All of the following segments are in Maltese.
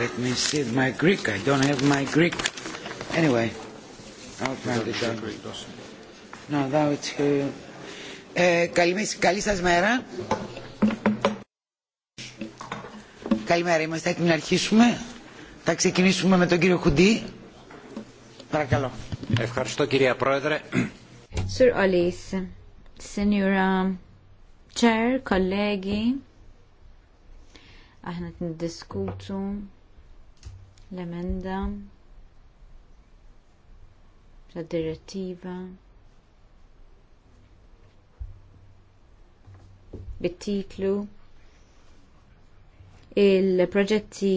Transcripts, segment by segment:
Let me see my Greek. I don't have my Greek. Anyway, I'll find it out. No, that was... Uh, καλή, σας μέρα. Καλημέρα, είμαστε έτοιμοι να αρχίσουμε. Θα ξεκινήσουμε με τον κύριο Χουντή. Παρακαλώ. Ευχαριστώ κυρία Πρόεδρε. Sir Olis, Senjura Chair, kollegi, aħna t-diskutu l-emenda la direttiva bit-titlu il-proġetti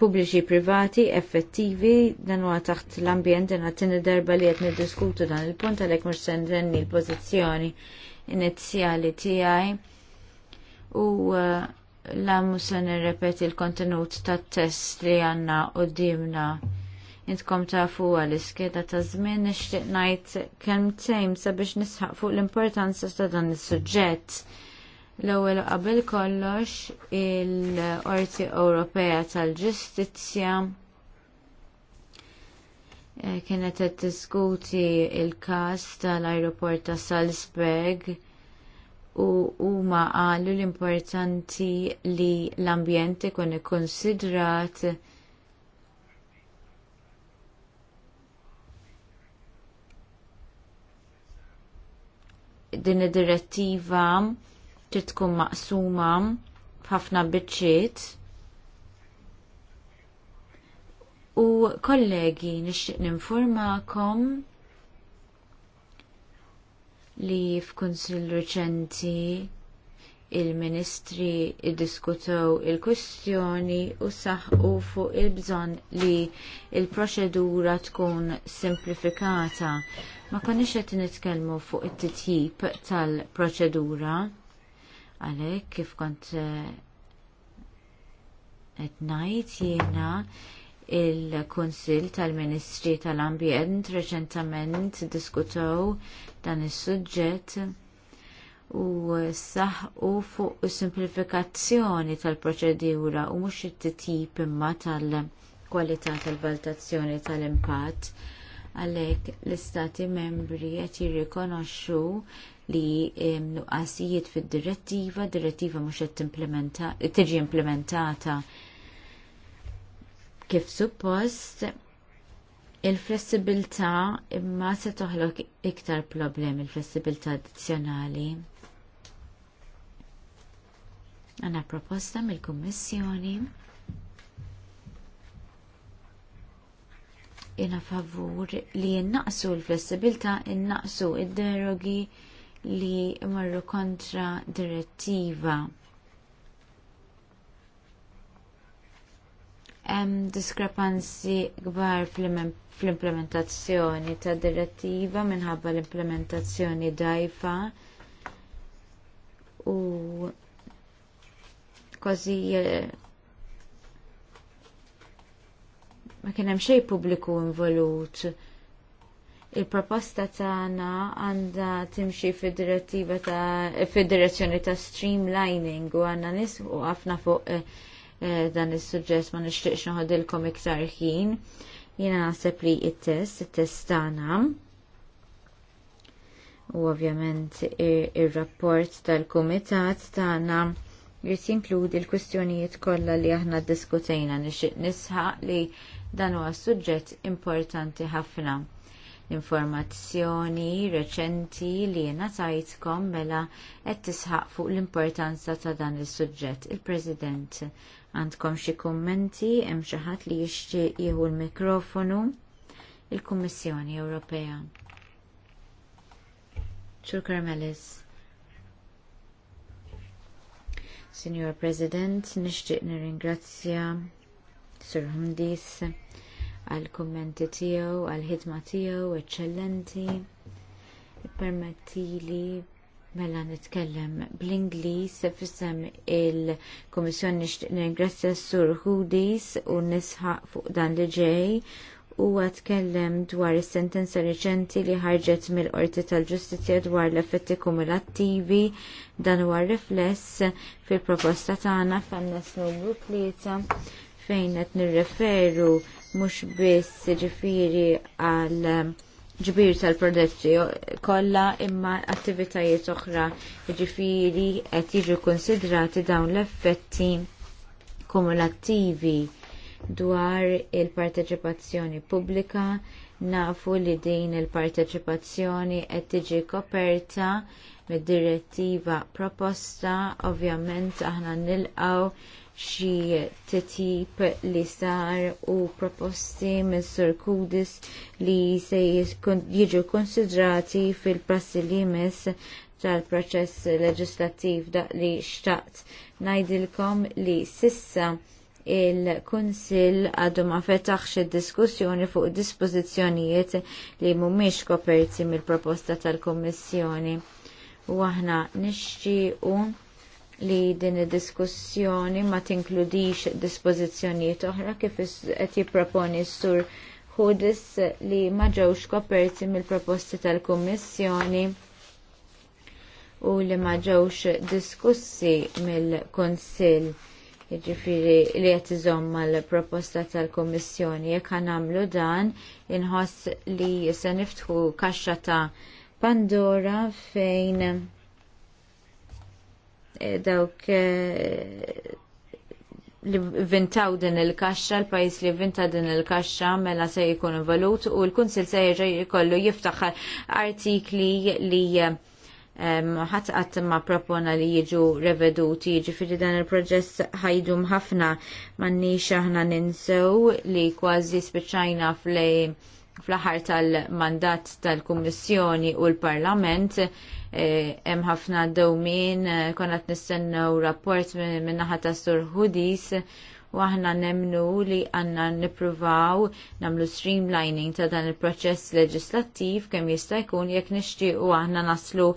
pubbliċi privati effettivi dan huwa taħt l-ambjent dan għattini darba li qed diskutu dan il-punt għalhekk mhux se l-pożizzjoni inizjali tiegħi u uh, la musa nirrepeti l-kontenut ta' test li għanna u dimna. Intkom ta' fu l-iskeda ta' zmin nishtiq najt kem tejm sabiex nisħaq fuq l-importanza ta' dan is-suġġett. L-ewwel qabel kollox il-Qorti Ewropea tal-Ġustizzja eh, kienet qed diskuti il-każ tal-ajruport ta' Salzburg u huma qalu l-importanti li l-ambjent ikun ikkonsidrat din id-direttiva trid tkun maqsuma f'ħafna biċċiet. U kollegi nixtieq ninformakom li f'Kunsill reċenti il-ministri iddiskutew il-kwistjoni u saħqu fuq il-bżonn li l proċedura tkun simplifikata. Ma konniex qed nitkellmu fuq it-titjib tal-proċedura għalhekk kif kont eh, qed ngħid jiena il kunsill tal-Ministri tal-Ambjent reċentament diskutew dan is-suġġett u saħqu fuq simplifikazzjoni tal-proċedura u mhux it-titjib imma tal-kwalità tal-valutazzjoni tal-impatt għalhekk l-istati membri qed jirrikonoxxu li nuqqasijiet fid-direttiva, direttiva mhux qed tiġi implementata kif suppost Il-flessibilità imma se toħloq iktar problemi il-flessibilità addizzjonali. Għanna proposta mill-Kummissjoni jena favur li jennaqsu l-flessibilità, jennaqsu id-derogi li marru kontra direttiva. Hemm diskrepanzi kbar fl fl-implementazzjoni tad direttiva minħabba l-implementazzjoni dajfa u kważi eh, ma kien hemm xejn pubbliku involut. Il-proposta tagħna għandha timxi fid-direttiva ta' fid-direzzjoni ta' streamlining u għandna nisqu ħafna fuq eh, eh, dan is-suġġett ma nixtieqx noħodilkom iktar ħin Jiena naħseb li il test il test tagħna u ovvjament ir-rapport tal-kumitat tagħna jrid jinkludi l-kwistjonijiet kollha li aħna ddiskutejna nixit nisħaq li dan huwa suġġett importanti ħafna informazzjoni reċenti li jena tajtkom mela qed tisħaq fuq l-importanza ta' dan is-suġġett. Il-President Għandkom xi kummenti hemm xi ħadd li jixtieq jieħu l-mikrofonu il-Kummissjoni Ewropea. Sur Carmelis. Signor President, nixtieq nirringrazzja Sur Humdis għal kummenti tiegħu, għal ħidma tiegħu eċċellenti. Permetti li. Mela nitkellem bl-Inglis fissem il-Komissjoni nixtieq sur Hudis u nisħa fuq dan li ġej u għatkellem dwar is-sentenza reċenti li ħarġet mill-Qorti tal-Ġustizzja dwar l-effetti kumulattivi dan huwa rifless fil-proposta tagħna f'annes l tlieta fejn qed nirreferu mhux biss ġifieri għal ġbir tal prodetti kollha imma attivitajiet oħra jiġifieri qed jiġu konsidrati dawn l-effetti kumulattivi dwar il-parteċipazzjoni pubblika nafu li din il-parteċipazzjoni qed tiġi koperta mid-direttiva proposta ovvjament aħna nilqgħu xi titjib li sar u proposti minn Sur Kudis li se jiġu konsidrati fil-prassi li mis tal-proċess leġislattiv dak li xtaqt. Ngħidilkom li sissa il-Kunsill għadu ma fetaħx id-diskussjoni fuq dispożizzjonijiet li mhumiex koperti mill-proposta tal-Kummissjoni. U aħna nixtiequ li din id-diskussjoni ma tinkludix dispożizzjonijiet oħra kif qed jipproponi sur Hudis li ma ġewx koperti mill-proposti tal-Kummissjoni u li ma ġewx diskussi mill-Kunsill. Jiġifieri li qed iżomm mal-proposta tal-Kummissjoni jekk nagħmlu dan inħoss li se niftħu kaxxa ta' Pandora fejn Eh, dawk eh, li vintaw din il-kaxxa, l-pajis li vinta din il-kaxxa mela se jkun valut u l-Kunsil se jkollu jiftaħ artikli li ħadd għat ma propona li jiġu reveduti, ġifiri dan il-proġess ħajdum ħafna m'għandniex aħna ninsew li kważi spiċċajna fl fl-aħħar tal-mandat tal-Kummissjoni u l-Parlament Eh, hemm ħafna dewmin, eh, konna qed nistennew rapport minn naħa ta' Sur Hudis u aħna nemnu li għanna nipruvaw namlu streamlining ta' dan il-proċess leġislattiv kemm jista' jkun jekk nixtiequ aħna naslu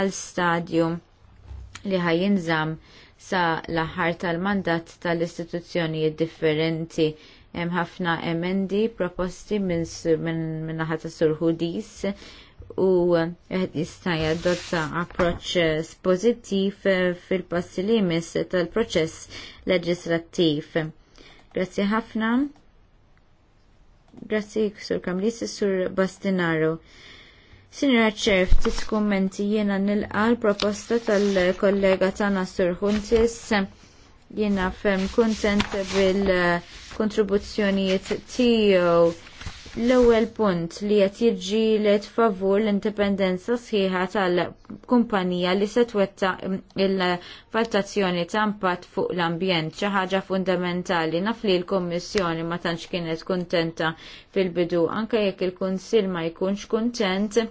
għal stadium li ħajinżam sa l-aħħar tal-mandat tal-istituzzjonijiet differenti hemm ħafna emendi proposti minn naħa ta' Sur Hudis u jista' jadotta approċċ pożittiv eh, fil-passi li jmiss tal-proċess leġislattiv. Grazzi ħafna. Grazzi Sur Kamlisi, Sur Bastinaro. Sinjora ċerf, titkummenti jiena nilqa l-proposta tal-kollega tagħna Sur Huntis Jena fem kuntent bil-kontribuzzjonijiet tijow. L-ewwel punt li qed jiġġieled favur l-indipendenza sħiħa tal-kumpanija li se twettaq il-valutazzjoni ta' impatt fuq l-ambjent xi ħaġa fundamentali naf li l-Kummissjoni ma tantx kienet kuntenta fil-bidu anke jekk il-Kunsill ma jkunx kuntent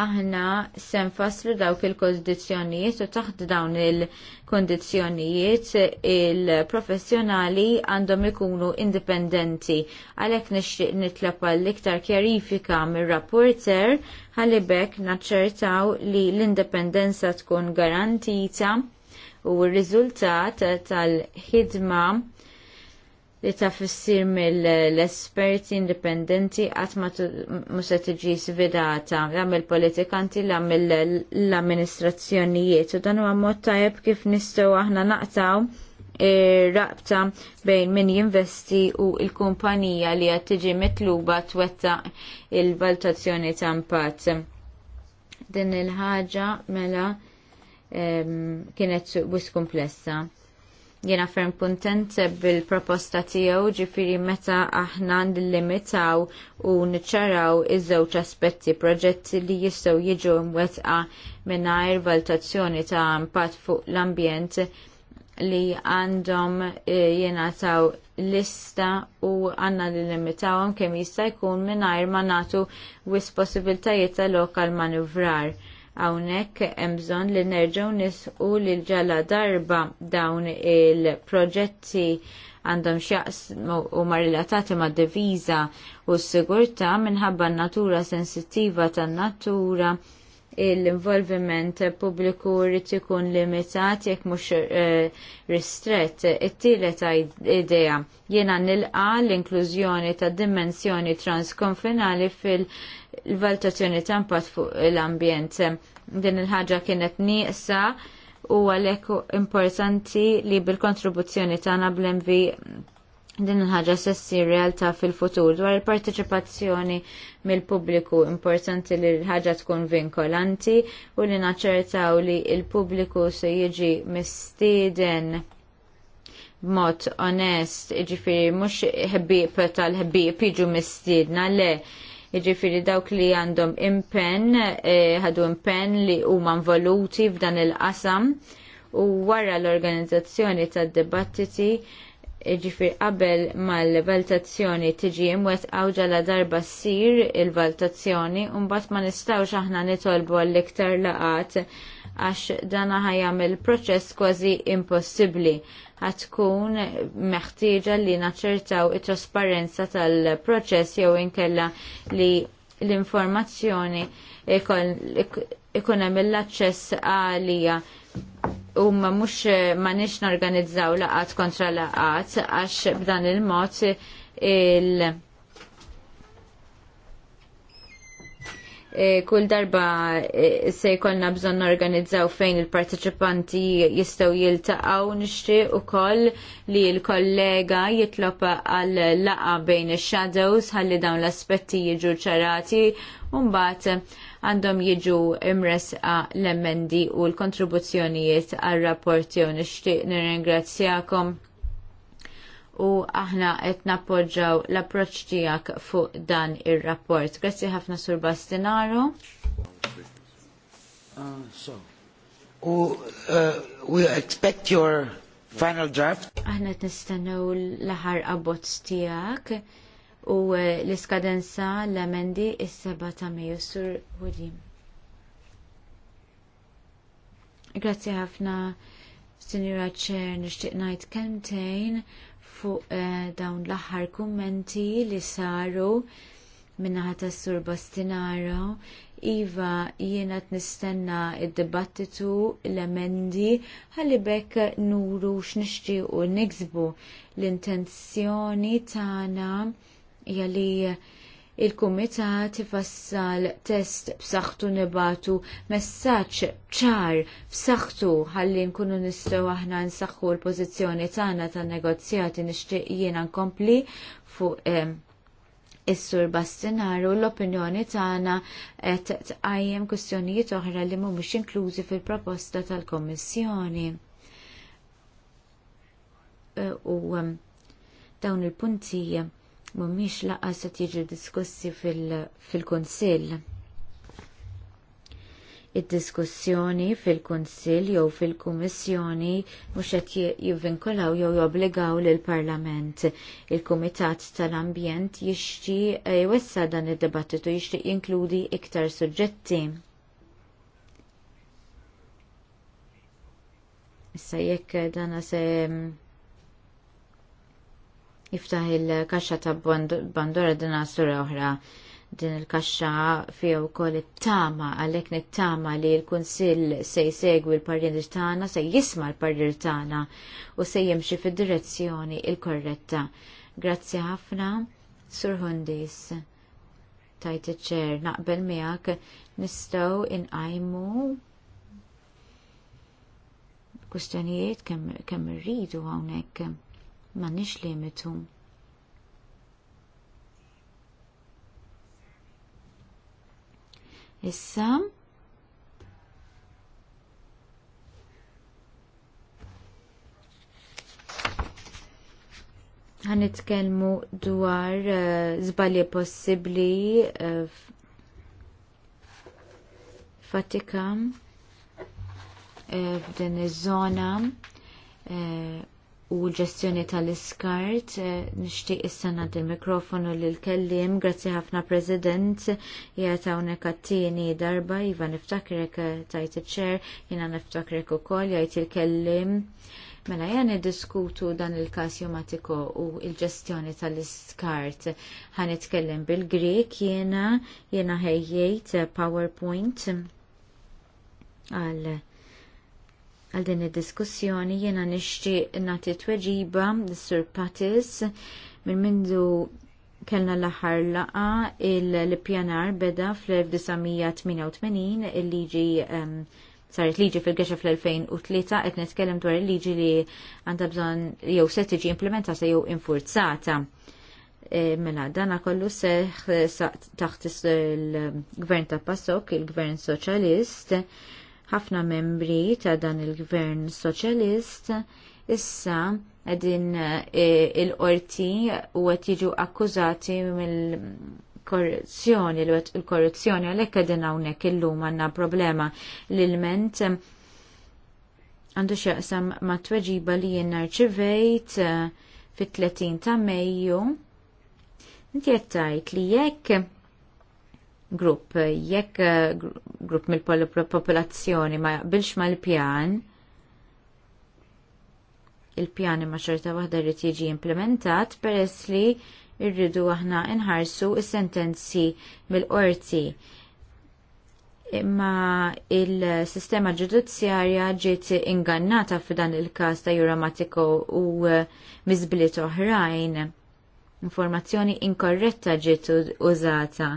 aħna se faslu dawk il-kondizjonijiet u taħt dawn il-kondizjonijiet il-professjonali għandhom ikunu indipendenti. Għalek nixtieq nitlob għall iktar kjarifika mir-rapporter ħalibek naċċertaw li l-indipendenza tkun garantita u r-riżultat tal-ħidma li ta' fissir mill-esperti indipendenti għatma ma musa tiġi svidata la il politikanti għam l amministrazzjonijiet u dan huwa mod tajjeb kif nistgħu aħna naqtaw rabta bejn min jinvesti u il-kumpanija li qed tiġi mitluba twetta il-valutazzjoni ta' impatt. Din il-ħaġa mela kienet wiskomplessa. komplessa Jena ferm kontent bil-proposta tiegħu ġifiri meta aħna nillimitaw u niċċaraw iż-żewġ aspetti proġetti li jistgħu jiġu mwettqa mingħajr valutazzjoni ta' impatt fuq l-ambjent li għandhom eh, jena taw lista u għanna li limitawhom kemm jista' jkun mingħajr ma nagħtu wis possibiltajiet ta' lokal manuvrar Hawnhekk hemm bżonn li nerġgħu nisqu l ġala darba dawn il-proġetti għandhom xaqs u marilatati ma' deviza u s-sigurta minħabba natura sensittiva tan-natura l-involviment pubbliku rrid ikun limitat jekk mhux eh, ristrett. It-tielet idea jiena nilqa l-inklużjoni ta' dimensjoni transkonfinali fil- l-valutazzjoni ta' fuq l-ambjent. Din il-ħaġa kienet nieqsa u għalhekk importanti li bil-kontribuzzjoni tagħna bl-MV din il-ħaġa sessi realtà fil-futur dwar il-parteċipazzjoni mill-pubbliku importanti li l-ħaġa tkun vinkolanti u li naċċertaw li il-pubbliku se jiġi mistieden b'mod onest, ġifiri, mux ħbieb tal ħbieb jiġu mistiedna, le Jiġifieri dawk li għandhom impenn, eh, ħadu impenn li huma involuti f'dan il-qasam u wara l-organizzazzjoni tad-dibattiti ġifir qabel mal valtazzjoni tiġi imwet ġala darba ssir il valtazzjoni u mbagħad ma nistgħux aħna nitolbu għall-iktar laqat għax dan ħajam il-proċess kważi impossibbli tkun meħtieġa li naċċertaw it-trasparenza tal-proċess jew inkella li l-informazzjoni ikun hemm l-aċċess għalija u ma mux ma nix norganizzaw laqat kontra laqat għax b'dan il-mod il-, -mod il E, kull darba e, se jkollna bżonn organizzaw fejn il-partiċipanti jistgħu jiltaqgħu nixtieq ukoll li l-kollega jitlob għal laqa bejn ix-shadows ħalli dawn l-aspetti jiġu ċarati u mbagħad għandhom jiġu imresqa l-emendi u l-kontribuzzjonijiet għal rapport jew nixtieq nirringrazzjakom u aħna qed nappoġġaw l-approċċ tiegħek fuq dan ir-rapport. Grazzi ħafna Sur Bastinaro. Uh, so. U uh, we expect your final draft? Aħna qed nistennew l-aħħar abbozz tiegħek u uh, l-iskadenza l-emendi is-seba ta' Mejju Sur Hudim. Grazzi ħafna, Sinjura Ċer, nixtieq ngħid kemtejn fuq eh, dawn l-aħħar kummenti li saru minnaħat tas-sur Bastinaro. Iva, jiena t-nistenna id-dibattitu, l-emendi, għalli bekk nuru x'nixtri u niksbu l-intenzjoni tagħna hija li il-Kumitat ifassal test b'saħħtu nibatu messaġġ ċar b'saħħtu ħalli nkunu nistgħu aħna nsaħħu l-pożizzjoni tagħna tan-negozjati nixtieq jiena nkompli fuq Is-sur Bastinaru l-opinjoni tagħna qed tqajjem kwistjonijiet oħra li mhumiex inklużi fil-proposta tal-Kommissjoni. E, u dawn il-punti mhumiex laqas se tiġi diskussi fil-Kunsill. Id-diskussjoni fil konsil jew fil-Kummissjoni mhux qed jivvinkolaw jew jobbligaw lill parlament Il-Kumitat tal-Ambjent jixtieq eh, jwessa dan id-dibattitu jixtieq jinkludi iktar suġġetti. Issa jekk dana se mm, jiftaħ il-kaxxa ta' Bandora din sura oħra din il-kaxxa fiha wkoll it-tama għalhekk nittama li l-Kunsill se jsegwi l-parrir tagħna se jisma' l-parrir tagħna u se jimxi fid-direzzjoni il-korretta. Grazzi ħafna, Sur Hundis. Tajt iċ-ċer naqbel miegħek nistgħu inqajmu kustjonijiet kemm irridu hawnhekk m'għandniex limitu. Issa ħanitkellmu dwar zbalje eh, possibbli eh, fatika eh, f'din iż-żona u l-ġestjoni tal-iskart. Eh, nixtieq issa nagħti il-mikrofonu lil kellim, grazzi ħafna President, jgħat hawnhekk għattini darba, iva niftakrek eh, tajt iċ-ċer, jiena niftakrek ukoll jgħid il-kellim. Mela jgħan diskutu dan il-kas jomatiko u il-ġestjoni tal-iskart. Ħan itkellem bil-Grek jiena jiena ħejjejt eh, PowerPoint għal għal din id-diskussjoni jiena nixtieq nagħti tweġiba l sur Patis minn mindu kellna l-aħħar laqa il-pjanar beda fl-1988 il-liġi um, saret liġi fil-gexa fl-2003 qed nitkellem dwar il-liġi li għandha bżonn jew se tiġi implementata jew infurzata. E, mela, dana kollu seħ taħt il-gvern ta' Pasok, il-gvern soċjalist, ħafna membri ta' dan il-gvern soċjalist issa għedin eh, il-qorti u għet jiġu akkużati mill korruzzjoni, il-korruzzjoni għalek għedin għawnek il-lum għanna problema l-ilment għandu xaqsam ma tweġiba li jenna rċivejt eh, fit-30 ta' Mejju. Inti għettajt li jekk grupp. Jekk eh, grupp mill-popolazzjoni ma jaqbilx mal pjan il-pjan ma xorta waħda rrit jiġi implementat peress li rridu aħna nħarsu is-sentenzi mill-qorti. Imma il-sistema ġudizzjarja ġiet ingannata f'dan il-każ ta' Juramatiko u eh, miżbliet oħrajn. Informazzjoni inkorretta ġiet użata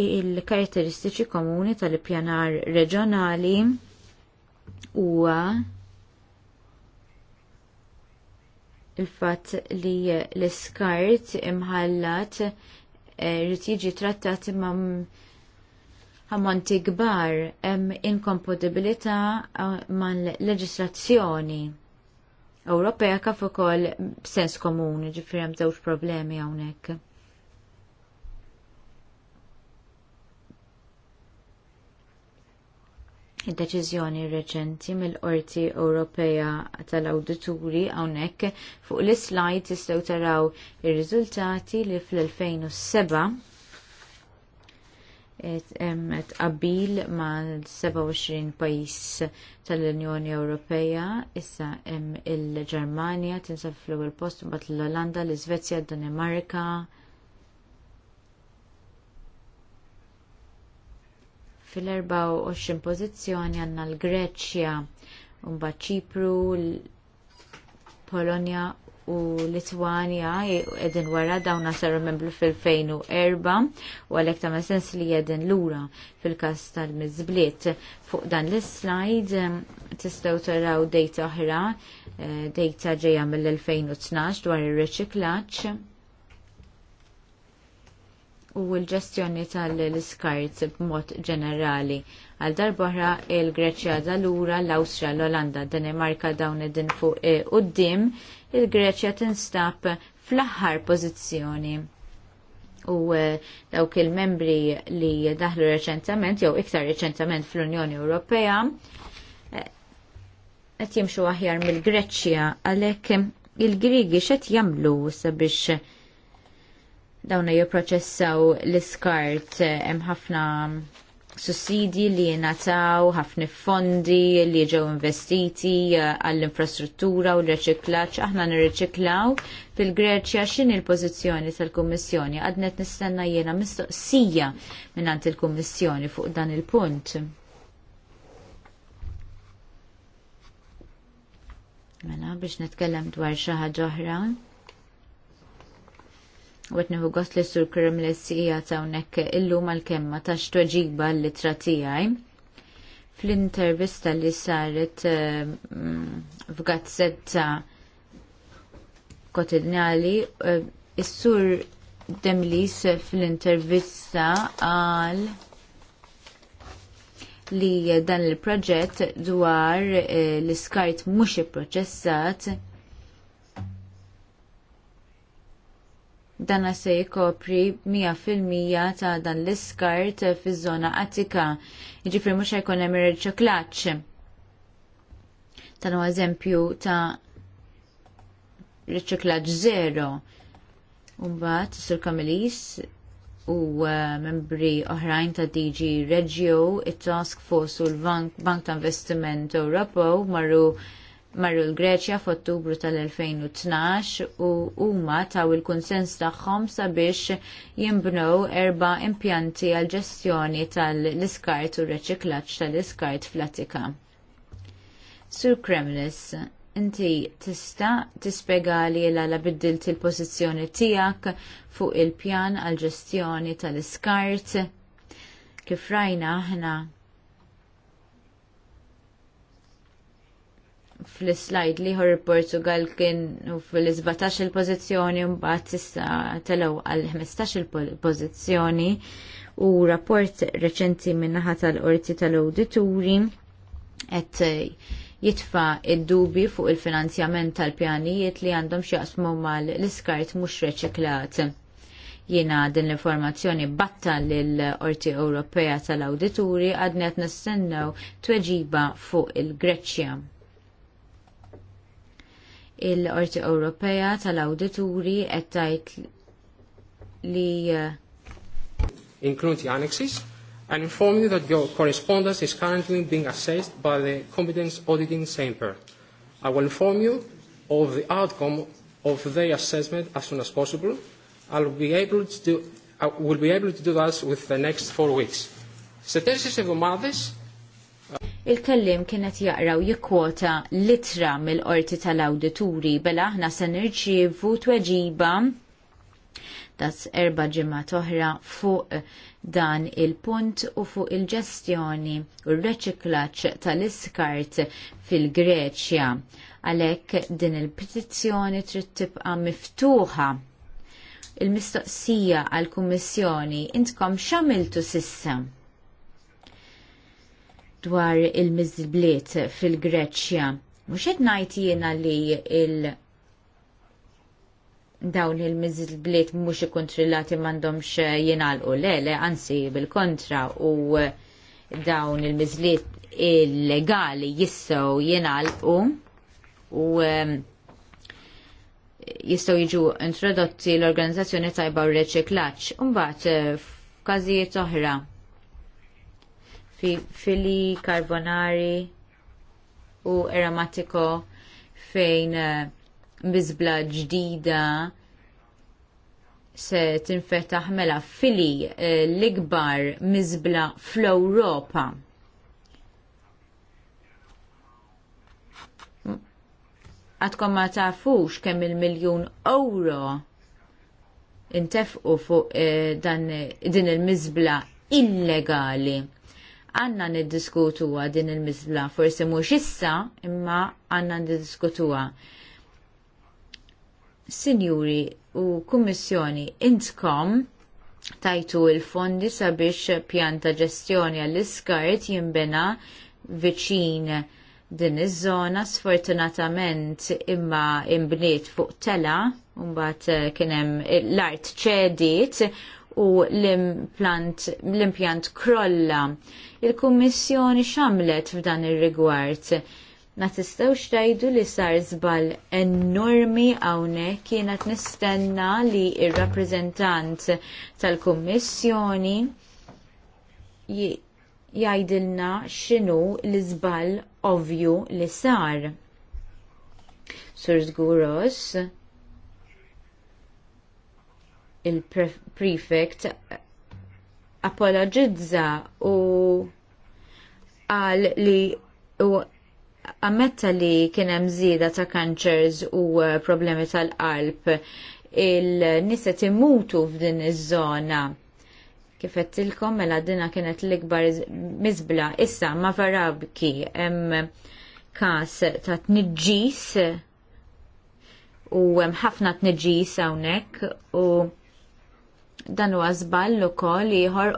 il-karakteristiċi komuni tal pjanar reġjonali huwa il-fatt li l-iskart imħallat eh, rrid jiġi trattat imma ammonti kbar hemm inkompatibilità eh, mal leġislazzjoni Ewropea kif ukoll b'sens komuni ġifieri hemm żewġ problemi hawnhekk. id-deċiżjoni reċenti mill-Qorti Ewropea tal-Awdituri hawnhekk fuq l-slide tistgħu taraw ir-riżultati li fl-2007 qed qabil ma' 27 pajjiż tal-Unjoni Ewropea issa hemm il-Ġermanja tinsab fl-ewwel post mbagħad l-Olanda, l-Iżvezja, d-Danimarka, fil-24 pożizzjoni għandna l-Greċja, mbagħad Ċipru, Polonja u litwania qegħdin wara dawn saru membru fil-2004 u għalhekk ta' sens li l lura fil-każ tal-miżbliet. Fuq dan l slajd tistgħu taraw dejta oħra, eh, dejta ġejja mill-2012 dwar ir-riċiklaġġ u l-ġestjoni tal iskarts b'mod ġenerali. Għal darbohra il-Greċja dal-ura, l-Awstrija, l-Olanda, Danimarka dawn id-din fuq u eh, d-dim, il-Greċja tinstab fl-aħħar pożizzjoni u eh, dawk il-membri li daħlu reċentament, jew iktar reċentament fl-Unjoni Ewropea, eh, qed jimxu aħjar mill-Greċja għalhekk il-Grigi xet jagħmlu sabiex dawna jipproċessaw l-iskart eh, hemm ħafna sussidji li jingħataw ħafna fondi li ġew investiti eh, għall-infrastruttura u l-reċiklaċ. Aħna nirriċiklaw fil-Greċja xin il-pozizjoni tal-Kummissjoni. Għadnet nistenna jena mistoqsija minnant il-Kummissjoni fuq dan il-punt. Mela biex netkellem dwar xi ħaġa oħra. Għetni u għost li sur krim li s-sija ta' unnek illum għal-kemma ta' xtoġiba li tratijaj. Fl-intervista li saret eh, f'gazzetta kotidnali, eh, s sur Demlis fl-intervista għal li dan il-proġett dwar eh, l-iskart mhux ipproċessat dana se jikopri 100% ta' dan l-iskart fiż-żona attika. Jiġifieri mhux jkun emir ir-riċiklaġġ. Dan huwa eżempju ta' riċiklaġġ zero. Umbat, Sur Kamilis u eh, membri oħrajn ta' DG Reggio, it-Task Force u l-Bank ta' Investiment Ewropew marru marru l-Greċja f'Ottubru tal-2012 u huma taw il-kunsens tagħhom sabiex jinbnew erba impjanti għal ġestjoni tal-iskart u reċiklaġġ tal-iskart fl-Attika. Sur Kremlis, inti tista tispjegali l-għala biddilt il-pożizzjoni tiegħek fuq il-pjan għal ġestjoni tal-iskart kif rajna aħna fl-slide liħor il-Portugal kien fil-17 il-pozizjoni mbagħad issa telew għal 15 il-pozizjoni u rapport reċenti naħa tal-Qorti tal-Awdituri qed jitfa id-dubi fuq il-finanzjament tal-pjanijiet li għandhom xjaqsmu mal-iskart mhux reċiklat jiena din l-informazzjoni batta l-Orti Ewropea tal-Awdituri għadnet nistennew tweġiba fuq il-Greċja il-Qorti Ewropea tal-Awdituri qed tgħid li eh, include the annexes and inform you that your correspondence is currently being assessed by the Competence Auditing Chamber. I will inform you of the outcome of their assessment as soon as possible. I will be able to do, I will be able to do that with the next four weeks. Σε τέσσερις εβδομάδες il-kellim kienet jaqraw jikkwota litra mill-qorti tal-awdituri bela aħna se nirċievu tweġiba tas erba ġimgħat oħra fuq dan il-punt u fuq il-ġestjoni u r-reċiklaċ tal-iskart fil-Greċja. Għalhekk din il-petizzjoni trid tibqa' miftuħa il-mistoqsija għall kummissjoni intkom x'għamiltu sissa? dwar il-mizbliet fil-Greċja. Mux qed ngħid jiena li il dawn il-mizbliet mhux ikkontrollati m'għandhomx jingħalqu le, le anzi bil-kontra u dawn il-mizliet illegali jistgħu jingħalqu u jistgħu jiġu introdotti l-organizzazzjoni tajba u reċiklaċ. Umbat f'każijiet oħra fi Fili, karbonari u aromatiko fejn bizbla eh, ġdida se tinfetaħ mela Fili eh, l-ikbar mizbla fl-Ewropa. Għatkom ma tafux kemm il-miljun euro intefqu fuq eh, dan din il-mizbla illegali għanna niddiskutuwa din il mizla forse mux issa imma għanna niddiskutuwa. Sinjuri u kummissjoni, intkom tajtu il-fondi sabiex pjanta ġestjoni għall-iskart jimbena viċin din iż-żona sfortunatament imma imbniet fuq tela, mbagħad eh, kien hemm l-art ċediet u l l-impjant krolla il-Kummissjoni xamlet f'dan ir-rigward. Ma tistgħux tgħidu li sar żball enormi hawnhekk kienet nistenna li ir-rappreżentant tal-Kummissjoni jgħidilna x'inhu l-iżball ovju li sar. Sur Zguros, il-prefect apologizza u għal li u ammetta li kien hemm żieda ta' kanċers u uh, problemi tal-qalb il-nisa timutu f'din iż-żona kif qed tilkom mela dina kienet l-ikbar miżbla issa ma varabki hemm każ ta' tniġġis u hemm ħafna tniġġis hawnhekk u dan huwa żball ukoll ieħor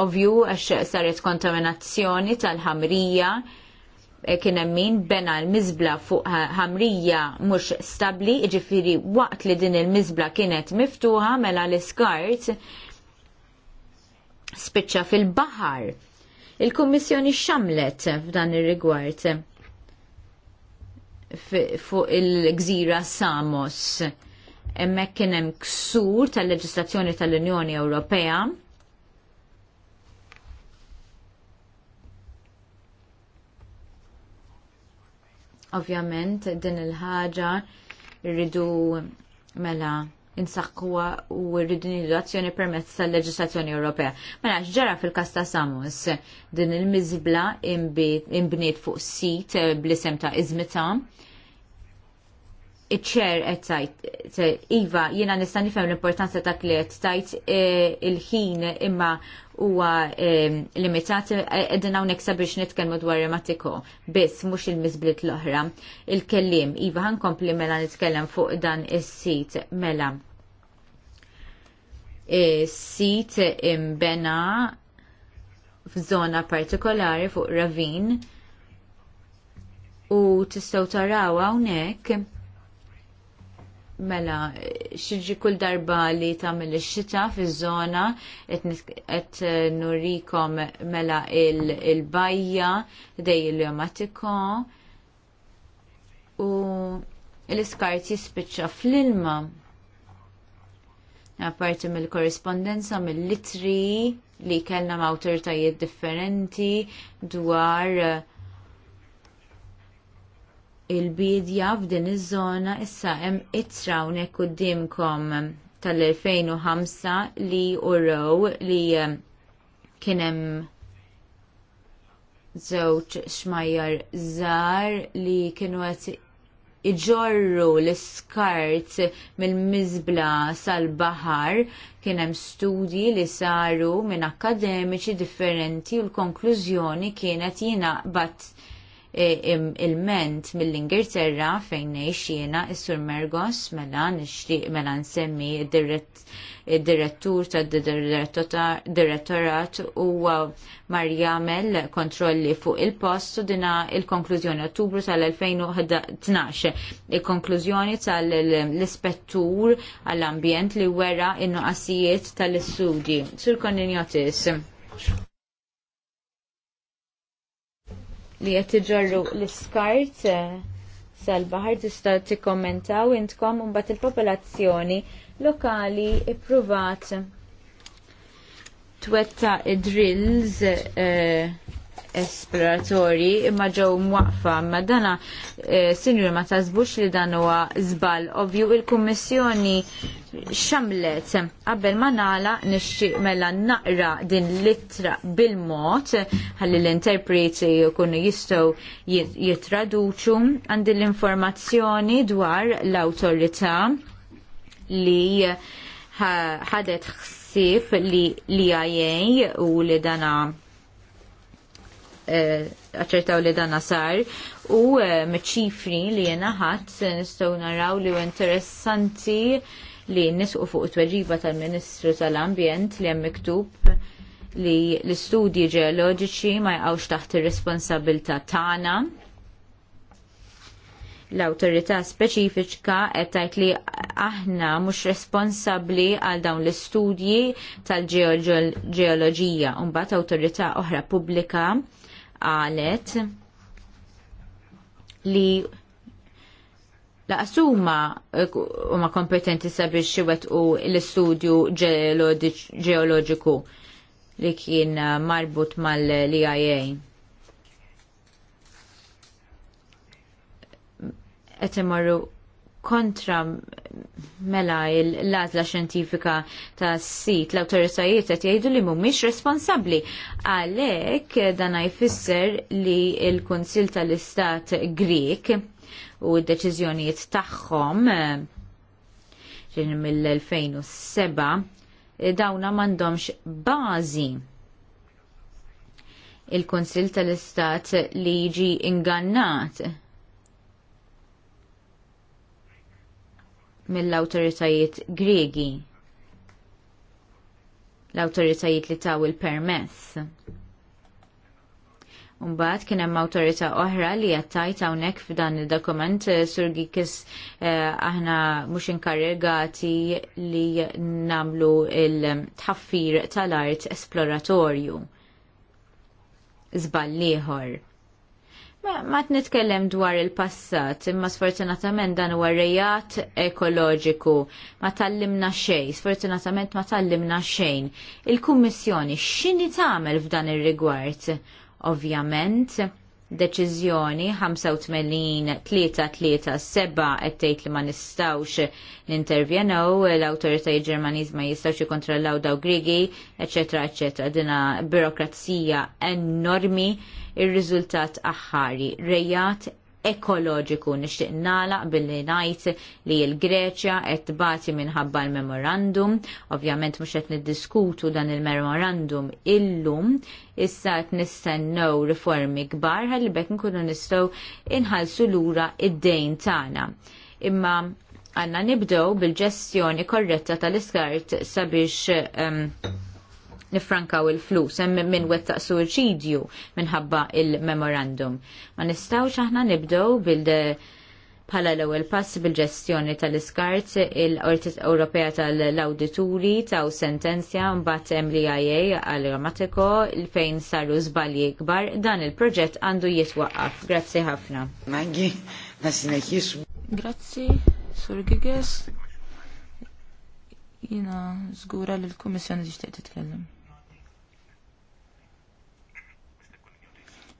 ovju għax saret kontaminazzjoni tal-ħamrija e, kien hemm min bena l-miżbla fuq ħamrija mhux stabbli, jiġifieri waqt li din il-miżbla kienet miftuħa mela l-iskart spiċċa fil-baħar. Il-Kummissjoni xamlet f'dan ir-rigward fuq il-gżira Samos Hemmhekk kien hemm ksur tal-leġislazzjoni tal-Unjoni Ewropea. Ovvjament din il-ħaġa rridu mela insaqwa u rridu azzjoni permezz tal-leġislazzjoni Ewropea. Mela ġara fil-kas ta' Samus din il-miżbla imbniet fuq sit eh, bl-isem ta' Izmita iċ-ċer qed tajt Iva jiena nista' nifhem l-importanza ta' kliet tajt e, il-ħin imma huwa e, limitat e, qegħdin hawnhekk sabiex nitkellmu dwar rematiko biss mhux il-miżblit l-oħra. Il-kellim Iva ħankompli mela nitkellem fuq dan is-sit mela. Sit imbena f'żona partikolari fuq ravin u tistgħu tarawa hawnhekk mela xiġi kull darba li tagħmel ix-xita fiż-żona qed nurikom mela il-bajja dej il-jomatiko u l-iskart jispiċċa fl-ilma. Apparti mill-korrespondenza mill-litri li kellna ma' awtoritajiet differenti dwar il-bidja f'din iż-żona issa hemm ittra hawnhekk quddiemkom tal-2005 li urew li eh, kien hemm żewġ xmajjar żgħar li kienu qed iġorru l-iskart mill-miżbla sal-baħar kien hemm studji li saru minn akademiċi differenti u l-konklużjoni kienet jingħaqbad il-ment mill-Ingilterra fejn ngħix jiena is-Sur Mergos mela mela nsemmi id-direttur tad-direttorat huwa mar jagħmel kontrolli fuq il-post u dina il-konklużjoni Ottubru tal-2012 il-konklużjoni tal-ispettur għall-ambjent li wera in-nuqqasijiet tal-istudji. Sur Koninjotis. li qed iġorru l-iskart eh, sal-baħar tista' tikkommentaw intkom u mbagħad il-popolazzjoni lokali ippruvat twetta id-drills eh, esploratori imma ġew mwaqfa imma dana eh, sinjur ma tażbux li dan huwa żball ovvju il-Kummissjoni xamlet qabel ma nagħla nixtieq mela naqra din l-ittra bil-mod ħalli l-interpreti jkunu jistgħu jittraduċu għandi l-informazzjoni dwar l-awtorità li eh, ħadet ħsieb li l u li dana Eh, aċċertaw li dan sar u eh, meċifri li jena ħadd nistgħu naraw li interessanti li nisqu fuq it-tweġiba tal-Ministru tal-Ambjent li hemm miktub li l-istudji ġeoloġiċi ma jqawx taħt ir-responsabilità tagħna l-autorità speċifiċka qed tgħid li aħna mhux responsabbli għal dawn l-istudji tal-ġeoloġija u mbagħad awtorità oħra pubblika għalet li laqsuma eh, huma kompetenti sabiex xiwet u l-istudju ġeoloġiku li kien eh, marbut mal-LIA. qed imorru kontra mela l-għazla xjentifika ta' sit l-autorizajiet qed jgħidu li mhumiex responsabbli. Għalhekk dan jfisser li l kunsill tal-Istat Grek u d-deċiżjonijiet tagħhom eh, ġin mill-2007 eh, dawna mandomx bażi il-Konsil tal-Istat li jiġi ingannat mill-autoritajiet Gregi. L-autoritajiet li taw il-permess. Umbat kien hemm awtorità oħra li jattajt hawnhekk f'dan id-dokument eh, Sur Gikis eh, aħna mhux inkarregati li namlu il-tħaffir tal-art esploratorju. Żball ieħor. Iva, ma t nitkellem dwar il-passat, imma sfortunatament dan huwa rejat ekoloġiku. Ma tallimna xejn, sfortunatament ma tallimna xejn. Il-Kummissjoni x'inhi tagħmel f'dan ir-rigward? Ovvjament, deċiżjoni 85-337 qed tgħid li ma l-intervjeno, l-awtoritajiet Ġermaniż ma jistawx jikkontrollaw daw Grigi, eċetera, eċetera. Dina birokrazija enormi ir-riżultat aħħari, rejat ekoloġiku nixtieq nagħlaq billi ngħid li l-Greċja qed tbati minħabba l-memorandum. Ovvjament mhux qed niddiskutu dan il-memorandum illum, issa qed nistennew riformi kbar ħalli bekk nkunu nistgħu inħallsu lura id-dejn tagħna. Imma għandna nibdew bil-ġestjoni korretta tal-iskart sabiex um, nifrankaw il-flus, hemm minn wettaq suicidju minħabba il-memorandum. Ma nistgħux aħna nibdew bil- bħala l-ewwel pass bil-ġestjoni tal-iskart il-Qorti Ewropea tal-Awdituri taw sentenzja mbagħad hemm l-IA għal l fejn saru żbalji kbar dan il-proġett għandu jitwaqqaf. Grazzi ħafna. Maggi, nasinekis. Grazzi, Sur Giges. Jina żgura li l-Kummissjoni tixtieq titkellem.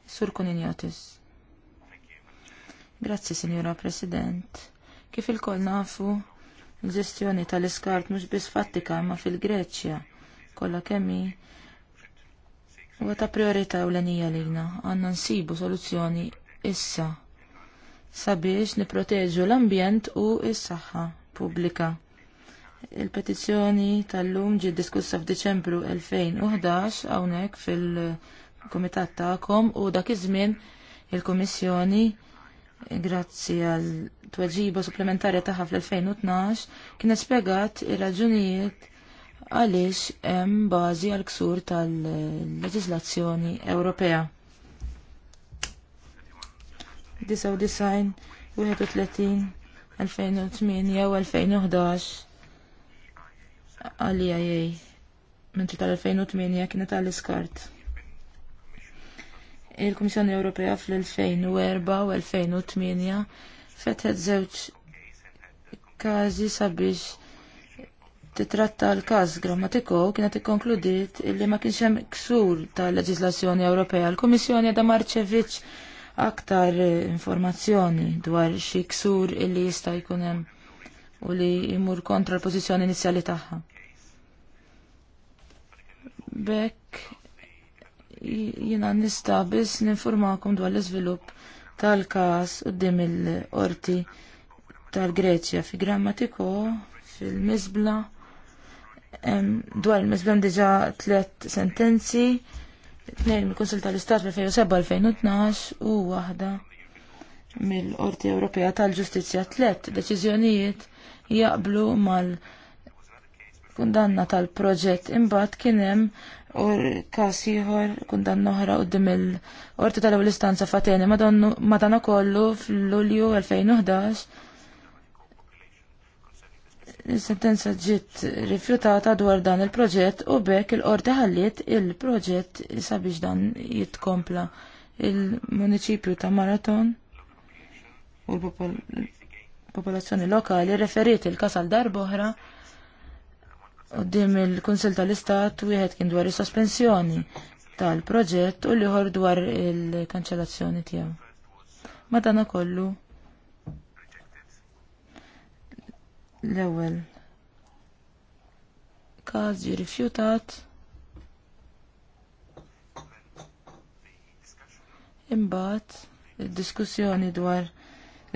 Sur Kuniniotis. Grazzi, Signora President. Kif il-koll nafu, l-ġestjoni tal-iskart mhux biss fattika ma fil-Greċja kollha kemmi u ta' priorità li lilna għandna nsibu soluzzjoni issa sabiex nipproteġu l-ambjent u s-saħħa pubblika. Il-petizzjoni tal-lum ġi diskussa f'Diċembru 2011 hawnhekk fil- kumitat tagħkom u dak iż-żmien il-Kummissjoni grazzi għal tweġiba supplementarja tagħha fl-2012 kien spjegat ir-raġunijiet għaliex hemm bażi għal ksur tal leġiżlazzjoni Ewropea. 99, 31, 2008 jew 2011 għalija IA mentri tal-2008 kienet għall-iskart il-Kummissjoni Ewropea fl-2004 u 2008 fetħet żewġ każi sabiex titratta l-każ grammatiko u kienet ikkonkludiet li ma kienx hemm ksur tal-leġislazzjoni Ewropea. L-Kummissjoni għadha marċevitx aktar eh, informazzjoni dwar xi ksur illi jista' jkun hemm u li jmur kontra l-pożizzjoni inizjali tagħha. Bekk jina nista biss ninformakom dwar l-iżvilupp tal-każ qudiem il-qorti tal-Greċja fi grammatiko fil-Mizbla dwar il-Mizbla diġa tliet sentenzi Tnejn mill-Kunsil tal-Istat fil-2007-2012 u waħda mill-Qorti Ewropea tal-Ġustizzja tlet deċiżjonijiet jaqblu mal- kundanna tal-proġett imbagħad kien hemm każ ieħor kundanna oħra quddiem il-Qorti tal-Ewwel Istanza fatene madonna kollu fl-Lulju 2011 il-sentenza ġiet rifjutata dwar dan il-proġett u bekk il-qorti ħalliet il-proġett sabiex dan jitkompla il-municipju ta' Maraton u l-popolazzjoni lokali referiet il-kasal darboħra oħra Qoddim il kunsel tal-Istat wieħed kien dwar is-sospensjoni tal-proġett u liħor dwar il-kanċellazzjoni tiegħu. Madana kollu l-ewwel każ ġi rifjutat imbagħad id-diskussjoni dwar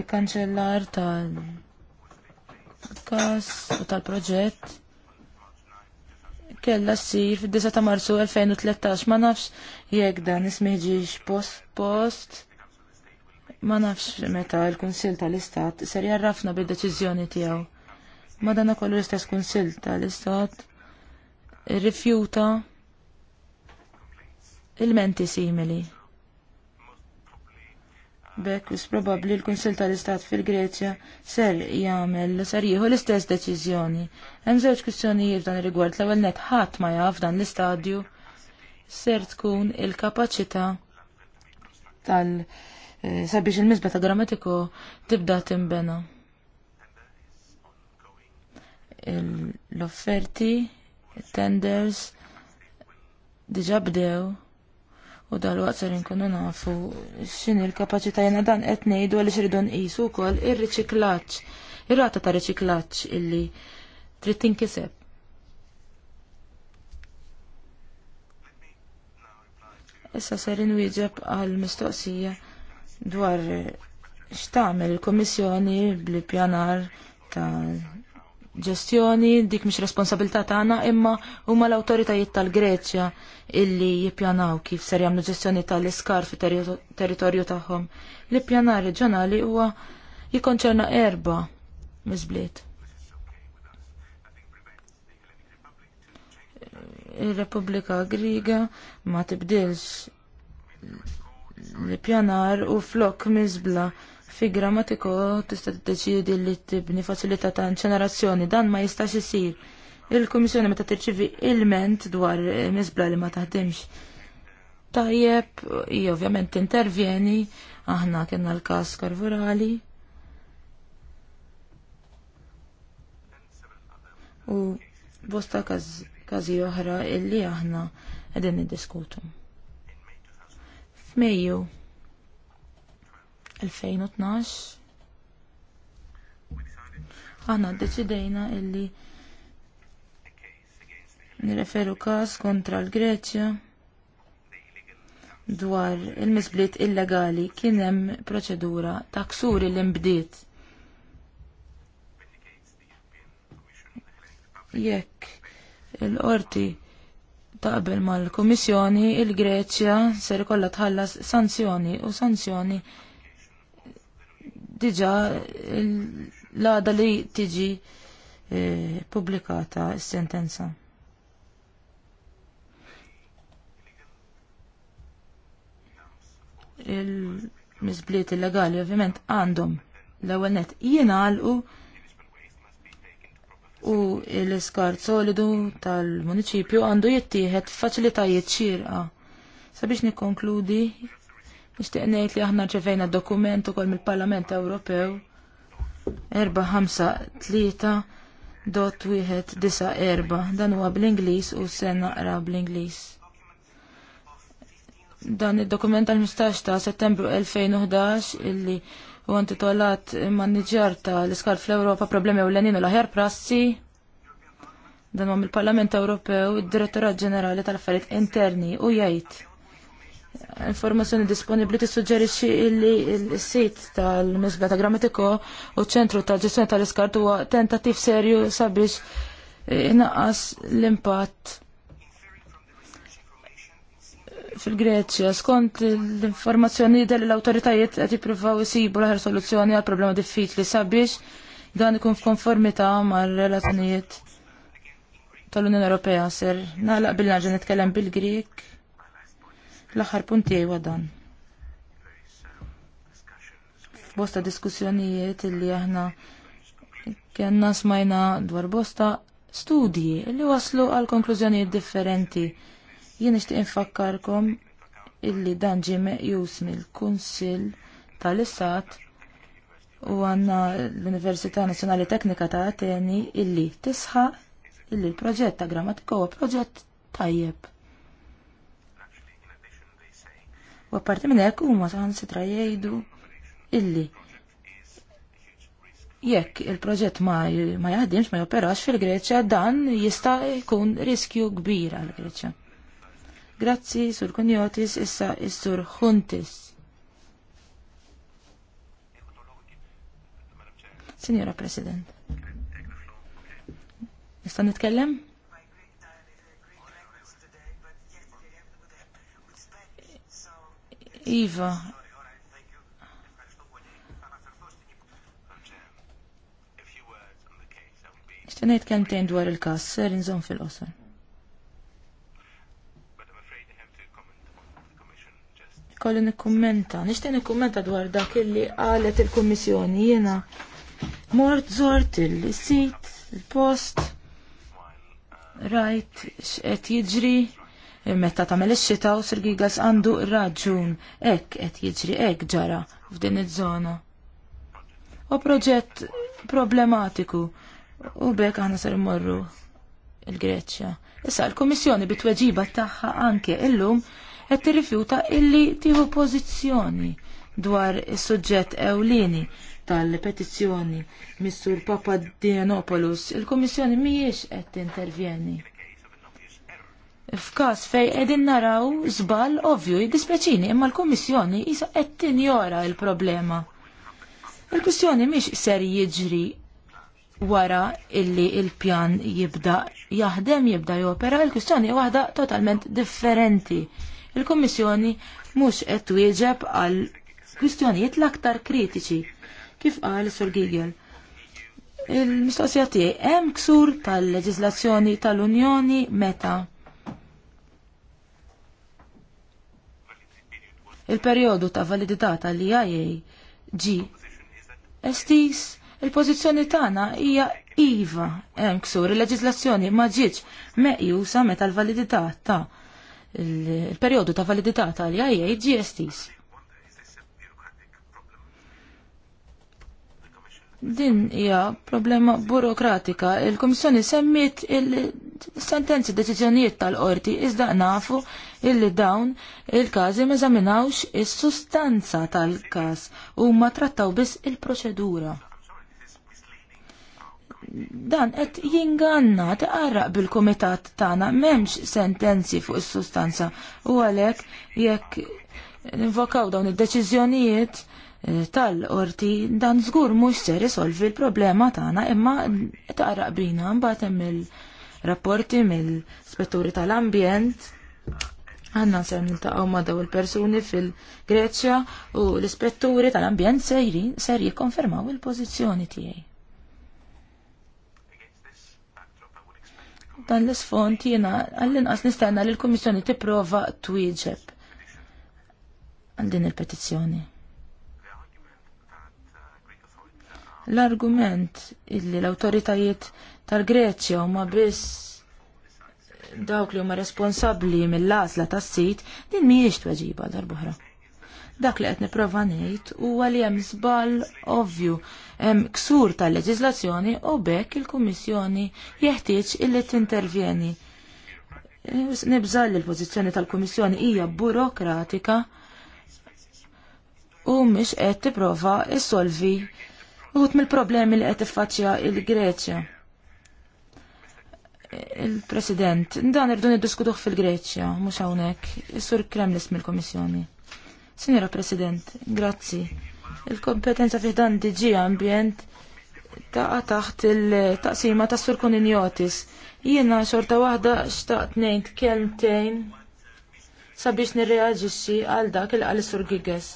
il-kanċellar tal-każ u tal-proġett kella ssir fid 10 ta' Marzu 2013 ma nafx jekk dan ismiħġiex post post ma nafx meta l-Kunsill tal-Istat ser jarrafna bid-deċiżjoni tiegħu. Madana kollu l-istess Kunsill tal-Istat rifjuta il-menti simili. Bekk us probabbli l konsil tal-Istat fil-Greċja ser jagħmel ser jieħu l-istess deċiżjoni. Hemm żewġ kwistjonijiet f'dan rigward l-ewwel net ħadd ma jaf dan l-istadju ser tkun il-kapaċità tal- eh, sabiex il ta' grammatiku tibda timbena. L-offerti, tenders, diġa bdew u dal-waqt ser inkunu nafu x'in il-kapaċità jena dan qed ngħidu għaliex irridu nqisu wkoll ir-riċiklaġġ, ir-rata ta' riċiklaġġ illi trid tinkiseb. Issa ser inwieġeb għal mistoqsija dwar x'tagħmel il-Kummissjoni bl-pjanar ta' ġestjoni, dik mhix responsabilità tagħna, imma huma l-awtoritajiet tal-Greċja illi jippjanaw kif ser jagħmlu ġestjoni tal-iskar fi territorju tagħhom. L-ippjanar reġjonali huwa jikkonċerna erba' miżbliet. Ir-Repubblika Griga ma tibdilx l-ippjanar u flok miżbla fi grammatiko tista' tiddeċiedi li tibni faċilità ta' inċenerazzjoni dan ma jistax isir il-Komissjoni meta tirċivi ilment dwar eh, mizbla li ma taħdimx. Tajjeb, i ovvjament intervjeni, aħna kena l-kas karvurali. U bosta kazi oħra illi aħna edin niddiskutu. F'Mejju 2012 aħna deċidejna illi Nireferu każ kontra l-Greċja dwar il-misbliet illegali kien hemm proċedura ta' ksuri l inbdiet Jekk il-qorti taqbel mal-Kummissjoni, il-Greċja ser ikollha tħallas sanzjoni u sanzjoni diġà l-għada li tiġi eh, pubblikata s-sentenza. il misbliet illegali ovvjament għandhom l-ewwel net jingħalqu u l-iskart solidu tal-municipju għandu jittieħed faċilitajiet xierqa. Sabiex nikkonkludi, nixtieq ngħid li aħna ċefejna dokument kol mill-Parlament Ewropew 453 dot wieħed disa erba dan huwa bl-Ingliż u sena naqra bl-Ingliż dan id-dokument tal-15 ta' settembru 2011 illi u intitolat mannġjar ta' l-iskar fl-Europa problemi u l-lenin u l-ħjar prassi dan għam il-Parlament Ewropew il direttorat Ġenerali tal-Affarijiet Interni u jgħid informazzjoni disponibli tissuġġerixxi illi l-sit tal-Misba ta' Grammatiko u ċentru ta' ġestjoni tal-iskart huwa tentattiv serju sabiex eh, inqas l-impatt fil-Greċja, skont l-informazzjoni li l-autoritajiet qed jippruvaw isibu l-aħħar soluzzjoni għal problema diffiċli sabiex dan ikun f'konformità mar relazzjonijiet tal-Unjoni Ewropea ser naqlaq bil nerġa' nitkellem bil grik l-aħħar punt tiegħi dan. Bosta diskussjonijiet illi aħna kienna smajna dwar bosta studji li waslu għal konklużjonijiet differenti Jien nixtieq infakkarkom illi dan ġie meqjus mill-Kunsill tal-Istat u għandna l-Università Nazzjonali Teknika ta' Ateni illi tisħaq illi l-proġett ta' grammatika huwa proġett tajjeb. U apparti minn hekk huma sitra jgħidu illi jekk il-proġett ma, ma jaħdimx ma joperax fil-Greċja dan jista' jkun riskju kbir għal Greċja. Grazzi, Sur Konjotis, issa sur Huntis. Signora President. Nistan nitkellem? Iva. Ixtenajt kemtejn dwar il-kas, serin zon fil-qosor. kolli nikkummenta, nixtieq nikkummenta dwar dak illi qalet il-Kummissjoni jiena mort żort il-sit, il-post, rajt x'qed jiġri meta tagħmel ix-xita u sirgigas Gigas għandu raġun hekk qed jiġri hekk ġara f'din iż-żona. U proġett problematiku u bekk aħna ser morru il-Greċja. Issa l-Kummissjoni bit-tweġiba tagħha anke illum qed tirrifjuta illi tieħu pożizzjoni dwar is-suġġett ewlieni tal-petizzjoni Missur Papa Dianopoulos, il-Komissjoni mhijiex qed intervjeni. F'każ fejn qegħdin naraw żball ovvju jiddispjaċini imma l-Kummissjoni isa qed tinjora l-problema. Il-kwistjoni mhix ser jiġri wara illi il-pjan jibda jaħdem, jibda jopera, il-kwistjoni waħda totalment differenti il-Kommissjoni mhux qed twieġeb għal kwistjonijiet l-aktar kritiċi kif qal Sur Gigel. Il-mistoqsija tiegħi hemm ksur tal-leġiżlazzjoni tal-Unjoni meta? Il-perjodu ta' validità tal ia ġi estis il-pożizzjoni tagħna hija iva hemm ksur il-leġiżlazzjoni ma ġietx meqjusa meta l-validità ta' il-periodu ta' validità tal ia GSTs. Din hija problema burokratika. Il-Komissjoni semmit il-sentenzi deċiżjonijiet tal-qorti iżda nafu illi dawn il-każi meżaminawx is-sustanza tal-każ u ma trattaw biss il-proċedura dan qed jinganna taqarraq bil-kumitat tagħna m'hemmx sentenzi fuq is-sustanza u għalhekk jekk invokaw dawn id-deċiżjonijiet eh, tal-qorti dan żgur mhux se risolvi l-problema tagħna imma taqraq bina mbagħad hemm il-rapporti mill-spetturi tal-ambjent għanna ser niltaqgħu ma' daw il-persuni fil-Greċja u l-ispetturi tal-ambjent ser jikkonfermaw il-pożizzjoni tiegħi. dan l-isfond jiena għall-inqas nistenna li l-Kummissjoni tipprova twieġeb għal din il-petizzjoni. L-argument illi l-autoritajiet tal-Greċja huma biss dawk li huma responsabbli mill-għażla tas-sit din mhijiex tweġiba darb'oħra. Dak li qed nipprova ngħid huwa li hemm żball ovvju hemm ksur tal-leġiżlazzjoni u bekk il-Kummissjoni jeħtieġ illi tintervjeni. Nibżal li l-pożizzjoni tal-Kummissjoni hija burokratika u mhix qed tipprova issolvi uħut mill-problemi li qed iffaċċja il-Greċja il-President, dan irdu niddiskutuh fil-Greċja, mhux hawnhekk, is-Sur Kremlis mill-Komissjoni. Signora President, grazzi. Il-kompetenza fi dan diġi Ambient taqa taħt il-taqsima ta' surkun injotis. Jiena xorta waħda xtaqt ngħid kelmtejn sabiex nirreaġixxi għal dak il qal Sur Giges.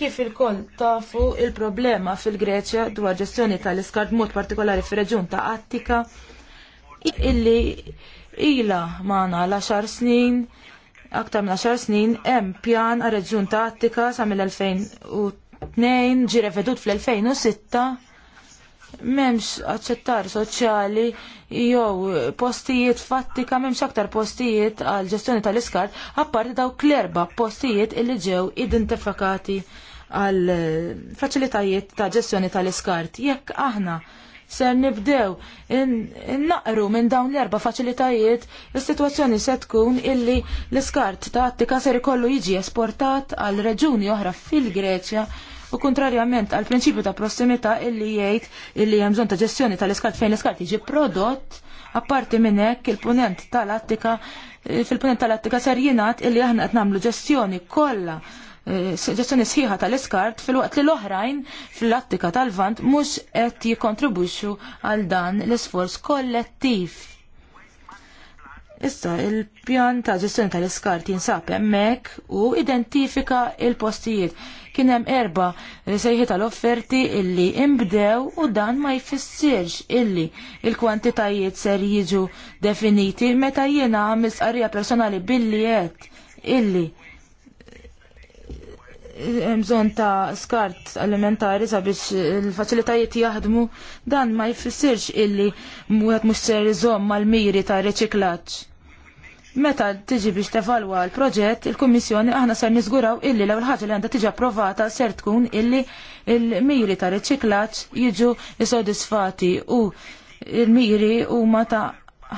Kif il-koll tafu il-problema fil-Greċja dwar ġestjoni tal-iskart mod partikolari fil-reġun ta' Attika illi ila maħna la xar snin aktar minn 10 snin hemm pjan għal reġjun ta' Attika sa mill-2002 ġi revedut fl-2006 m'hemmx aċċettar soċjali jew postijiet fattika m'hemmx aktar postijiet għal ġestjoni tal-iskart apparti dawk l-erba' postijiet illi ġew identifikati għal eh, faċilitajiet ta' ġestjoni tal-iskart. Jekk aħna ser nibdew innaqru minn dawn l-erba faċilitajiet, is-sitwazzjoni se tkun illi l-iskart ta' attika ser ikollu jiġi esportat għal reġuni oħra fil-Greċja u kontrarjament għal prinċipju ta' prossimità illi jgħid illi hemm bżonn ta' ġestjoni tal-iskart fejn l-iskart jiġi prodott, apparti minn hekk il-punent tal-attika fil-punent tal-attika ser jingħad illi aħna qed nagħmlu ġestjoni kollha ġestjoni sħiħa tal-iskart fil-waqt li l-oħrajn fil-attika tal-vant mhux qed jikkontribwixxu għal dan l-isforz kollettiv. Issa, il-pjan ta' ġestjoni tal-iskart jinsab hemmhekk u identifika il-postijiet. Kien hemm erba sejħi tal-offerti illi imbdew u dan ma jfissirx illi il-kwantitajiet ser jiġu definiti meta jiena għamil sqarrija personali billi qed illi bżonn ta' skart alimentari sabiex il-faċilitajiet jaħdmu dan ma jfissirx illi wieħed mhux ser iżomm mal-miri ta' riċiklaġġ. Meta tiġi biex tevalwa l-proġett, il-Kummissjoni aħna ser niżguraw illi l-ewwel ħaġa li għandha tiġi approvata ser tkun illi l miri ta' riċiklaġġ jiġu isodisfati u l miri huma ta'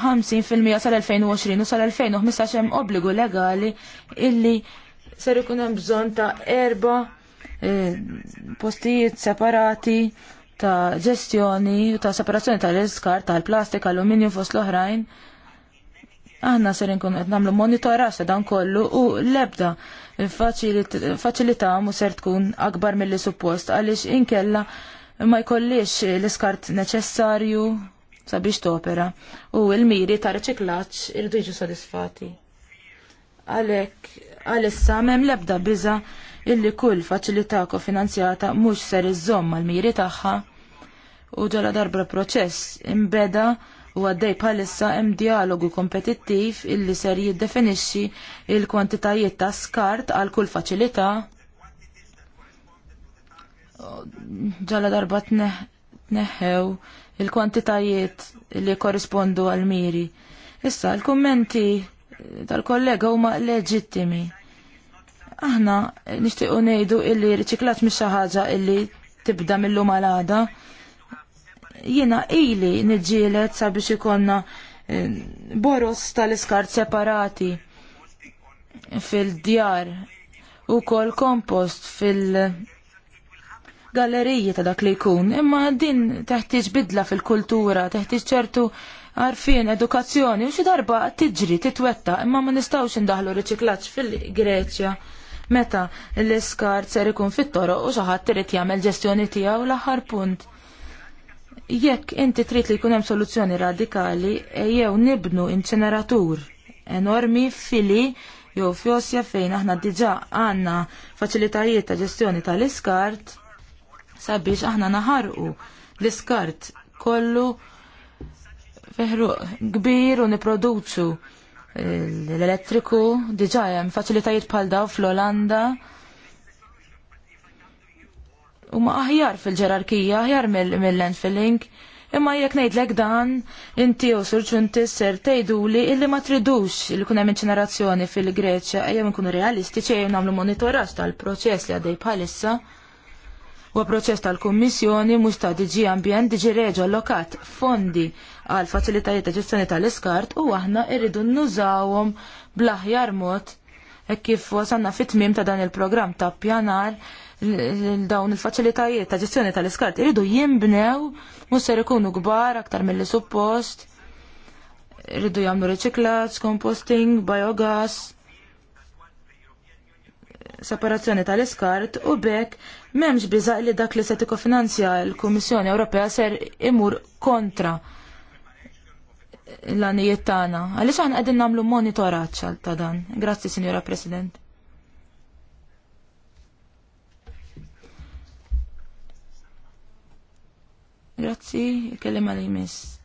50% sal-2020 u sal-2015 hemm obbligu legali illi ser ikun hemm bżonn ta' erba eh, postijiet separati ta' ġestjoni u ta' separazzjoni tal-iskar tal-plastik, alluminju fost l-oħrajn. Aħna ser inkun qed nagħmlu monitora se dan kollu u l-ebda faċilità mu ser tkun akbar mill-li suppost għaliex inkella ma jkollix l-iskart neċessarju sabiex topera u l-miri ta' riċiklaġġ irdu jiġu sodisfati. Għalhekk għalissa m'hemm l-ebda biża illi kull faċilità kofinanzjata mhux ser iżomm mal-miri tagħha u ġala darba proċess imbeda u għaddej bħalissa hemm dialogu kompetittiv illi ser jiddefinixxi il-kwantitajiet ta' skart għal kull faċilità ġala darba tneħħew il-kwantitajiet li korrispondu għal miri. Issa, l-kummenti tal-kollega huma leġittimi. Aħna nixtiequ ngħidu illi riċiklaġġ mhix xi ħaġa illi tibda mill-lum għal Jiena ili niġġielet sabiex ikonna eh, boros tal-iskart separati fil-djar u kol kompost fil-galleriji ta' dak li jkun. Imma din teħtieġ bidla fil-kultura, teħtieġ ċertu għarfien edukazzjoni u xi darba tiġri titwetta imma ma nistgħux indaħlu riċiklaġġ fil-Greċja meta l-iskart ser ikun fit-toroq u xi ħadd irid jagħmel ġestjoni tiegħu l-aħħar punt. Jekk inti trid li jkun hemm soluzzjoni radikali e jew nibnu inċeneratur enormi fili jew fjosja fejn aħna diġà għandna faċilitajiet ta' ġestjoni tal-iskart sabiex aħna naħarqu l-iskart kollu eħruq kbir u niproduċu l-elettriku diġa hemm faċilitajiet bħal daw fl-Olanda. ma aħjar fil-ġerarkija, aħjar mill-landfilling, imma jekk ngħidlek dan, inti u surġu inti ser tgħiduli illi ma tridux li kun hemm inċinerazzjoni fil-Greċja, ejja nkunu realisti jew nagħmlu monitoraċ tal-proċess li għaddej bħalissa. U proċess tal-Kummissjoni mhux ta' diġi Ambjent diġi reġo allokat fondi għal faċilitajiet ta' ġestjoni tal-iskart u aħna irridu nużawhom bl-aħjar mod hekk kif wasanna fit-tmiem ta' dan il-programm ta' pjanar dawn il-faċilitajiet ta' ġestjoni tal-iskart irridu jinbnew mhux ser ikunu kbar aktar mill suppost irridu jagħmlu riċiklaġġ, composting, biogas separazzjoni tal-iskart u bekk memx biżaq li dak li se finanzja l-Kummissjoni Ewropea ser imur kontra l-għanijiet tagħna. Għaliex għan qegħdin nagħmlu monitoraġġ għal ta' dan. Grazzi, Sinjora President. Grazzi, kellim għal jmiss.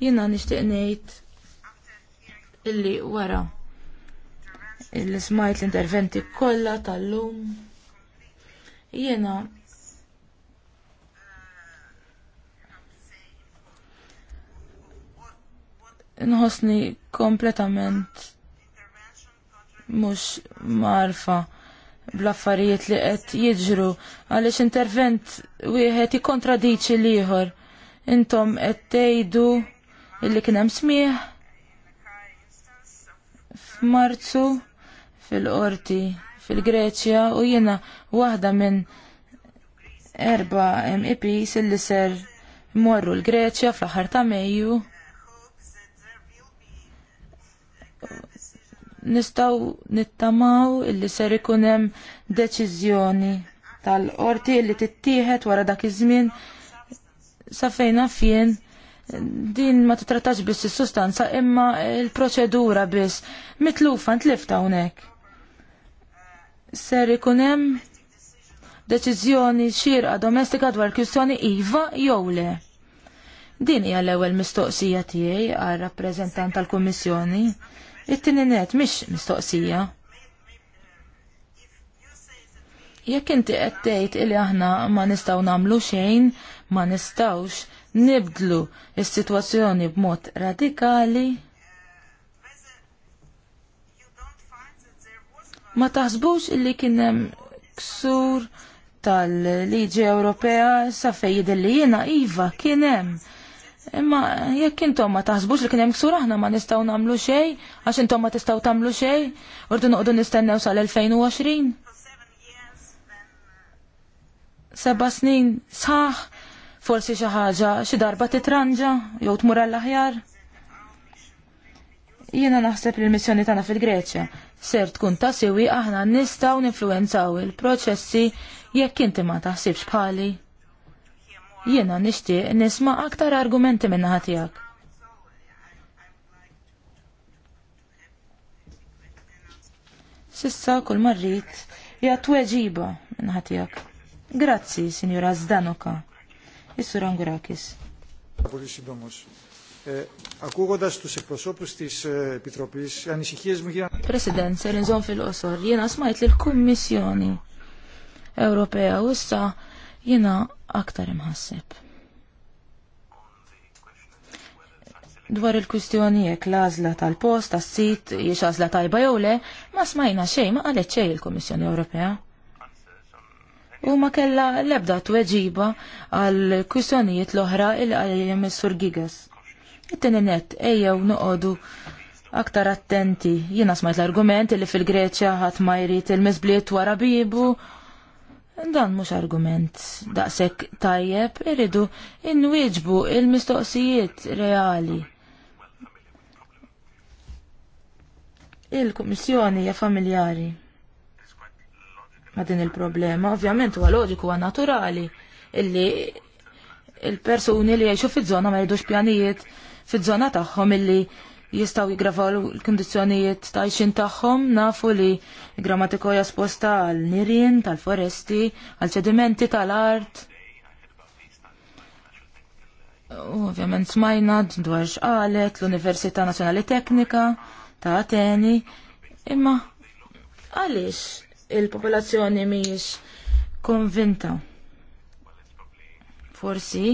Jiena nixtieq ngħid illi wara illi smajt l-interventi kollha tal-lum. Jiena nħosni kompletament mhux marfa bl-affarijiet li qed jiġru għaliex intervent wieħed jikkontradiċi l-ieħor. Intom qed tgħidu illi kien hemm smieħ f'Marzu fil-qorti fil-Greċja u jiena waħda minn erba MEPs illi ser morru l-Greċja fl-aħħar ta' Mejju nistaw nittamaw illi ser ikun hemm deċiżjoni tal-qorti li tittieħed wara dak iż-żmien sa fejna fien din ma titrattax biss is-sustanza imma l-proċedura biss mitlufa ntlifta hawnhekk. Ser ikun hemm deċiżjoni xierqa domestika dwar kwistjoni iva jew le. Din hija l-ewwel mistoqsija tiegħi għar rappreżentant tal-Kummissjoni It-tieni net mhix mistoqsija. Jekk inti qed tgħid illi aħna ma nistgħu nagħmlu xejn, ma nistgħux nibdlu s-sitwazzjoni b'mod radikali, ma taħsbux illi kienem ksur tal-liġi Ewropea sa fejjid li jena iva kienem Imma jekk intom ma taħsbux li kien hemm ksur aħna ma nistgħu nagħmlu xejn, għax intom ma tistgħu tagħmlu xejn, urdu noqogħdu nistennew sal-2020. Seba' snin sħaħ, forsi xi ħaġa xi darba titranġa jew tmur għall-aħjar jiena naħseb li l-missjoni tagħna fil-Greċja ser tkun ta' siwi aħna nistgħu ninfluwenzaw il-proċessi jekk inti ma taħsibx bħali. Jiena nixtieq nisma' aktar argumenti minn ħatijak. Sissa kull marrit jgħat weġiba minn ħatijak. Grazzi, signora Zdanoka. Is-Sur Angurakis. Ακούγοντα του εκπροσώπου τη Επιτροπή, ανησυχίε μου για. President, ser nżon fil-qosor, jiena smajt l-Kummissjoni Ewropea u issa jina aktar imħasseb. Dwar il-kwistjoni l-għażla tal-post, tas-sit, jiex għażla tajba jew le, ma smajna xejn ma qalet xejn il-Kummissjoni Ewropea. U ma kella lebda tweġiba għal kwistjonijiet l-oħra il għaljem sur Gigas. It-tieni net ejjew noqogħdu aktar attenti. Jiena smajt l-argument li fil-Greċja ħadd ma jrid il mizbliet wara bibu Dan mhux argument daqshekk tajjeb iridu inwieġbu il-mistoqsijiet reali. Il-Kummissjoni hija familjari ma' din il-problema, ovvjament huwa loġiku huwa naturali illi il-persuni li jgħixu fiż-żona ma jridux pjanijiet fiż-żona tagħhom illi jistaw jigravaw l-kondizjonijiet ta' xin tagħhom nafu li grammatiko jasposta għal nirien, tal-foresti, għal ċedimenti tal-art. Ovvjament smajna dwar xqalet l-Università Nazzjonali Teknika ta' Ateni, imma għaliex il-popolazzjoni mhijiex konvinta. Forsi,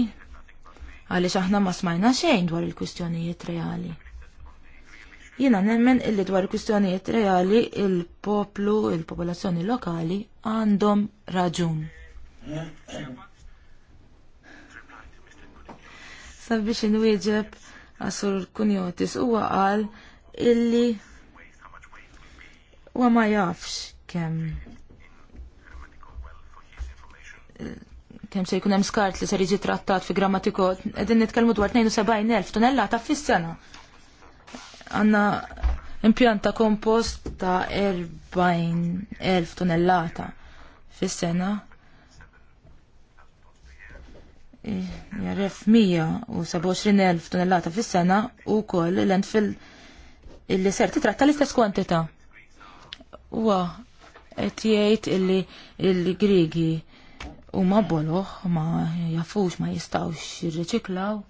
għaliex aħna ma smajna xejn dwar il-kwistjonijiet reali. Jiena nemmen illi dwar kwistjonijiet reali il-poplu, il-popolazzjoni lokali għandhom raġun. Sabiex inwieġeb għasur kunjotis huwa qal illi huwa ma jafx kemm kem se jkun hemm skart li ser jiġi trattat fi grammatiko, qegħdin nitkellmu dwar 72,000 tonellata fis-sena għanna impjanta kompost ta' 40.000 tonnellata fis-sena. Jarref 127.000 tonnellata fis-sena u koll l-endfil illi ser titratta l-istess kwantita. Wa, qed jgħid illi il-Grigi huma boloħ ma jafux ma jistgħux jirriċiklaw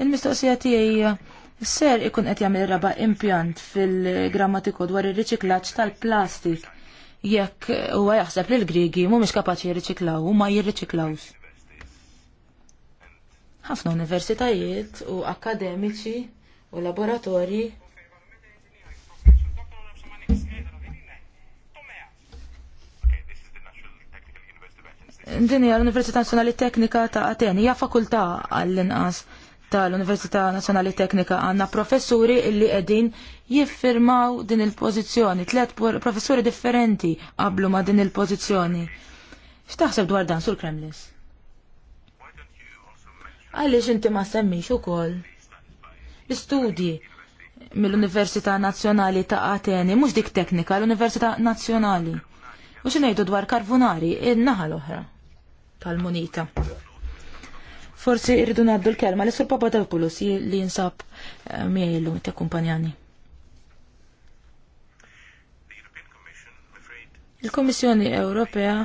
Il-mistoqsija tiegħi ser ikun qed jagħmel raba impjant fil-grammatiku dwar ir-riċiklaġġ tal-plastik jekk huwa jaħseb li l-Griegi mhumiex kapaċi jirriċiklaw u ma jirriċiklawx. Ħafna universitajiet u akademiċi u laboratorji Dini għal-Università Nazzjonali Teknika ta' Ateni, hija fakultà għall-inqas tal-Università Nazzjonali Teknika għandna professuri illi qegħdin jiffirmaw din il-pożizzjoni, tliet professuri differenti qablu ma' din il-pożizzjoni. X'taħseb dwar dan sur Kremlis? Għaliex inti ma semmix ukoll l-istudji mill-Università Nazzjonali ta' Ateni, mhux dik teknika, l-Università Nazjonali. U xinejdu dwar Karvunari, in-naħa l-oħra tal-Munita. Forsi irridu naddu l-kelma li sur Papadopoulos li jinsab eh, miegħi llum kumpanjani Il-Kommissjoni Ewropea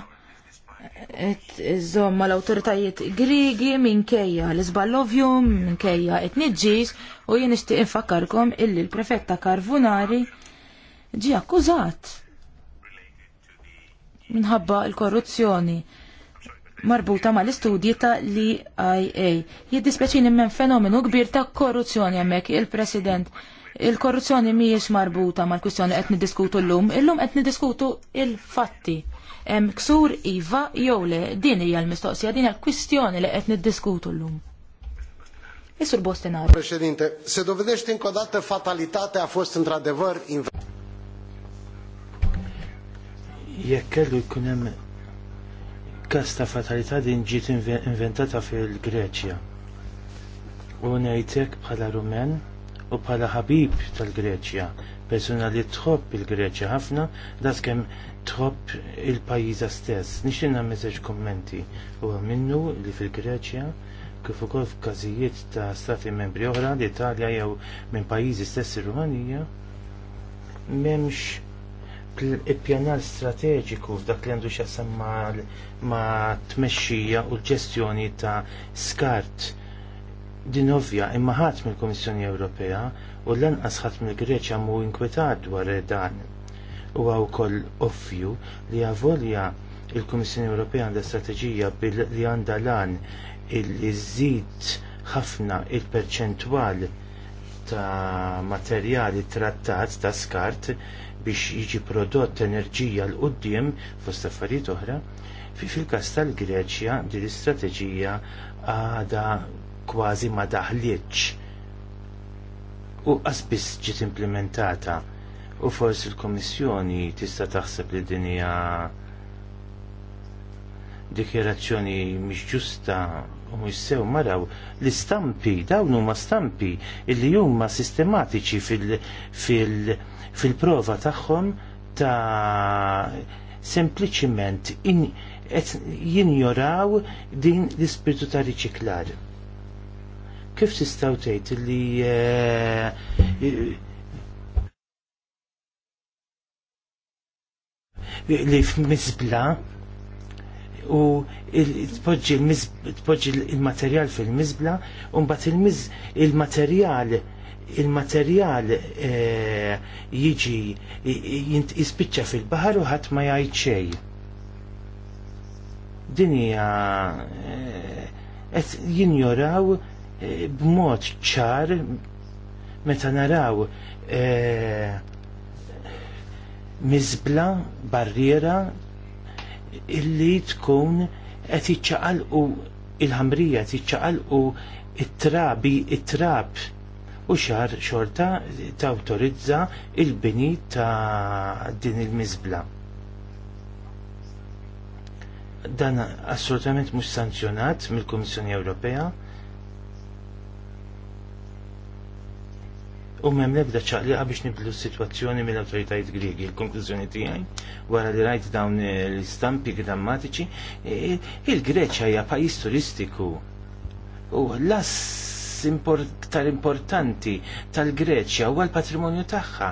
Iżom ma l-autoritajiet grigi minkejja l-izballovjum, minkejja nidġis, u jien nixtieq infakkarkom illi l-prefetta Karvunari ġi akkużat minħabba l-korruzzjoni marbuta ma l-istudji ta' l-IA. E Jiddispeċini nimmen fenomenu kbir ta' korruzzjoni hemmhekk il-President. Il-korruzzjoni mhijiex marbuta mal kwistjoni qed niddiskutu llum, illum qed niddiskutu il-fatti. Hemm ksur iva jew le din hija l-mistoqsija, din il kwistjoni li qed niddiskutu llum. Isur Bostinar. Președinte, se dovedește încă o dată fatalitatea a fost într-adevăr jekk kellu jkun hemm kas ta' fatalità din ġiet inventata fil-Greċja. U nejtek bħala Rumen u bħala ħabib tal-Greċja, persuna li tħobb il-Greċja ħafna, das tħobb il-pajjiża stess. Nixtieq nagħmel kommenti u minnu li fil-Greċja kif ukoll f'każijiet ta' stati membri oħra l-Italja jew minn pajjiżi stess ir-Rumanija m'hemmx il-pjanar strateġiku f'dak li għandu xaqsam ma t-mexxija u l-ġestjoni ta' skart din ovvja imma ħadd mill-Kummissjoni Ewropea u lanqas ħadd mill-Greċja mu inkwetat dwar dan. U wkoll ovvju li għavolja il-Kummissjoni Ewropea għandha strateġija li għandha lan il-żid ħafna il-perċentwal ta' materjali trattat ta' skart biex jiġi prodott enerġija l-qoddim fost affarijiet oħra, fi fil-kas tal-Greċja din l-istrateġija għada kważi ma daħlietx u qasbis ġiet implementata u forsi l-Komissjoni tista' taħseb li din hija dikjerazzjoni mhix ġusta u mhux sew maraw l-istampi dawn huma stampi illi huma sistematiċi fil-prova tagħhom ta' sempliċiment jinjoraw din l-ispirtu ta' riċiklar. Kif tistaw tgħid li eh, li f'misbla u tpoġġi il-materjal fil-mizbla u mbagħad il-materjal il-materjal eh, jiġi jispiċċa fil-baħar u ħadd ma jgħid xejn. Din hija qed eh, jinjoraw eh, b'mod ċar meta naraw mizbla barriera illi tkun qed iċċaqalqu il-ħamrija tiċċaqalqu it-trabi it-trab u xar xorta ta' autorizza il-bini ta' din il-mizbla. Dan assolutament mhux sanzjonat mill-Kummissjoni Ewropea u mem nebda ċaqliqa biex nibdlu s-situazzjoni mill autoritajiet Griegi. Il-konklużjoni tiegħi wara li rajt dawn l-istampi grammatiċi, il-Greċja hija pajjiż turistiku. U l-ass tal-importanti tal-Greċja u l-patrimonju tagħha.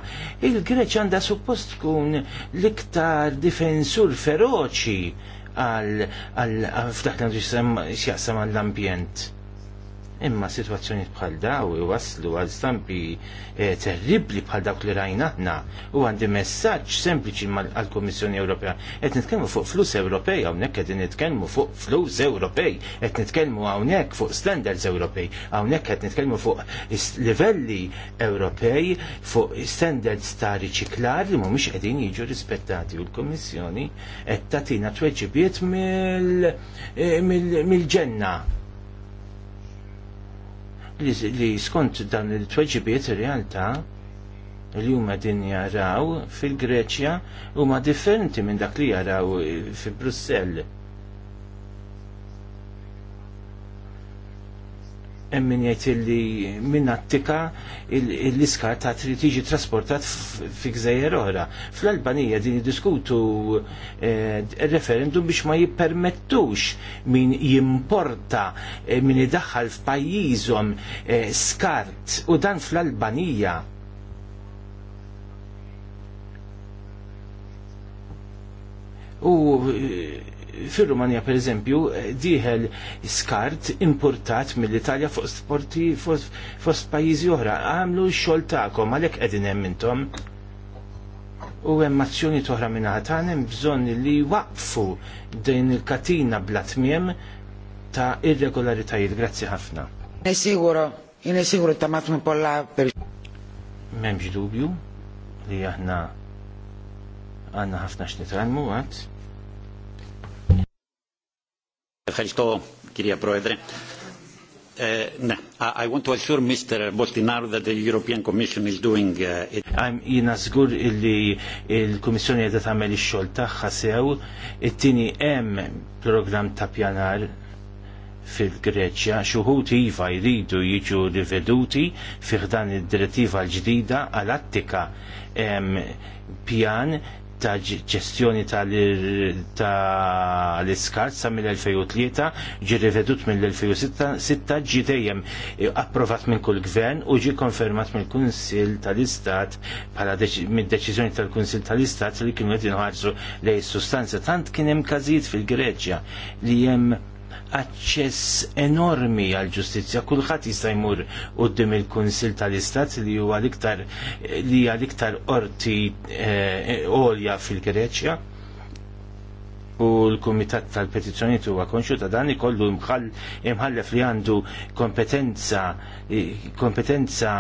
Il-Greċja għandha suppost tkun l-iktar difensur feroċi għal ftaħna li x'jaqsam għall-ambjent Imma situazzjoni bħal daw waslu għal stampi eh, terribli bħal dawk li rajna aħna u għandi messaġġ sempliċi għal Komissjoni Ewropea. Qed nitkellmu fuq flus Ewropej hawnhekk qed nitkellmu fuq flus Ewropej, qed nitkellmu hawnhekk fuq standards Ewropej, hawnhekk qed nitkellmu fuq livelli Ewropej fuq standards ta' riċiklar li mhumiex qegħdin jiġu rispettati u l-Kommissjoni qed tagħtina tweġibiet eh, mill-ġenna li skont dan il-tweġibiet ir-realtà li huma din jaraw fil-Greċja huma differenti minn dak li jaraw fi Brussell emmin jgħid li minn attika l-iskar ta' trid tiġi trasportat fi gżejjer oħra. Fl-Albanija din diskutu eh, referendum biex ma jippermettux min jimporta eh, min idaħħal f'pajjiżhom eh, skart u dan fl-Albanija u fil rumanija per eżempju diħel skart importat mill-Italja fost porti fost pajjiżi oħra. Għamlu x-xogħol tagħkom għalhekk qegħdin hemm intom. U hemm azzjoni toħra minn għatan hemm bżonn li waqfu din il-katina bla tmiem ta' irregolaritajiet. Grazzi ħafna. Nesiguro, jinesiguro ta' matmu polla per. M'hemmx dubju li aħna għandna ħafna x'nitralmu għadd. Uh, eh, no, I, want to assure Mr. Bostinaro that the European Commission is doing uh, it. I'm jina zgur illi il-Kommissjoni għedha tagħmel ix-xogħol tagħha sew, it-tieni hemm programm ta' pjanar fil-Greċja xuħut iva jridu jiġu riveduti fih dan id-direttiva l-ġdida għal-attika pjan ta' ġestjoni tal-iskart sa' mill-2003 ġi rivedut mill-2006 ġi dejjem approvat minn kull gvern u ġi konfermat mill kunsil tal-Istat bħala deċiżjoni tal-Kunsil tal-Istat li kienu qed inħarsu lej sustanza tant kien hemm każijiet fil-Greċja li hemm aċċess enormi għal ġustizzja kulħadd jista' jmur quddiem il kunsill tal-Istat li huwa l-iktar li hija l-iktar qorti eh, għolja fil-Greċja u l-Kumitat tal-Petizzjonijiet huwa konxju ta' dan ikollu imħallef li għandu kompetenza kompetenza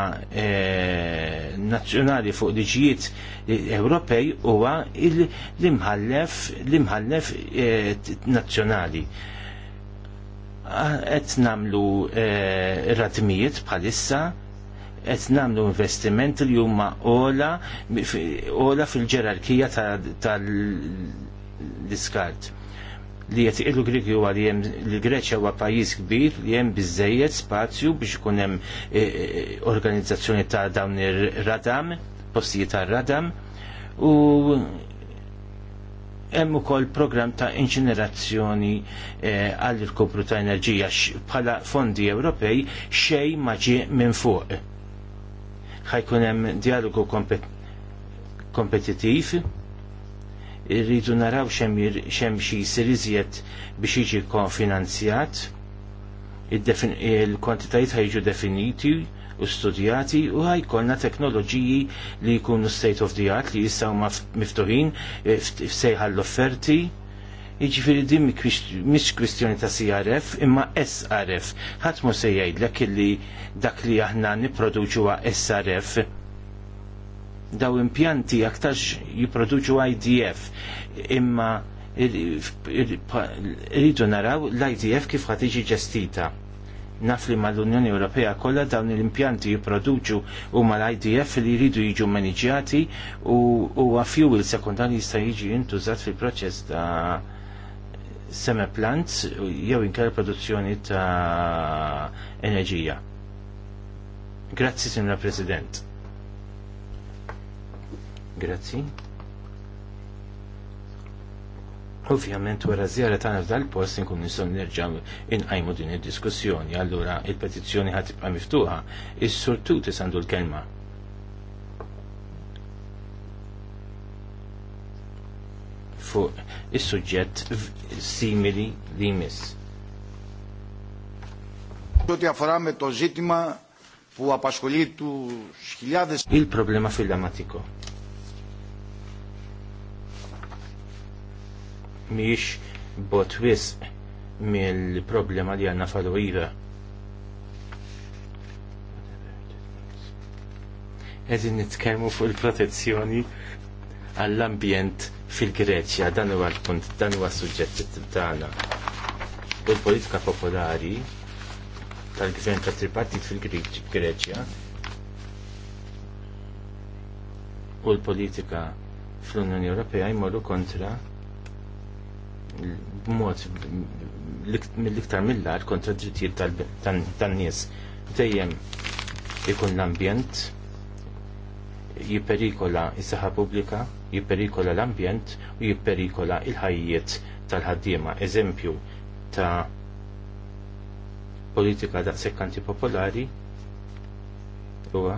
eh, nazzjonali fuq liġijiet eh, Ewropej huwa l-imħallef l-imħallef nazzjonali qed namlu eh, ratmijiet bħalissa qed namlu investimenti li huma ola ola fil-ġerarkija tal diskart li qed iqilu Griki huwa li hemm l-Greċja huwa pajjiż kbir li hemm biżejjed spazju biex ikun hemm eh, eh, organizzazzjoni ta' dawn ir-radam, postijiet tar-radam u hemm ukoll program ta' inġenerazzjoni eh, għall irkopru ta' enerġija bħala fondi Ewropej xejn ma ġie minn fuq. Ħajkun hemm dialogu kompetittiv irridu naraw xem xi jsir iżjed biex jiġi konfinanzjat il-kwantitajiet ħajġu definiti u studjati u ħajkolna teknoloġiji li jkunu state of the art li jistgħu miftuħin eh, f'sejħa l-offerti. Jiġifieri din mhix kwistjoni ta' CRF imma SRF. Ħadd mhu se jgħidlek illi dak li aħna niproduċu għa SRF daw impjanti aktarx jipproduċu IDF imma rridu naraw l-IDF kif ħatiġi ġestita Naf li mal-Unjoni Ewropea kollha dawn l-impjanti jipproduċu u mal-IDF li jridu jiġu maniġjati u huwa fuel sekundarji jista' jiġi jintużat fil-proċess ta' seme plants jew inkar produzzjoni ta' enerġija. Grazzi, Sinra President. Grazzi. Ovvjament wara żjara tagħna f'dal post inkun nistgħu nerġgħu inqajmu din id-diskussjoni. Allura il-petizzjoni ħad tibqa' miftuħa. Is-sur tuti sandu l-kelma. Fuq is-suġġett simili li jmiss. Ό,τι αφορά με το ζήτημα που Il problema filamatiko. miex bot wisq mill-problema li għanna fal-wiva. Għedin nitkelmu fuq il-protezzjoni għall-ambjent fil-Greċja, dan huwa l-punt, dan huwa s t tagħna. U l-politika popolari tal-gvern ta' tripartit fil-Greċja u l-politika fl-Unjoni Ewropea jmorru kontra b-mod mill-iktar mill-lar kontra drittijiet tan-nies. Dejjem ikun l-ambjent jiperikola is-saħħa pubblika, jiperikola l-ambjent u jiperikola il-ħajjiet tal-ħaddiema. Eżempju ta' politika daqshekk popolari. huwa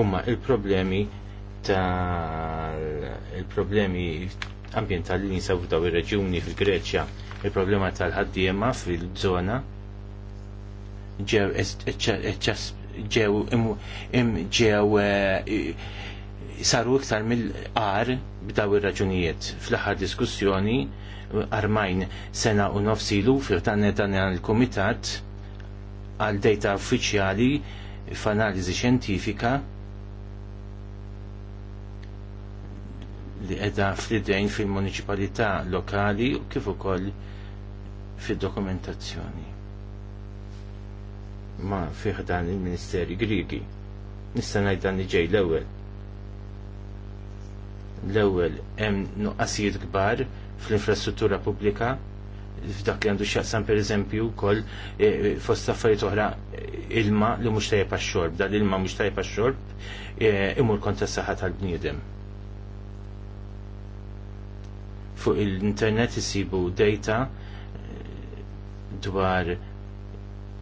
umma il-problemi ta' il-problemi ambjentali li jinsabu daw ir-reġjuni fil-Greċja. Il-problema tal-ħaddiema fil-żona ġew eh, saru iktar mill-qar b'daw ir-raġunijiet. Fl-aħħar diskussjoni armajn sena u nofsilu fil-tan dan il-komitat għal dejta uffiċjali f'analiżi xjentifika li edha fl-idejn fil-municipalità lokali u kif ukoll fil-dokumentazzjoni. Ma fih dan il-Ministeri Grigi. Nista' ngħid dan li ġej l-ewwel. L-ewwel hemm nuqqasijiet kbar fl-infrastruttura pubblika f'dak li għandu x'jaqsam per eżempju kol e, e, fost affarijiet oħra e, ilma li mhux tajjeb għax-xorb, dan ilma mhux tajjeb għax-xorb imur kontra s-saħħa tal-bniedem fuq l-internet jisibu data eh, dwar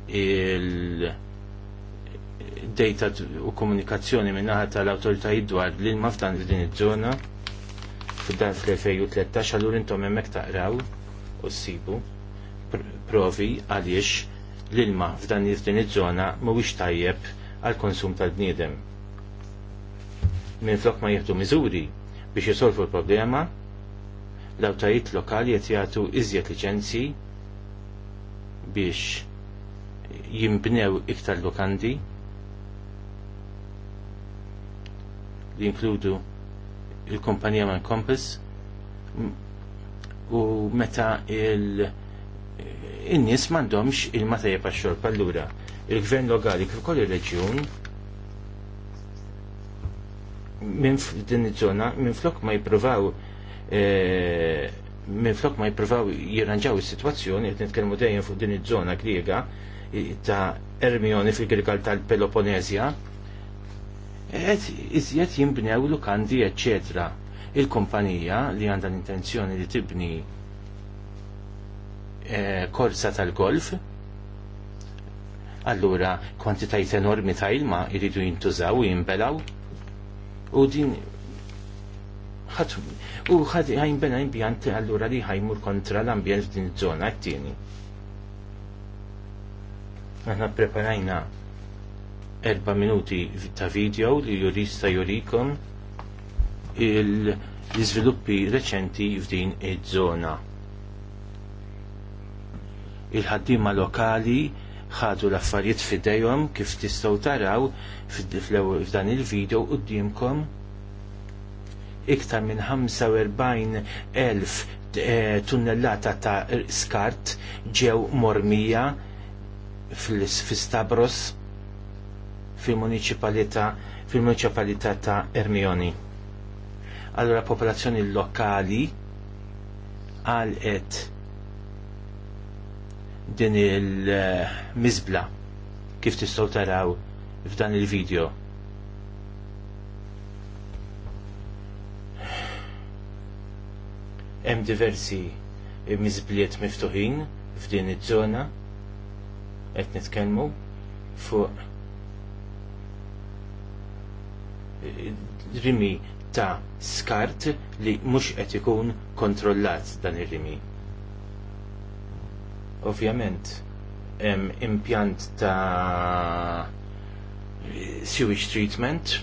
il- data u komunikazzjoni minnaħa tal-autoritajiet dwar li maftan din iż-żona f'dan fl-2013 allura intom hemmhekk taqraw u ssibu provi għaliex l-ilma f'dan din iż-żona mhuwiex tajjeb għall konsum tal-bniedem. Minflok ma jieħdu miżuri biex jisolvu l-problema l-awtajiet lokali qed jagħtu iżjed liċenzji biex jimbnew iktar lokandi li jinkludu il-kumpanija man Compass u meta il- in-nies m'għandhomx il-matajja għax xorb allura il-gvern lokali kif ukoll ir-reġjun minn din iż-żona minflok ma jippruvaw E, minn flok ma jippruvaw jirranġaw is-sitwazzjoni qed nitkellmu dejjem fuq din iż-żona griega ta' Ermioni fil grigal tal peloponezja qed iżjed jinbnew lukandi eccetera Il-kumpanija li għandha l-intenzjoni li tibni e, korsa tal-golf allura kwantitajt enormi ta' ilma jridu jintużaw u jimbelaw u din u bena impjant allura li ħajmur kontra l-ambjent f'din iż-żona t Aħna preparajna erba' minuti ta' video li jurista jurikom l-iżviluppi reċenti f'din iż-żona. Il-ħaddiema lokali ħadu l-affarijiet fidejhom kif tistgħu taraw f'dan il-video qudiemkom iktar minn 45,000 eh, tunnellata ta' skart ġew mormija fil-Stabros fil-municipalità fil ta' Ermioni. Allora popolazzjoni lokali et din il-mizbla eh, kif tistgħu taraw f'dan il-video Hemm diversi eh, miżbliet miftuħin f'din iż-żona qed nitkellmu fuq eh, rimi ta' skart li mhux qed ikun kontrollat dan ir-rimi. Ovvjament, hemm impjant ta' sewage treatment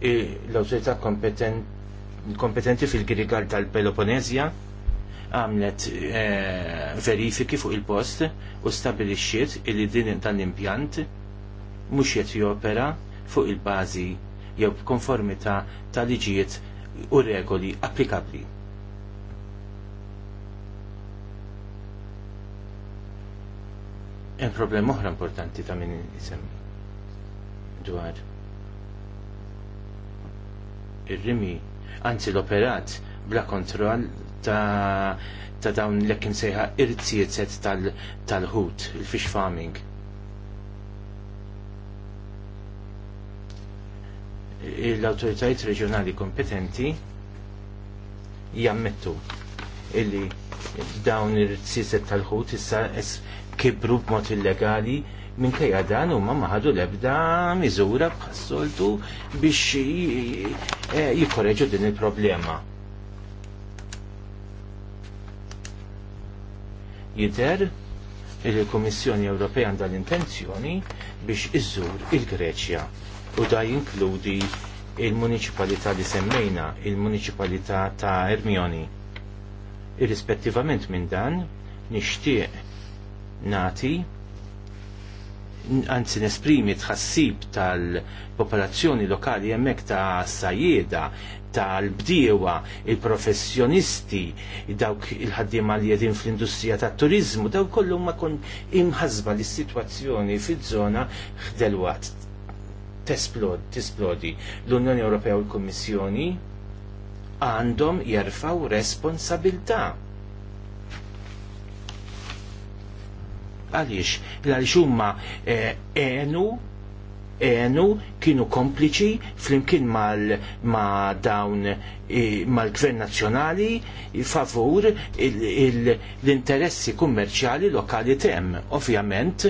eh, l-awtorità kompetenti kompetenti fil-Grigal tal-Peloponezja għamlet eh, verifiki fuq il-post u stabilixxiet li din tal-impjant mhux qed jopera fuq il-bażi jew konformita tal-liġijiet u regoli applikabbli. Hemm problem oħra importanti ta' min isemmi dwar ir-rimi anzi l-operat bla kontroll ta' ta' dawn l kien sejħa irtzijiet tal-ħut, il-fish farming. l-autoritajiet reġjonali kompetenti jammettu illi dawn ir-rtsiset tal-ħut issa kibru b'mod illegali minkejja dan huma mamma ħadu l-ebda miżura biex e, jikorreġu din il-problema. Jider il-Komissjoni Ewropea għandha l-intenzjoni biex iżżur il-Greċja u da jinkludi il-municipalità li semmejna, il-municipalità ta' Ermioni. Irrispettivament minn dan, nixtieq nati anzi nesprimi tħassib tal-popolazzjoni lokali jemmek ta' sajjeda, tal-bdiewa, il-professjonisti, dawk il ħaddim li jedin fl-industrija tat turizmu, dawk kollu ma kon imħazba li situazzjoni fil-zona xdelwat. Tesplod, tesplodi. L-Unjoni Ewropea u l-Kommissjoni għandhom jerfaw responsabilta' Għaliex, għalix huma għenu eh, għenu kienu kompliċi flimkien mal ma dawn mal-gvern nazzjonali favur l-interessi kummerċjali lokali tem. Ovvjament,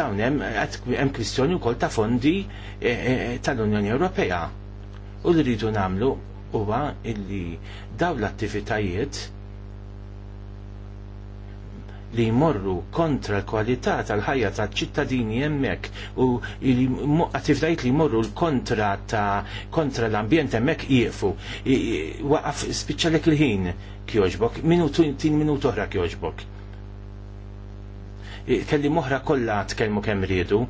dawn hemm kwistjoni wkoll ta' fondi eh, eh, tal-Unjoni Ewropea. U li rridu nagħmlu huwa illi dawn l-attivitajiet li jmorru kontra l-kwalità tal-ħajja tal-ċittadini hemmhekk u attivitajiet li jmorru l-kontra ta' kontra l-ambjent hemmhekk jiefu. Waqaf spiċċalek il-ħin kjoġbok, minutu tin minut oħra kjoġbok. Kelli moħra kollha tkellmu kemm riedu.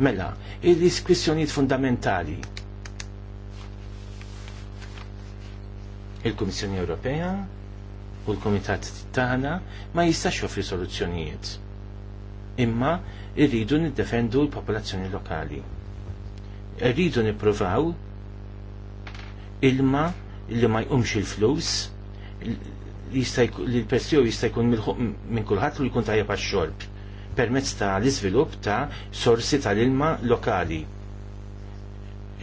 Mela, il-diskwissjonijiet fundamentali il-Kummissjoni Ewropea u l-komitat tagħna ma jistax joffri soluzzjonijiet. Imma irridu niddefendu l-popolazzjoni lokali. Irridu nippruvaw ilma li ma jqumx il-flus li l-pestiju jista' jkun minn kulħadd u jkun tajjeb għax-xorb permezz ta' l-iżvilupp ta' sorsi tal-ilma lokali.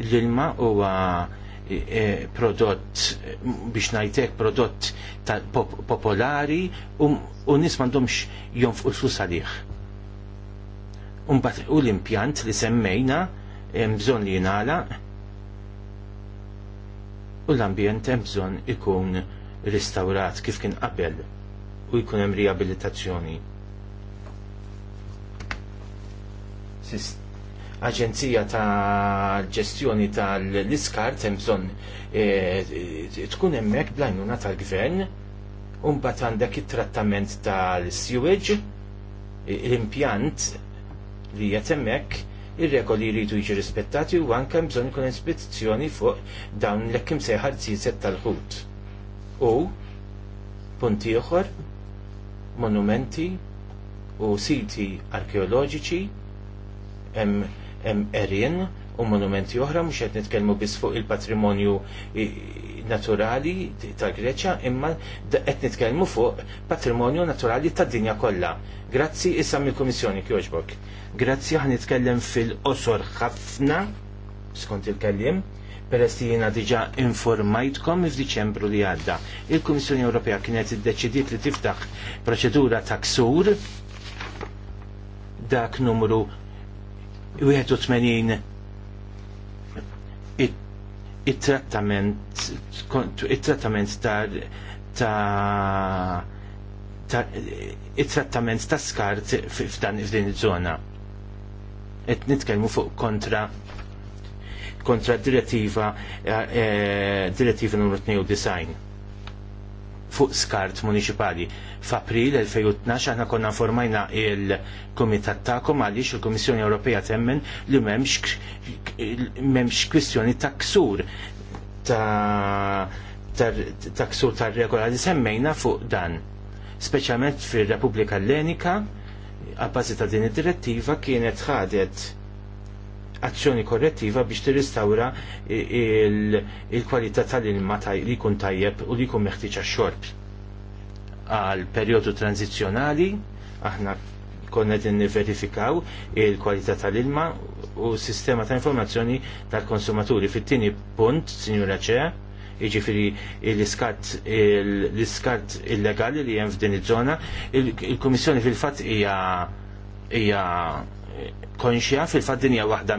L-ilma huwa E, prodott biex najtek prodott ta' popolari um, u nis mandomx jonfqu l-flus għalih. Umbat u l-impjant li semmejna bżon li jinala u l-ambjent hemm bżonn ikun ristawrat kif kien qabel u jkun hemm riabilitazzjoni. Sist aġenzija ta' ġestjoni tal-iskart hemm bżonn e, e, tkun hemmhekk blajnuna tal-gvern u mbagħad għandek it-trattament tal-sewage l-impjant li qed hemmhekk ir-regoli jridu jiġi rispettati u anke bżonn ikun ispezzjoni fuq dawn l-ekkim sejħar żiset tal-ħut. U punti oħor, monumenti u siti arkeoloġiċi hemm hemm Erin u monumenti oħra mhux qed nitkellmu biss fuq il-patrimonju naturali tal-Greċja, imma qed nitkellmu fuq patrimonju naturali tad-dinja kollha. Grazzi issa mill-Kummissjoni kjoġbok. Grazzi ħan nitkellem fil-qosor ħafna skont il-kellim peress li jiena diġa informajtkom f'Diċembru li għadda. Il-Kummissjoni Ewropea kienet iddeċidiet li tiftaħ proċedura ta' ksur dak numru 81 it-trattament it-trattament ta' ta' ta' it-trattament ta' skart f'dan f'din iż-żona. Qed nitkellmu fuq kontra kontra direttiva eh, direttiva numru 92 fuq skart municipali. F'April 2012 aħna konna formajna il-Kumitat ta'kom għaliex il-Kummissjoni Ewropea temmen li m'hemmx kwistjoni ta' ksur ta' ksur ta' regola li semmejna fuq dan. Speċjalment fir-Repubblika Ellenika, għabbażi ta' din id-direttiva kienet ħadet azzjoni korrettiva biex tirristawra il-kwalità tal-ilma li jkun tajjeb u li jkun meħtieġ għax-xorb. Għal perjodu tranzizjonali, aħna konna din verifikaw il-kwalità tal-ilma u sistema ta' informazzjoni tal-konsumaturi. Fit-tieni punt, Sinjura Ċea, iġifiri l l-iskat illegali li jem f'din il żona il-Kummissjoni fil-fatt hija hija konxja fil-fat dinja waħda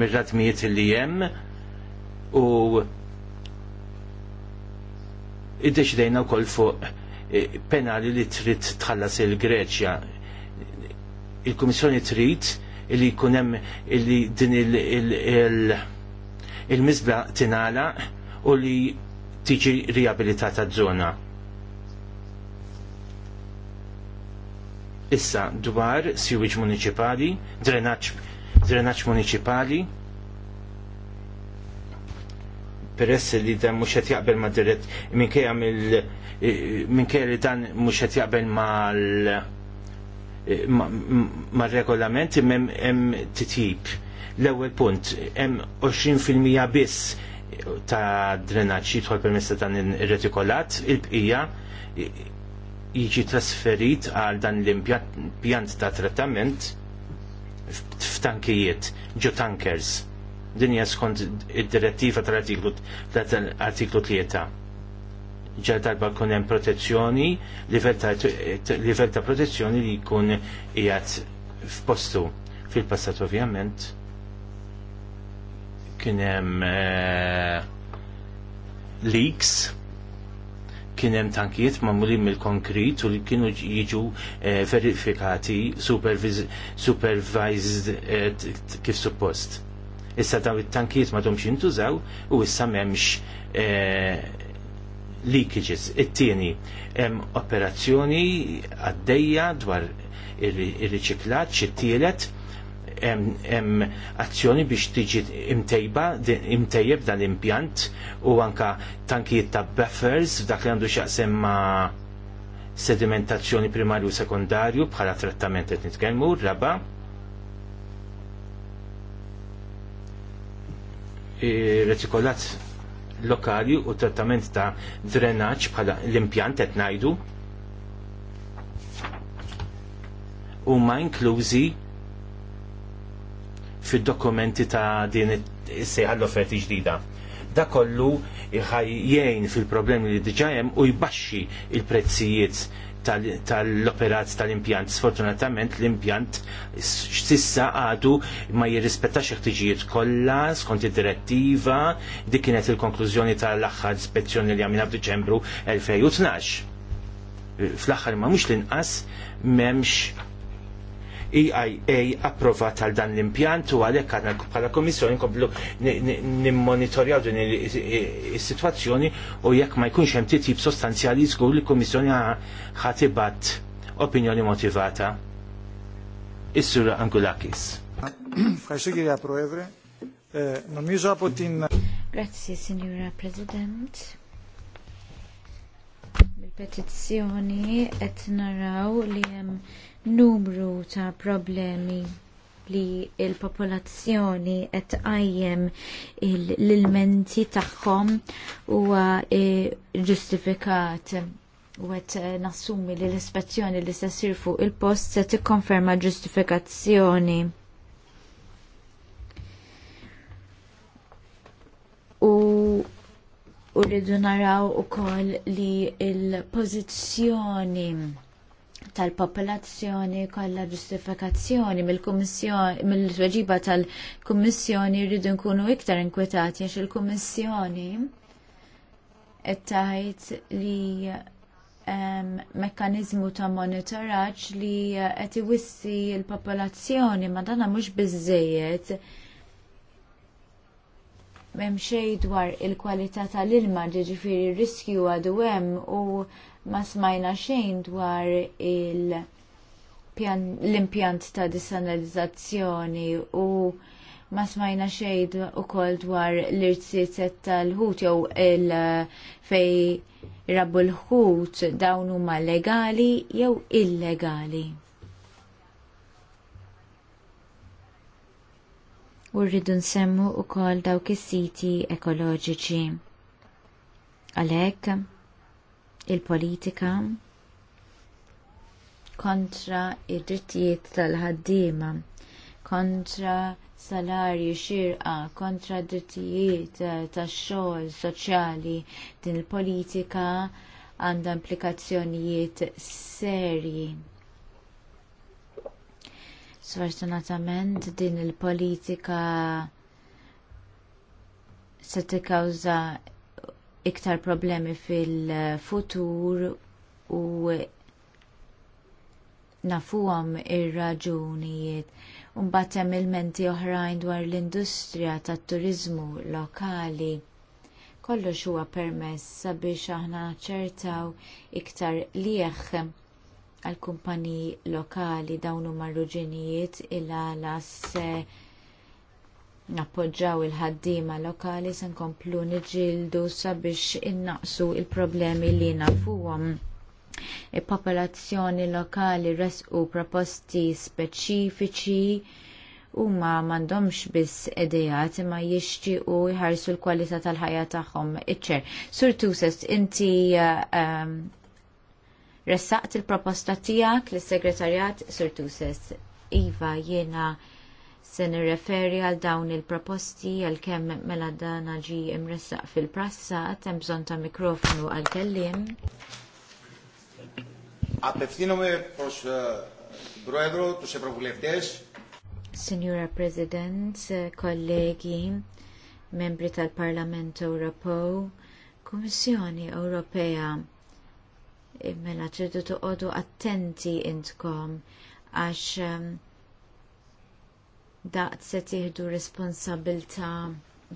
mill-ratmijiet li jem u id-deċidejna u koll fuq eh, penali li trid tħallas il-Greċja. Il-Komissjoni trid li kunem li din il-mizbla tinala u li tiġi riabilitata zona. issa dwar siwiġ municipali, drenaċ municipali, peress li dan mhux qed jaqbel ma' dirett minkejja mill eh, li dan mhux qed jaqbel mal eh, ma' regolament mem em titip L-ewwel punt hemm 20% biss ta' drenaġġ tħol permessa dan il retikolat il-bqija jiġi trasferit għal dan l-impjant ta' trattament f'tankijiet, ġo tankers. Din hija skont id-direttiva tal-artiklu tal-artiklu tlieta. Ġa darba kun hemm protezzjoni, livell ta' protezzjoni li jkun qiegħed f'postu. Fil-passat ovvjament kien hemm eh, leaks kien hemm tankijiet magħmulin mill-konkrit u li kienu jiġu eh, verifikati supervised eh, kif suppost. Issa daw it-tankijiet m'għadhomx jintużaw u issa m'hemmx eh, leakages. It-tieni hemm operazzjoni għaddejja dwar ir-riċiklaġġ, it-tielet hemm azzjoni biex tiġi imtejba imtejjeb dan l-impjant u anka tankijiet ta' buffers f'dak li għandu xaqsem ma' sedimentazzjoni primarju u sekundarju bħala trattament qed nitkellmu, raba' retikolat lokali u trattament ta' drenaġġ bħala l-impjant qed ngħidu ma' inklużi fid-dokumenti ta' din is-sejħa l-offerti ġdida. Da kollu jgħin fil-problemi li diġa hemm u jbaxxi il-prezzijiet tal-operat tal-impjant. Sfortunatament l-impjant sissa għadu ma jirrispettax iħtiġijiet ħtiġijiet kollha skont id-direttiva dik kienet il-konklużjoni tal-aħħar ispezzjoni li għamilna f'Diċembru 2012. Fl-aħħar ma mhux l-inqas m'hemmx EIA approva għal dan l-impjant u għalhekk għandna bħala Komissjoni nkomplu nimmonitorjaw din is-sitwazzjoni u jekk ma jkunx hemm titjib sostanzjali żgur li Kommissjoni kummissjoni ħatibat opinjoni motivata. is Angulakis. Grazie, Signora President petizzjoni qed naraw li hemm numru ta' problemi li l popolazzjoni qed tqajjem l-ilmenti tagħhom huwa eh, ġustifikat u qed eh, nassumi li l-ispezzjoni li se ssir fuq il-post se tikkonferma ġustifikazzjoni. U rridu naraw ukoll li l pożizzjoni tal-popolazzjoni kollha ġustifikazzjoni mill-Kummissjoni tweġiba tal-Kummissjoni rridu nkunu iktar inkwetati għax il-Kummissjoni qed li ehm, mekkanizmu ta' monitoraġġ li qed iwissi l-popolazzjoni ma dana mhux biżejjed m'hemm xejn dwar il-kwalità tal-ilma ġifieri r-riskju għadu hemm u ma smajna xejn dwar il- l-impjant ta' disanalizzazzjoni u ma smajna xejn u kol dwar l irtsiet tal-ħut jew il-fej rabu l-ħut dawn huma legali jew illegali. U rridu nsemmu u kol dawk is-siti ekoloġiċi. Għalhekk, il-politika kontra id-drittijiet tal-ħaddiema, kontra salarju xirqa, kontra drittijiet eh, tax-xogħol soċjali din il-politika għandha implikazzjonijiet serji. Sfortunatament din il-politika se tikkawża iktar problemi fil-futur u nafuhom ir-raġunijiet. Umbat hemm il-menti oħrajn dwar l-industrija tat-turiżmu lokali. Kollox huwa permess sabiex aħna ċertaw iktar lieħ għall kumpaniji lokali dawn huma ruġinijiet il-għalas nappoġġaw il-ħaddiema lokali se nkomplu niġildu sabiex innaqsu l problemi li nafuhom il-popolazzjoni lokali resqu proposti speċifiċi huma m'għandhomx biss edejat imma jixtiequ jħarsu l-kwalità tal-ħajja tagħhom iċ-ċer. Sur Tuses, inti um, ressaqt il-proposta tiegħek lis segretarjat Sur Tuses. Iva, jiena se nirreferi għal dawn il-proposti għal kemm mela dan ġi imressaq fil prassa hemm bżonn ta' mikrofonu għal kelliem. Απευθύνομαι προς Signora President, kollegi, membri tal-Parlament Ewropew, Kummissjoni Ewropea, eh, mela ċertu toqogħdu attenti intkom għax ehm, daqt se tieħdu responsabilta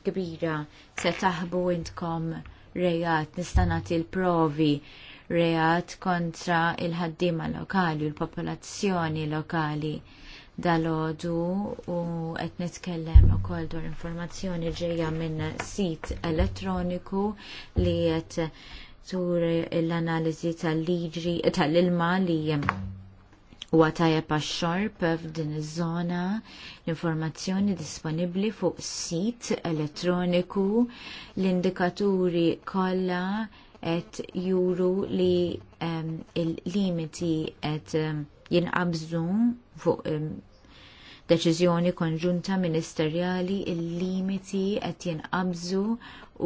kbira se taħbu intkom rejat nista' nagħti l-provi rejat kontra il-ħaddiema lokali u l-popolazzjoni lokali dalodu u qed nitkellem ukoll dwar informazzjoni ġejja minn sit elettroniku li qed tur l-analiżi tal-liġi tal-ilma li U tajjeb għax-xorb f'din iż-żona l-informazzjoni disponibbli fuq sit elettroniku l-indikaturi kollha qed juru li um, il-limiti qed um, jinqabżu fuq um, deċiżjoni konġunta ministerjali il-limiti qed jinqabżu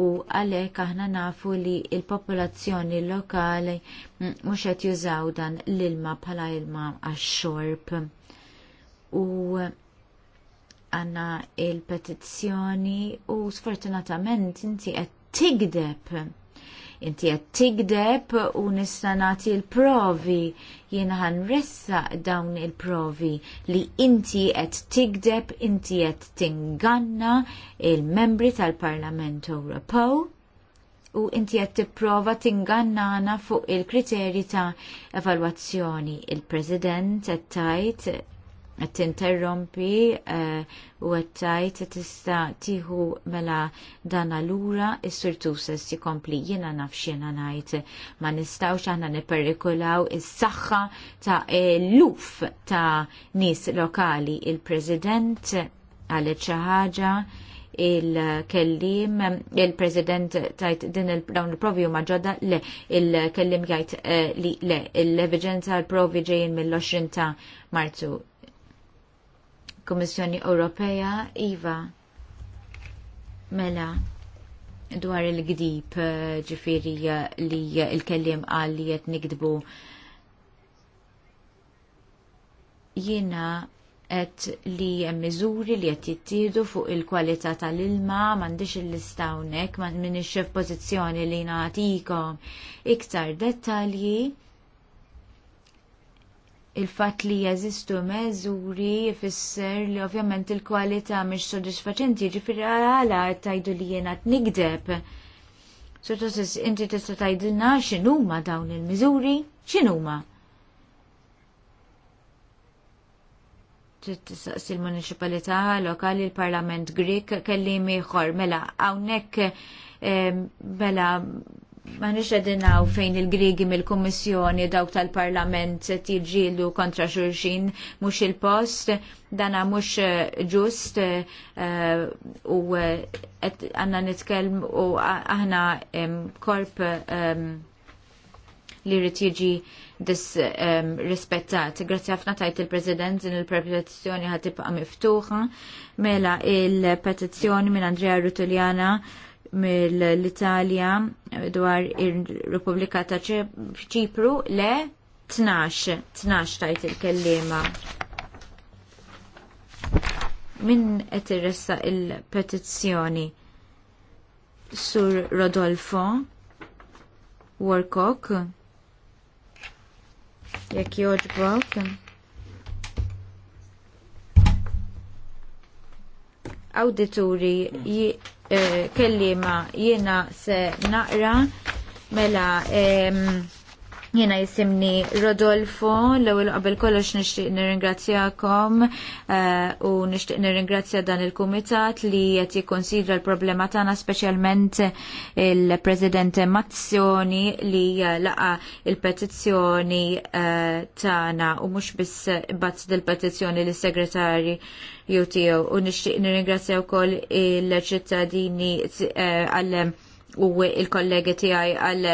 u għalhekk aħna nafu li l popolazzjoni lokali mm, mhux qed jużaw dan l-ilma bħala ilma għax-xorb. U għanna il-petizzjoni u sfortunatament inti qed tigdeb inti qed tigdeb u nistanati nagħti l-provi jiena ħanressa dawn il-provi li inti qed tigdeb, inti qed tinganna il-membri tal-Parlament Ewropew u inti qed tipprova tingannana fuq il-kriterji ta' evalwazzjoni. Il-President qed tajt t tinterrompi eh, u qed tgħid tista' tieħu mela dana allura s sur tuses jikompli jiena jena x'jiena ngħid ma nistgħux aħna nipperikolaw is-saħħa ta' eluf ta' nies lokali il-President għalet ċaħġa ħaġa il-kellim, il-president tajt din il-dawn il-provi huma ġodda le il-kellim jgħid eh, li le l-evidenza l-provi ġejjin mill-20 ta' Marzu Kummissjoni Ewropea iva mela dwar il-gdib eh, ġifiri eh, li eh, il-kellim għal li jett nikdbu jina et li hemm miżuri li qed jittidu fuq il-kwalità tal-ilma m'għandix il listawnek hawnhekk m'għandix f'pożizzjoni li nagħtikom iktar dettalji il-fat li jeżistu meżuri jfisser li ovvjament il-kwalità mhix sodisfaċenti, jiġifieri għal għala tajdu li jiena nigdeb. Sotosis, inti tista' tgħidilna x'inhuma dawn il-miżuri, x'inhuma? tistaqsi l-municipalità lokali l-Parlament Grik kelli ieħor mela hawnhekk eh, mela ma nixedinaw fejn il-Grigi mill-Kommissjoni dawk tal-Parlament tirġilu kontra xurxin mux il-post, dana mux eh, ġust eh, u eh, għanna nitkelm u aħna korp li rrit jiġi dis rispettat. Grazzi ħafna tajt il-President din il-petizzjoni ħatibqa' miftuħa mela il-petizzjoni minn Andrea Rutuljana mill-Italja dwar ir-Repubblika ta' Ċipru le 12, 12 tajt il-kellima. Min qed irressa il-petizzjoni? Sur Rodolfo Warcock jekk joġbok. Awdituri Eh, kellima jiena se naqra mela Jena jisimni Rodolfo, l-ewel qabel kollox nishtiq nirringrazzjakom eh, u nishtiq nirringrazzja dan il-kumitat li qed jikkonsidra l-problema tagħna speċjalment il-President Mazzjoni li laqa il-petizzjoni eh, tagħna u mhux biss bazz dil-petizzjoni li segretari jutiju tiegħu u nixtieq nirringrazzja wkoll il-ċittadini eh, għal u il-kollegi tiegħi għal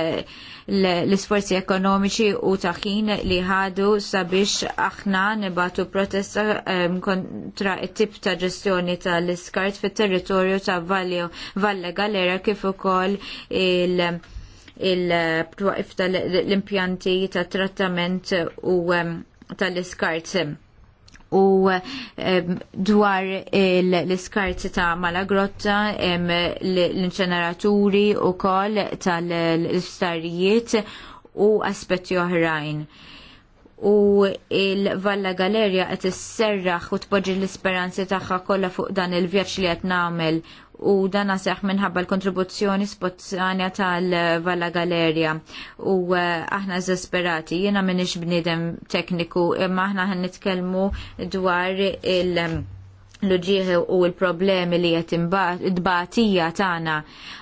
l-isforzi ekonomiċi u taħin li ħadu sabiex aħna nibatu protesta kontra it-tip ta' ġestjoni tal-iskart fit-territorju ta' Valle Galera kif ukoll il- il impjanti ta' trattament u tal-iskart u dwar l iskarzi ta' Malagrotta l-inċeneraturi u kol tal-istarijiet u aspetti oħrajn u il-Valla Galerja qed isserraħ u tpoġġi l-isperanzi tagħha kollha fuq dan il-vjaġġ li qed nagħmel u dan seħ minħabba l-kontribuzzjoni spontanea tal-Valla Galeria. u eh, aħna zesperati, jena minix bnidem tekniku, imma aħna ħan nitkelmu dwar il- l ġieħi u l-problemi li jett id-batija tana.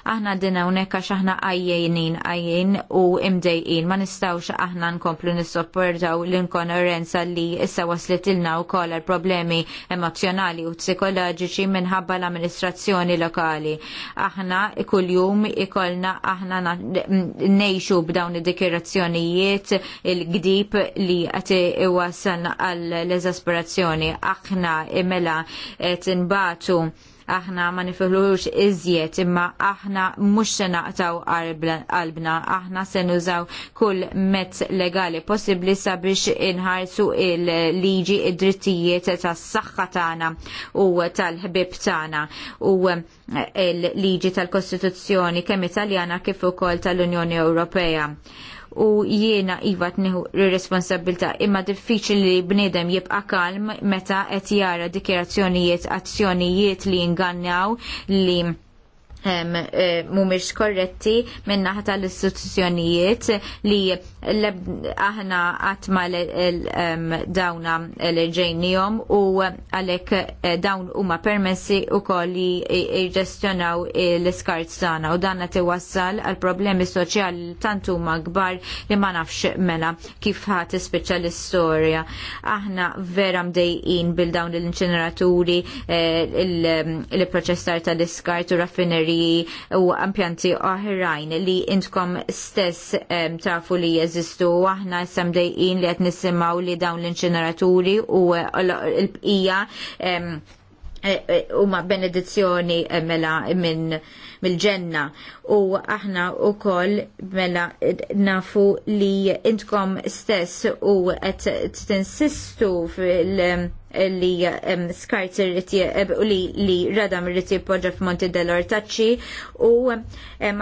Aħna dina għax aħna għajjenin għajjen u imdejjin. Ma nistawx aħna nkomplu nissopportaw l-inkonerenza li issa waslet ilna u koll problemi emozjonali u psikoloġiċi minħabba l-amministrazzjoni lokali. Aħna kull-jum ikolna aħna nejxu b'dawn id-dikirazzjonijiet il-gdib li għati iwasan għall-ezasperazzjoni. Aħna imela inbatu aħna ma nifilux iżjed imma aħna mhux se naqtaw qalbna, aħna se nużaw kull mezz legali possibbli sabiex inħarsu il-liġi id-drittijiet tas-saħħa tagħna u tal-ħbib tagħna u l liġi tal-Kostituzzjoni kemm Italjana kif ukoll tal-Unjoni Ewropea u jiena iva tniħu responsabilta imma diffiċli li bnidem jibqa kalm meta qed jara dikjerazzjonijiet azzjonijiet li ngannaw li mumiex eh, korretti minna ħata l-istituzzjonijiet li aħna għatma dawna l-ġejnijom u għalek eh, dawn huma permessi u li jġestjonaw l-iskart sana u danna tiwassal għal problemi soċjali tant huma kbar li ma nafx mela kif ħat ispiċċa l-istorja. Aħna vera mdejqin bil-dawn l-inċineraturi eh, il-proċessar tal-iskart u raffineri batteriji u impjanti oħrajn li intkom stess um, tafu li jeżistu aħna samdejqin li qed nisimaw li dawn l-inċineraturi u l-bqija um, huma benedizzjoni e, mela minn mill-ġenna u aħna u koll mela nafu li intkom stess u qed tinsistu fil- li skart li radam irrit jippoġġa f'Monti dell-Ortaċċi u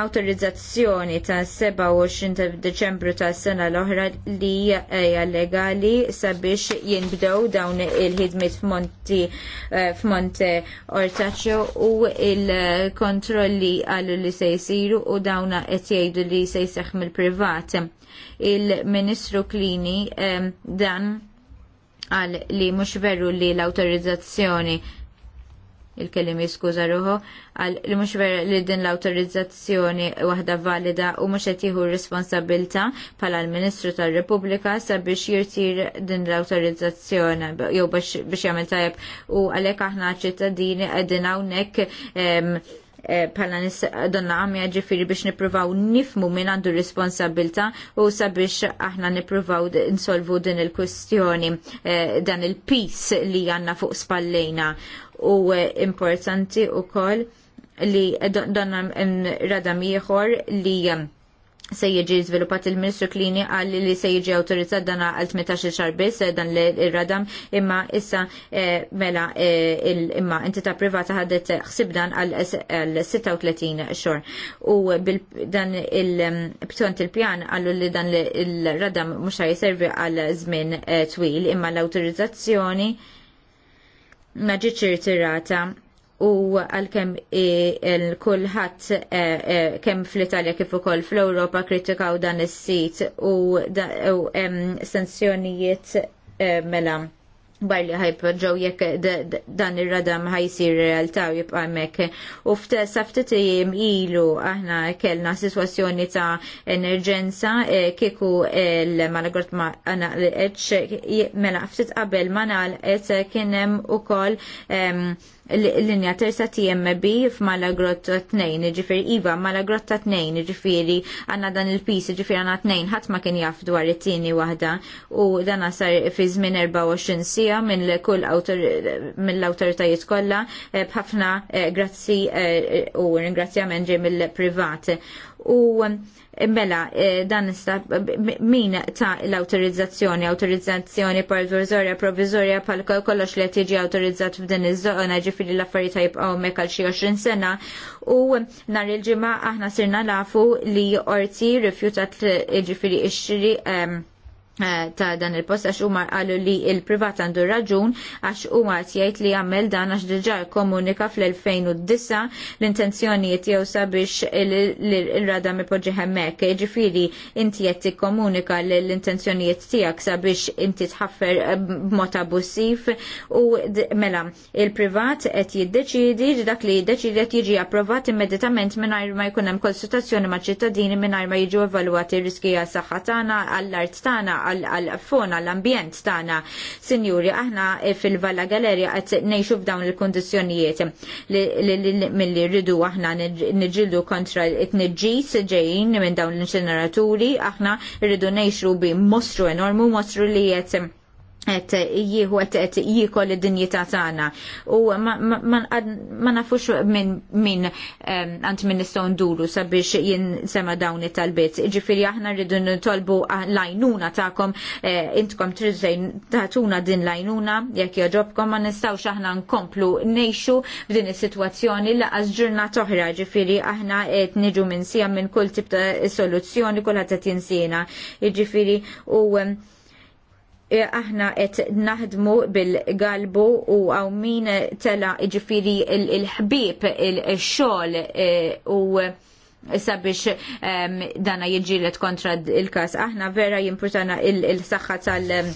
autorizzazzjoni ta' 27 Deċembru ta' sena l-oħra li hija legali sabiex jinbdew dawn il-ħidmiet f'Monti eh, f'Monte Ortaċċo u il-kontrolli għallu li se jisiru u dawna qed jgħidu li se jseħħ mill-privat. Il-Ministru Klini dan qal li mhux veru li l-awtorizzazzjoni il-kelim jiskuża ruħu għal li mhux vera li din l-awtorizzazzjoni waħda valida u mhux qed jieħu responsabilta bħala l-Ministru tar-Repubblika sabiex jirtir din l-awtorizzazzjoni jew biex jagħmel tajjeb u għalhekk aħna ċittadini qegħdin hawnhekk Eh, nis donna għamja ġifiri biex nipruvaw nifmu minn għandu responsabilta u sabiex aħna nipruvaw nsolvu din il kustjoni eh, dan il-pis li għanna fuq spallejna u eh, importanti u koll li donna radam ieħor li se jiġi żviluppat il-Ministru Klini għal li se jiġi awtorizzat dan għal 18 xar biss eh, dan l-radam imma issa eh, mela eh, imma entità privata ħadet ħsib dan għal 36 xor. U dan il-ptont mm, il-pjan għallu li dan il-radam mhux servi għal żmien twil imma l-awtorizzazzjoni ma ġietx u għal-kem kulħadd eh, eh, kemm fl-Italja kif ukoll fl-Ewropa kritikaw dan is-sit u sanzjonijiet eh, mela barli ħajpoġġaw jekk dan ir-radam ħajsir realtà u jibqa' hemmhekk. U f'tesa ftit ilu aħna kellna sitwazzjoni ta' emerġenza kieku l-malagort ma naqliqx mela ftit qabel ma naqlqet kien hemm ukoll l-linja terza TMB f'Mala Grotta 2, Iġifieri Iva, Mala Grotta 2, iġifieri għanna dan il-pis, iġifier għanna 2, ħat ma kien jaf dwar it-tieni wahda u dan sar fi żmien 24 sija minn kull mill-autoritajiet kollha eh, bħafna eh, grazzi eh, u ringrazzjament ġej mill-privat u um, mela eh, dan sta min ta' l-autorizzazzjoni, autorizzazzjoni provizorja, provizorja pal kollox li tiġi autorizzat f'din iż-żona ġifiri l-affarijiet jibqgħu mek għal xi 20 sena u nhar il-ġimgħa aħna sirna nafu li orti rifjutat eh, ġifieri ixri xiri ehm, Eh, ta' dan il-post għax huma qalu li il-privat għandu raġun għax huma jgħid li għamel dan għax diġà komunika fl-2009 l-intenzjoni tiegħu sabiex il-radam ipoġġi hemmhekk. ġifiri inti qed komunika l-intenzjonijiet tiegħek sabiex inti tħaffer eh, b'mod bussif u mela il-privat qed jiddeċidi dak li jiddeċidi qed jiġi approvat immedjatament mingħajr ma jkun hemm konsultazzjoni ma' ċittadini mingħajr ma jiġu evalwati r-riski għas-saħħa tagħna għall-art tagħna għal-fon għall-ambjent tagħna. Sinjuri, aħna fil-Valla Galerja qed ngħixu f'dawn il-kundizzjonijiet milli rridu aħna nġildu kontra it-tniġġis ġejjin minn dawn l-inċineraturi, aħna rridu ngħixu bi mostru enormu, mostru li jiet et jieħu et et jiekol id ta' tagħna. U ma nafux minn min ant minn nistgħu nduru sabiex sema dawn it-talbiet. Jġifieri aħna rridu nitolbu lajnuna tagħkom e, intkom triżejn tagħtuna din lajnuna jekk joġobkom ma nistgħux aħna nkomplu ngħixu f'din is-sitwazzjoni laqas ġurnat oħra ġifieri aħna qed niġu minn sija minn kull tip ta' soluzzjoni kulħadd qed jinsina. Ġifieri u E, aħna qed naħdmu bil-galbu u għaw min tela ġifiri il-ħbib il-xol e, u sabiex dana jġiret kontra il-kas. Aħna vera jimportana il-saxħa tal-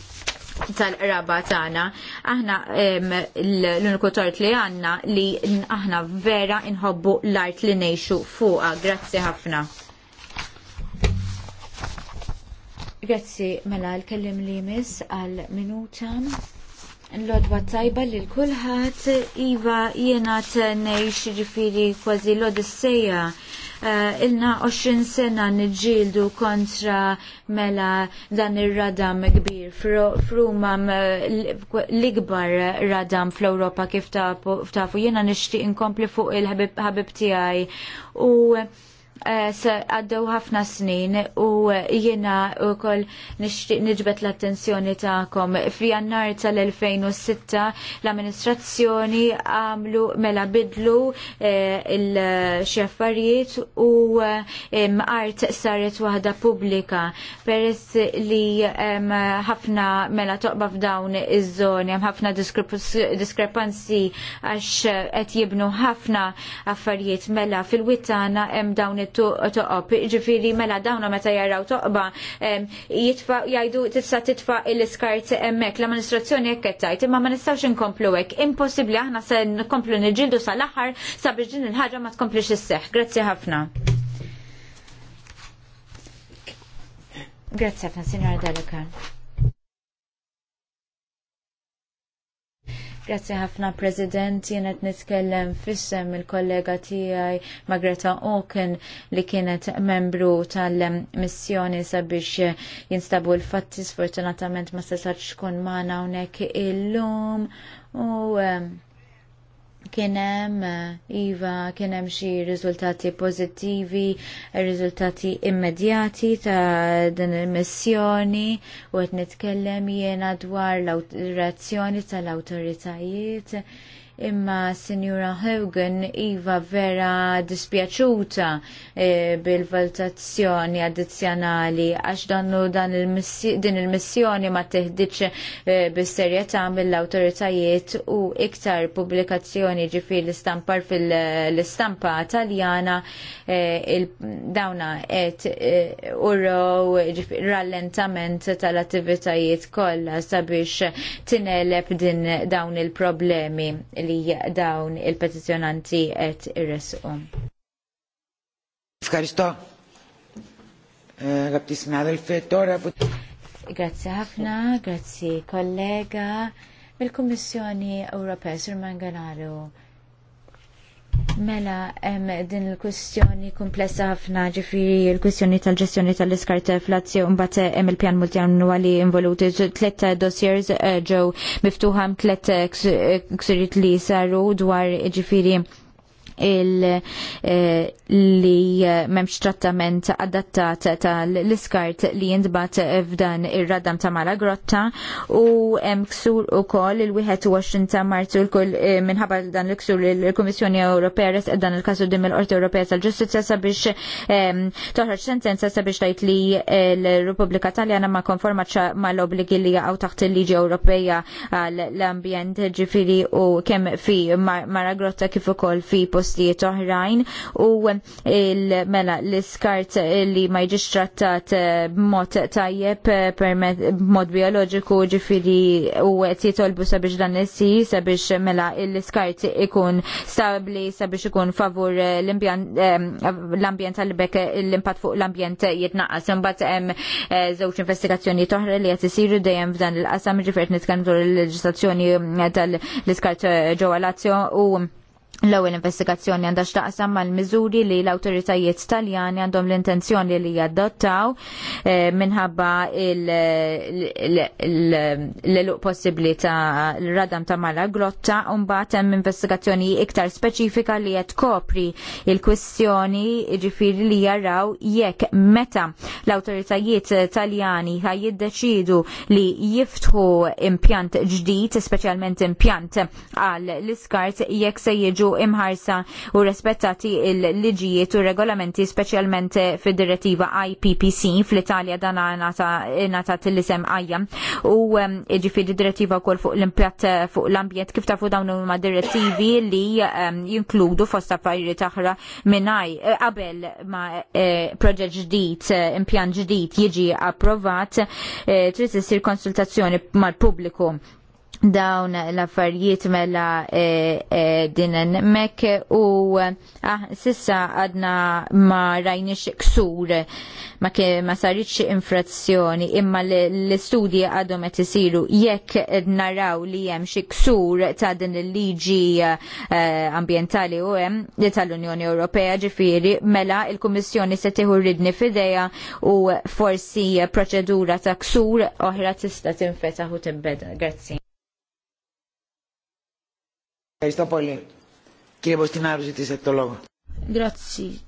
tal raba tagħna. Aħna l-uniku tort li għandna li aħna vera inħobbu l-art li ngħixu fuqha. Grazzi ħafna. Grazzi mela l-kellim li jmiss għal minuta. L-odwa tajba li l-kulħat, Iva jena t-nejx ġifiri kważi l-odisseja Uh, ilna 20 sena nġildu kontra mela dan ir-radam kbir. frumam eh, l-ikbar radam fl-Ewropa kif tafu jiena nixtieq inkompli fuq il-ħabib tiegħi. U Eh, għaddew ħafna snin u jiena u koll nixtieq l-attenzjoni tagħkom. F'jannar tal-2006 l-amministrazzjoni għamlu mela bidlu eh, il-xi affarijiet u eh, art saret waħda pubblika peress li ħafna mela toqba f'dawn iż-żoni hemm ħafna diskrepanzi għax qed jibnu ħafna affarijiet mela fil-wittana hemm dawn toqob. Ġifiri mela dawna meta jaraw toqba jitfa jajdu tista titfa il-skart emmek. L-amministrazzjoni jekk qed imma ma nistawx inkomplu hekk. Impossibbli aħna se nkomplu niġġieldu sal-aħħar sabiex din il-ħaġa ma tkomplix isseħħ. Grazzi ħafna. Grazzi ħafna, Sinjora Delekan. Grazzi ħafna President, jien qed nitkellem fissem il-kollega tiegħi Magreta Oken li kienet membru tal-missjoni sabiex jinstabu l-fatti sfortunatament ma setax tkun magħna hawnhekk illum u um, kienem eh, Iva kienem xi riżultati pozittivi, riżultati immedjati ta' din il-missjoni u qed nitkellem jiena dwar l-reazzjoni tal-awtoritajiet imma Sinjura Hogan iva vera dispjaċuta eh, bil-valutazzjoni addizzjonali għax dannu dan din il-missjoni ma teħdiċ eh, bis-serjetà mill-awtoritajiet u iktar pubblikazzjoni ġifi l-istampar fil-istampa taljana eh, dawna et urrow rallentament tal-attivitajiet kollha sabiex tinelep din dawn il-problemi li dawn il-petizjonanti qed irresqu. Fkaristo, għabti smadelfi, fettora Grazzi ħafna, grazie kollega, mill-Kommissjoni Ewropea Sur Mangalaru. Mela, em, din il kustjoni komplessa ħafna ġifiri il-kwestjoni tal-ġestjoni tal-iskart flazzjon bat hemm il-pjan multiannuali involuti tlet dossiers ġew miftuħam tlet ksirit li saru dwar ġifiri Eh, li memx trattament adattat tal-iskart li jindbat f'dan ir-radam ta' mala grotta u hemm ksur ukoll il-21 ta' Marzu l-kull eh, minħabba dan l-ksur il-Kummissjoni Ewropea res dan il-kasu dim il-Qorti Ewropea tal-Ġustizzja sabiex ehm, toħroġ sentenza sabiex tajt li eh, l-Repubblika Taljana ma konformaċ mal-obligi li għaw taħt il-liġi Ewropeja għall-ambjent ġifiri u kemm fi Mara Grotta kif ukoll fi post postijiet oħrajn u mela l-iskart li ma jiġix trattat eh, b'mod tajjeb eh, b'mod bioloġiku ġifiri u qed jitolbu sabiex dan issi sabiex mela l-iskart ikun stabli sabiex ikun favur eh, l-ambjent għal-bek l-impatt fuq l-ambjent jitnaqqas. Imbagħad hemm żewġ investigazzjoni toħra li qed isiru dejjem f'dan il-qasam ġifier nitkellmu dwar il-leġislazzjoni tal-iskart ġewwa Lazio u L-ewwel investigazzjoni għandha x'taqsam mal-miżuri li l-awtoritajiet Taljani għandhom l-intenzjoni li jadottaw eh, minħabba l-eluq possibbli ta' l-radam ta' mala grotta u mbagħad hemm investigazzjoni iktar speċifika li qed kopri il-kwistjoni ġifieri li jaraw jekk meta l-awtoritajiet Taljani ħaj jiddeċidu li jiftħu impjant ġdid, speċjalment impjant għal l-iskart jekk se jiġu jiġu imħarsa u rispettati il-liġijiet u regolamenti speċjalment fid-direttiva IPPC fl-Italja dana nata l-isem għajja u ġifieri direttiva wkoll fuq l impjat fuq l-ambjent kif tafu dawn huma direttivi li jinkludu fost affarijiet taħra minnaj eh, qabel ma eh, proġett ġdid, eh, impjan ġdid jiġi approvat, trid issir konsultazzjoni mal-pubbliku dawn l-affarijiet mela e, e, mek u ah, sissa għadna ma rajnix ksur ma, ke, ma saritx infrazzjoni imma l-istudji għadhom qed isiru jekk naraw li hemm xi ksur ta' din il-liġi e, ambjentali u hemm tal-Unjoni Ewropea ġifieri mela il-Kummissjoni se tieħu ridni f'idejha u forsi proċedura ta' ksur oħra tista' tinfetaħ u tibbeda. Grazzi. Grazzi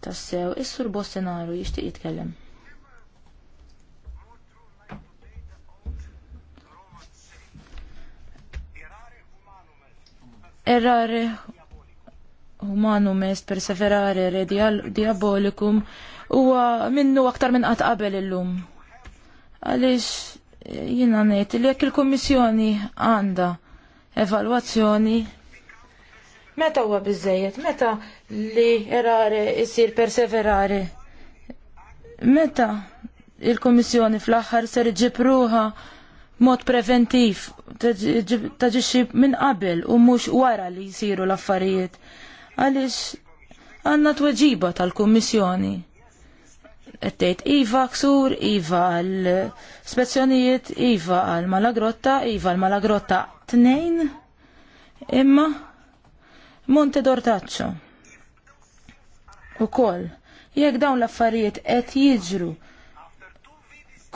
tassew, is-sur Bossenaru jixtieq jitkellem. Errare humanum est perseverare re diabolicum huwa minnu aktar minn qatt qabel illum. Għaliex eh, jiena ngħid li jekk il-Kummissjoni għandha evalwazzjoni Meta huwa biżejjed, meta li erare issir perseverare. Meta il-Komissjoni fl-aħħar ser iġib ruha mod preventiv taġixxi minn qabel u mhux wara li jsiru l-affarijiet. Għaliex għandna tweġiba tal-Kummissjoni. Qed tgħid iva ksur, iva l spezzjonijiet, iva għal malagrotta, iva għal malagrotta tnejn. Imma Monte Dortaccio. Ukoll, jekk dawn l-affarijiet qed jiġru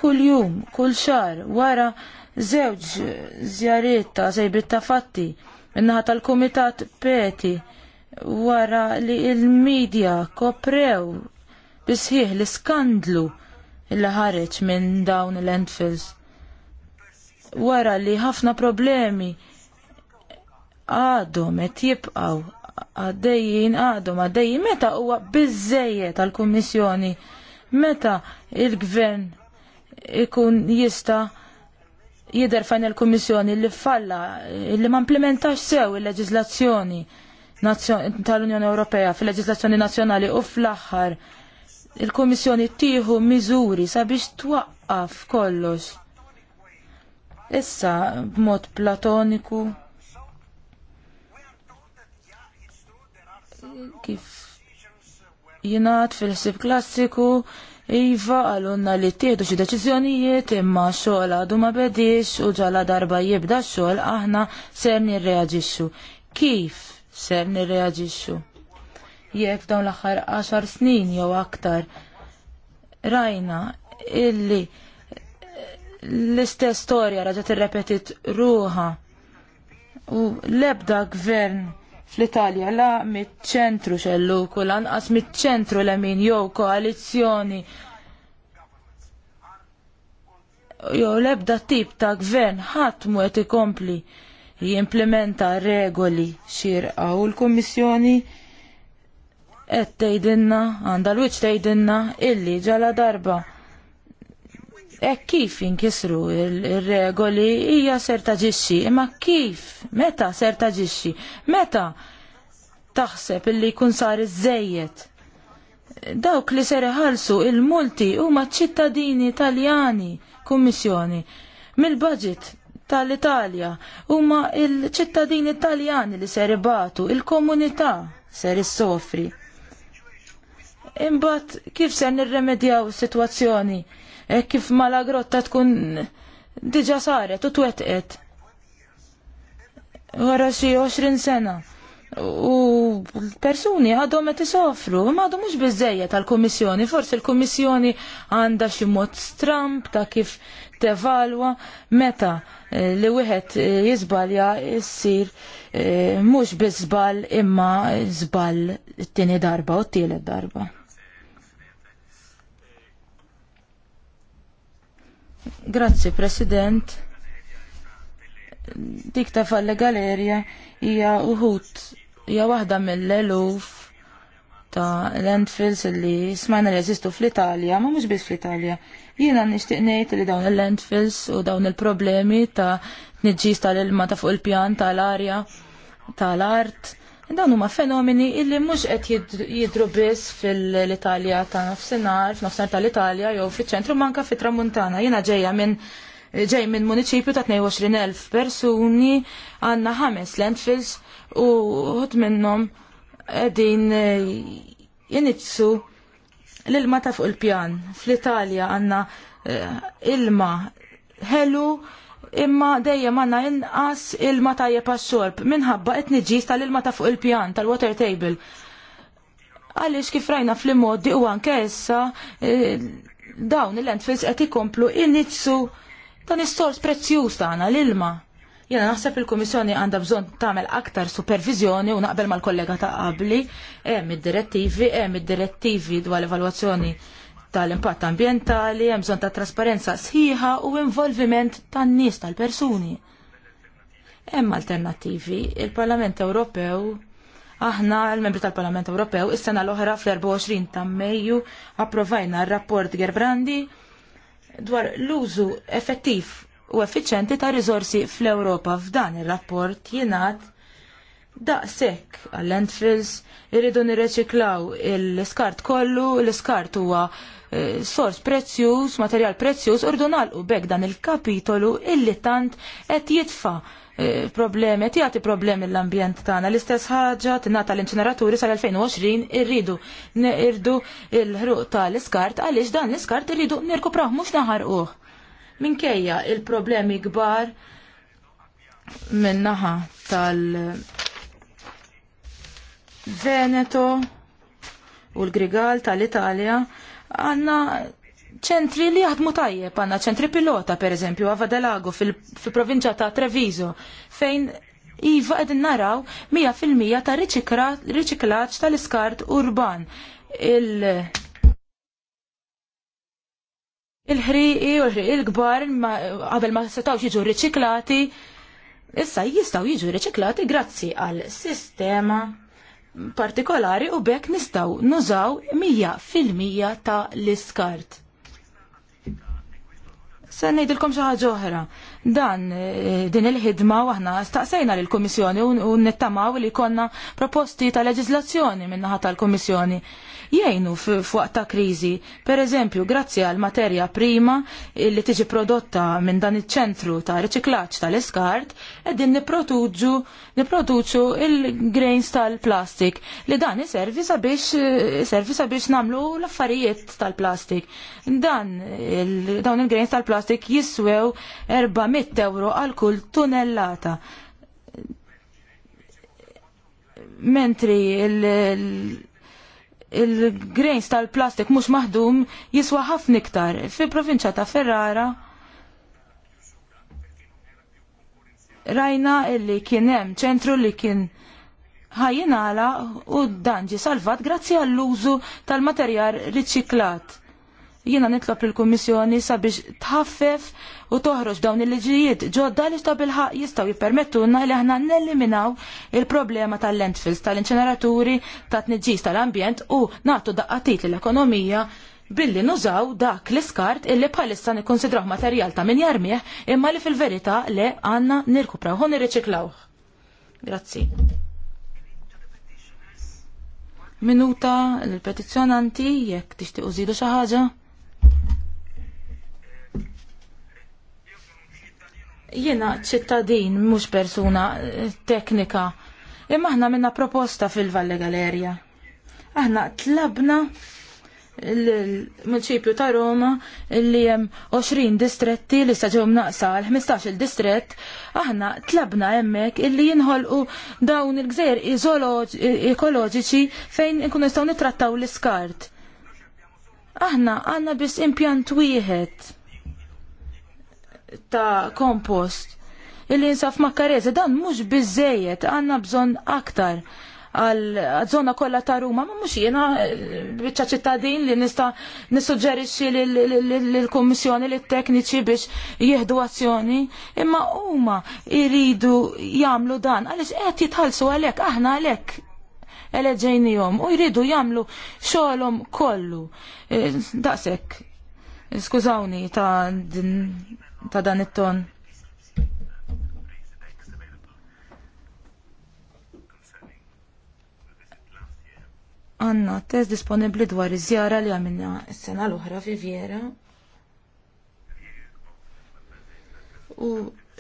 kull jum, kull xar, wara żewġ żjariet ta' sejbit fatti fatti minnaħa tal-Kumitat Peti wara li il-medja koprew bisħieħ l-iskandlu illa ħareġ minn dawn l-endfils. Wara li ħafna problemi għadhom qed jibqgħu għaddejjin għadhom għaddejjin meta huwa biżejjed tal-Kummissjoni meta il-Gvern ikun jista jidher fejn il-Kummissjoni li falla li ma implementax sew il-leġiżlazzjoni tal-Unjoni Ewropea fil-leġiżlazzjoni nazzjonali u fl-aħħar il-Kummissjoni tieħu miżuri sabiex twaqqaf kollox. Issa b'mod platoniku jinaħt fil ħsib klassiku Iva għalunna li tiedu xi deċiżjonijiet imma xogħol għadu ma bedix u ġala darba jibda xogħol aħna ser nirreaġixxu. Kif ser nirreaġixxu? Jekk dawn l-aħħar 10 snin jew aktar rajna illi l-istess storja raġa repetit ruha u l-ebda gvern fl-Italja la mit-ċentru xellu kulan anqas mit-ċentru l-emin jew koalizjoni jew lebda tip ta' gvern ħadd mu qed ikompli jimplementa regoli xirqa u l-Kummissjoni qed tgħidilna għandha l-wiċċ tgħidilna illi ġala darba hekk kif inkisru il regoli hija ser taġixxi, imma kif, meta ser taġixxi, meta taħseb illi jkun sar iżejjed. Dawk li ser iħallsu il-multi huma ċittadini Taljani, Kummissjoni, mill-budget tal-Italja huma il-ċittadini Taljani li ser ibatu, il-komunità ser issofri. Imbagħad kif ser nirremedjaw is-sitwazzjoni? E kif mala grotta tkun diġa saret u twetqet. Wara xi 20 sena. U persuni għadhom qed isofru, imma mhux biżejjed tal-Kummissjoni, forsi l-Kummissjoni għandha xi mod stramp ta' kif tevalwa meta eh, li wieħed eh, jiżbalja ssir eh, mhux biżbal imma żball it-tieni darba u t-tielet darba. Grazzi, President. Dik ta' falle galerja hija uħut hija waħda mill-eluf ta' landfills li smajna li jeżistu fl-Italja, ma mhux biss fl-Italja. Jiena nixtieq ngħid li dawn il-landfills u dawn il-problemi ta' nġis tal-ilma ta' fuq il-pjan tal-arja tal-art Dawn huma fenomeni illi mhux qed jidru biss fil-Italja ta' nofsinhar, f'nofsinhar tal-Italja jew fiċ-ċentru manka fit-Tramuntana. Jiena ġejja minn ġej minn municipju ta' 22.000 persuni għandna ħames landfills u ħut minnhom qegħdin eh, jinitsu l-ilma ta' fuq il-pjan. Fl-Italja għandna eh, ilma ħelu imma dejjem għandna inqas ilma tajjeb għax-xorb minħabba qed niġġis tal-ilma ta' fuq il-pjan tal-water table. Għaliex kif rajna fl-immoddi u anke issa e, dawn il-landfills qed ikomplu inizzu dan is-sors prezzjuż tagħna l-ilma. Jena naħseb il-Kummissjoni għandha bżonn tagħmel aktar supervizjoni u naqbel mal-kollega ta' qabli hemm id-direttivi, hemm id-direttivi dwar l-evalwazzjoni tal-impatt ambjentali, hemm bżonn ta' trasparenza sħiħa u involviment tan-nies tal-persuni. Hemm alternattivi, il-Parlament Ewropew Aħna, l-membri tal-Parlament Ewropew, is-sena l-oħra fl-24 ta' Mejju approvajna r-rapport Gerbrandi dwar l-użu effettiv u effiċenti ta' riżorsi fl-Ewropa f'dan ir-rapport jingħad daqshekk għall-landfills irridu nirreċiklaw l-iskart kollu, l-iskart huwa Eh, sors prezzjuż, materjal prezzjuż, ordonal u bek dan il-kapitolu illi tant qed jitfa' eh, problemi, qed jagħti problemi l-ambjent tagħna. L-istess ħaġa tingħata l-inċineraturi sal-2020 irridu irdu l-ħruq tal-iskart għaliex dan l-iskart irridu nirkupraw mhux naħarquh. Minkejja il-problemi kbar minnaħa tal- Veneto u l-Grigal tal-Italja għanna ċentri li jaħdmu tajjeb, għanna ċentri pilota per eżempju, għavadelago fil-provinċja ta' Treviso, fejn Iva għedin naraw 100% ta' riċiklaċ tal-iskart urban. Il- il-ħriqi u l-ħriqi l-gbar qabel ma setawx jiġu riċiklati, issa jistaw jiġu riċiklati grazzi għal sistema partikolari u bekk nistaw nużaw mija fil-mija ta' l-iskart. Se ngħidilkom xi ħaġa oħra. Dan e, din il-ħidma aħna staqsejna lill-Kummissjoni u nittamaw li konna proposti ta' leġislazzjoni min-naħa tal-Kummissjoni jgħinu fuq ta' kriżi. Per eżempju, grazzi għal materja prima li tiġi prodotta minn dan iċ-ċentru ta' riċiklaġġ tal-iskart, qegħdin nipproduġu nipproduċu il-grains tal-plastik li dan iservi sabiex iservi sabiex nagħmlu l-affarijiet tal-plastik. Dan il, dawn il-grains tal-plastik jiswew 400 euro għal kull tunellata mentri il-grains tal-plastik mhux maħdum jiswa ħafna iktar. Fi provinċja ta' Ferrara rajna illi kien hemm ċentru li kien ħajinala u dan ġie salvat grazzi għall-użu tal-materjal riċiklat. Jiena nitlob il-Kummissjoni sabiex tħaffef u toħroġ dawn il-liġijiet ġodda li xta' bilħaq jistgħu jippermettuna li aħna neliminaw il-problema tal-landfills, tal-inċeneraturi, tat-tniġġis tal-ambjent u nagħtu daqqatit l-ekonomija billi nużaw dak l-iskart illi bħalissa nikkonsidraw materjal ta' min jarmieħ imma li fil-verità le għanna nirkupraw u nirriċiklaw. Grazzi. Minuta l-petizjonanti jekk tixtiequ użidu xi ħaġa. Jiena ċittadin mhux persuna eh, teknika. Imma aħna minna proposta fil-Valle Galeria. Aħna tlabna l municipju ta' Roma li jem 20 distretti li staġew naqsa l-15 il-distrett, aħna tlabna hemmhekk illi jinħolqu dawn il-gżer ekoloġiċi fejn nkunu staw nitrattaw l-iskart. Aħna għanna biss impjant wieħed ta' kompost illi nsaf makkareza dan mhux bizzejet għandna bżonn aktar għal zona kollha ta' Ruma, ma mhux jiena eh, bieċa ċittadin li nista' nissuġġerixxi l kummissjoni li t tekniċi biex jieħdu azzjoni, imma huma jridu jagħmlu dan għaliex qed jitħallsu għalhekk aħna għalhekk eleġejnijom u jridu jamlu xolom kollu. E, Daqsek, skużawni ta' ta' dan it-ton. Għanna, test disponibli dwar iż-żjara li għamilna s-sena l-oħra fi Vjera. U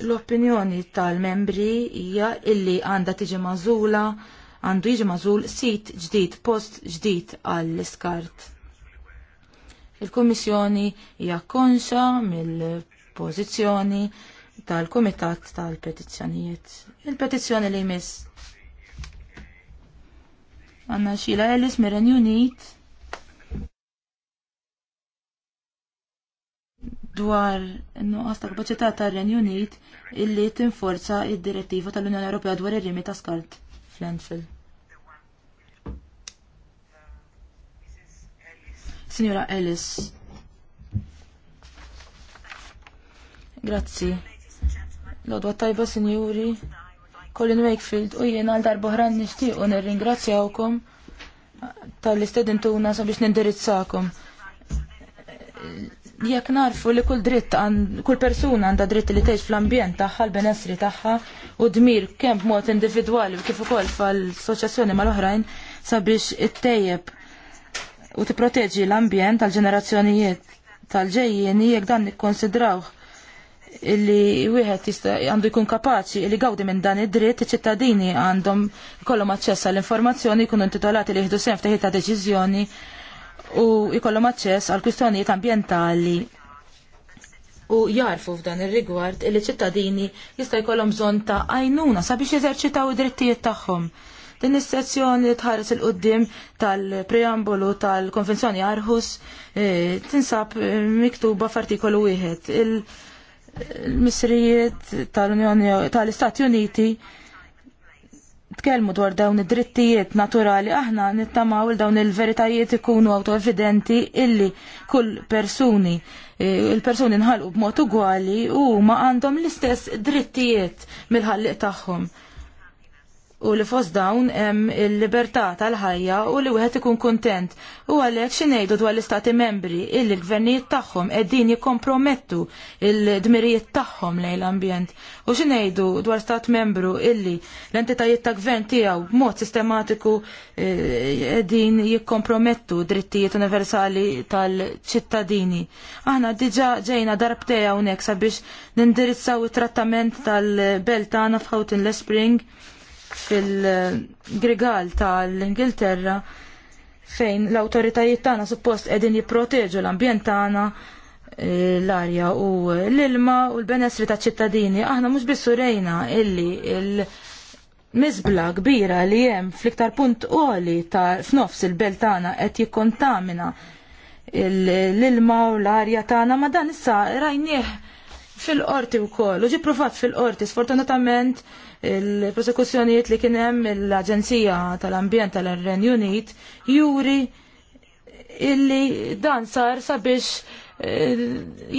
l-opinjoni tal-membri hija illi għandha tiġi mażula għandu jiġi mażul sit ġdid, post ġdid għall-iskart. Il-Kummissjoni hija konxa mill-pożizzjoni tal-Kumitat tal-Petizzjonijiet. Il-petizzjoni li jmiss. Għanna xila Ellis Miren Unit dwar nuqqas ta' kapacità tar-Renju Unit illi tinforza id-direttiva tal-Unjoni Ewropea dwar ir-rimi ta' skart fl-Enfield. Signora Ellis. Grazzi. Lodwa tajba, sinjuri. Colin Wakefield u jien għal ħran nishtiq u nirringrazzjawkom tal-istedintuna sabiex nindirizzakom jekk narfu li kull dritt kull persuna għandha dritt li tgħix fl-ambjent tagħha, l-benessri tagħha u dmir kemm b'mod individwali u kif ukoll fl-assoċjazzjoni mal-oħrajn sabiex it-tejjeb u tipproteġi l-ambjent tal-ġenerazzjonijiet tal-ġejjien jekk dan nikkonsidrawh illi wieħed jista' għandu jkun kapaċi li gawdi minn dan id-dritt iċ-ċittadini għandhom ikollhom aċċess għall informazzjoni jkunu intitolati li jieħdu sehem f'teħid ta' deċiżjoni u jkollhom aċċess għal kwistjonijiet ambjentali u jarfu f'dan ir-rigward illi ċittadini jista' jkollhom bżonn ta' għajnuna sabiex jeżerċitaw id-drittijiet tagħhom. Din is-sezzjoni tħares il-qoddim tal-preambolu tal-Konvenzjoni Arhus eh, tinsab eh, miktuba f'artikolu wieħed. Il-missrijiet tal-Unjoni tal-Istati Uniti tkellmu dwar dawn id-drittijiet naturali aħna nittamaw il dawn il-veritajiet ikunu autoevidenti illi kull persuni eh, il-persuni nħalqu b'mod ugwali u ma għandhom l-istess drittijiet mill-ħalliq tagħhom u li fost dawn hemm il-libertà tal-ħajja u li wieħed ikun kuntent. U għalhekk xi ngħidu dwar l-istati membri illi l-gvernijiet tagħhom qegħdin jikkompromettu l dmirijiet tagħhom lejn l-ambjent. U xi ngħidu dwar stat membru illi l-entitajiet ta' gvern tiegħu b'mod sistematiku eh, qegħdin jikkompromettu drittijiet universali tal-ċittadini. Aħna diġà ġejna darbtej hawnhekk sabiex nindirizzaw it-trattament tal-belt tagħna l Spring fil-grigal tal-Ingilterra fejn l-autoritajiet tagħna suppost qegħdin jipproteġu l-ambjent tagħna eh, l-arja u l-ilma u l-benessri ta' ċittadini. Aħna mhux biss surejna illi il mizbla kbira li hemm fl-iktar punt qoli ta' f'nofs il-belt tagħna qed jikkontamina l-ilma u l-arja tagħna ma dan issa rajnieh fil-qorti wkoll u ġi provat fil-qorti sfortunatament il-prosekuzzjonijiet li kien hemm l-Aġenzija tal-Ambjent tal-Renju Unit juri illi dan sar sabiex eh,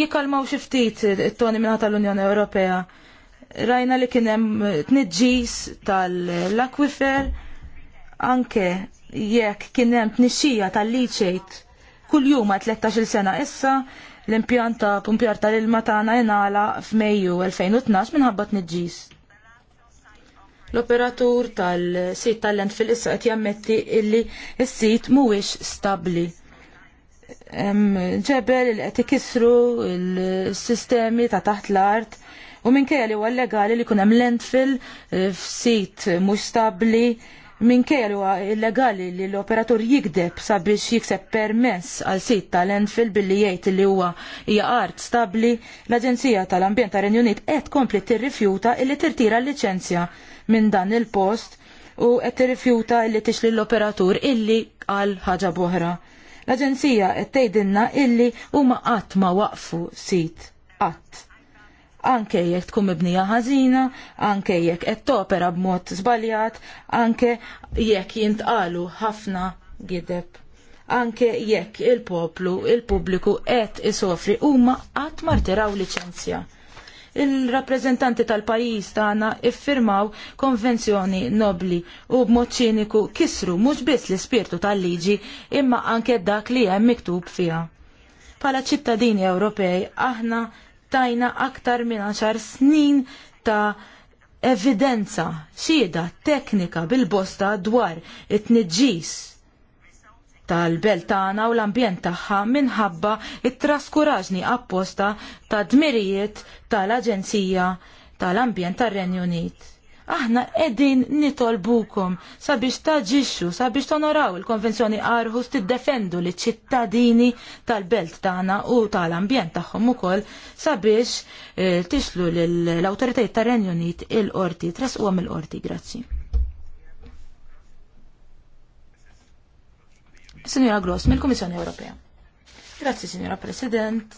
jikalmaw xi ftit it-toni minn tal-Unjoni Ewropea. Rajna li kien hemm tniġġis tal-akwifer anke jekk kien hemm tnixxija tal-liċejt Kull ma' 13-il sena issa l-impjant ta' pumpjar tal-ilma tagħna jingħala f'Mejju 2012 minħabba tniġġis. L-operatur tal-sit tal-lent fil-issa qed jammetti illi s-sit mhuwiex stabbli. Ġebel li qed ikissru l-sistemi ta' taħt l-art u minkejja li huwa legali li jkun hemm fil eh, f'sit mhux stabbli minkejja li huwa illegali li l-operatur jikdeb sabiex jikseb permess għal sit tal-landfill billi jgħid li huwa hija art stabbli, l-Aġenzija tal-Ambjent tar Renju Unit qed kompli tirrifjuta illi tirtira l-liċenzja minn dan il-post u qed tirrifjuta li tixli l-operatur illi għal ħaġa boħra. L-Aġenzija qed tgħidilna illi huma qatt ma waqfu sit qatt. Anke jekk tkun mibnija ħażina, anke jekk qed topera b'mod żbaljat, anke jekk jintqalu ħafna gideb. Anke jekk il-poplu, il-pubbliku qed isofri huma qatt martiraw liċenzja il-rappreżentanti tal-pajjiż tagħna iffirmaw konvenzjoni nobli u b'mod ċiniku kisru mhux biss l-ispirtu tal-liġi imma anke dak li hemm miktub fiha. Pala ċittadini Ewropej aħna tajna aktar minn għaxar snin ta' evidenza xieda teknika bil-bosta dwar it-tniġġis tal-belt tagħna u l-ambjent tagħha minħabba it-traskuraġni apposta ta' dmirijiet tal-Aġenzija tal-Ambjent tar-Renju Unit. Aħna qegħdin nitolbukom sabiex taġixxu, sabiex tonoraw il-Konvenzjoni Arhus tiddefendu li ċittadini tal-belt tagħna u tal-ambjent tagħhom ukoll sabiex eh, tixlu l-awtoritajiet tar-Renju Unit il-qorti, trasquhom il-qorti, grazzi. Signora Gross, mill-Kummissjoni Ewropea. Grazzi, Signora President.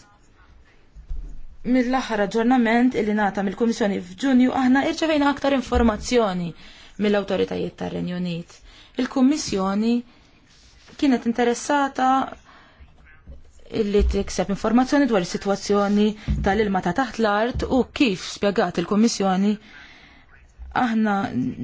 Mill-aħħar aġġornament illi nata mill-Kummissjoni f'Ġunju aħna irċevejna aktar informazzjoni mill-awtoritajiet tar-Renju Unit. Il-Kummissjoni kienet interessata illi tikseb informazzjoni dwar is-sitwazzjoni tal-ilma ta' taħt l-art u kif spjegat il-Kummissjoni il il kummissjoni aħna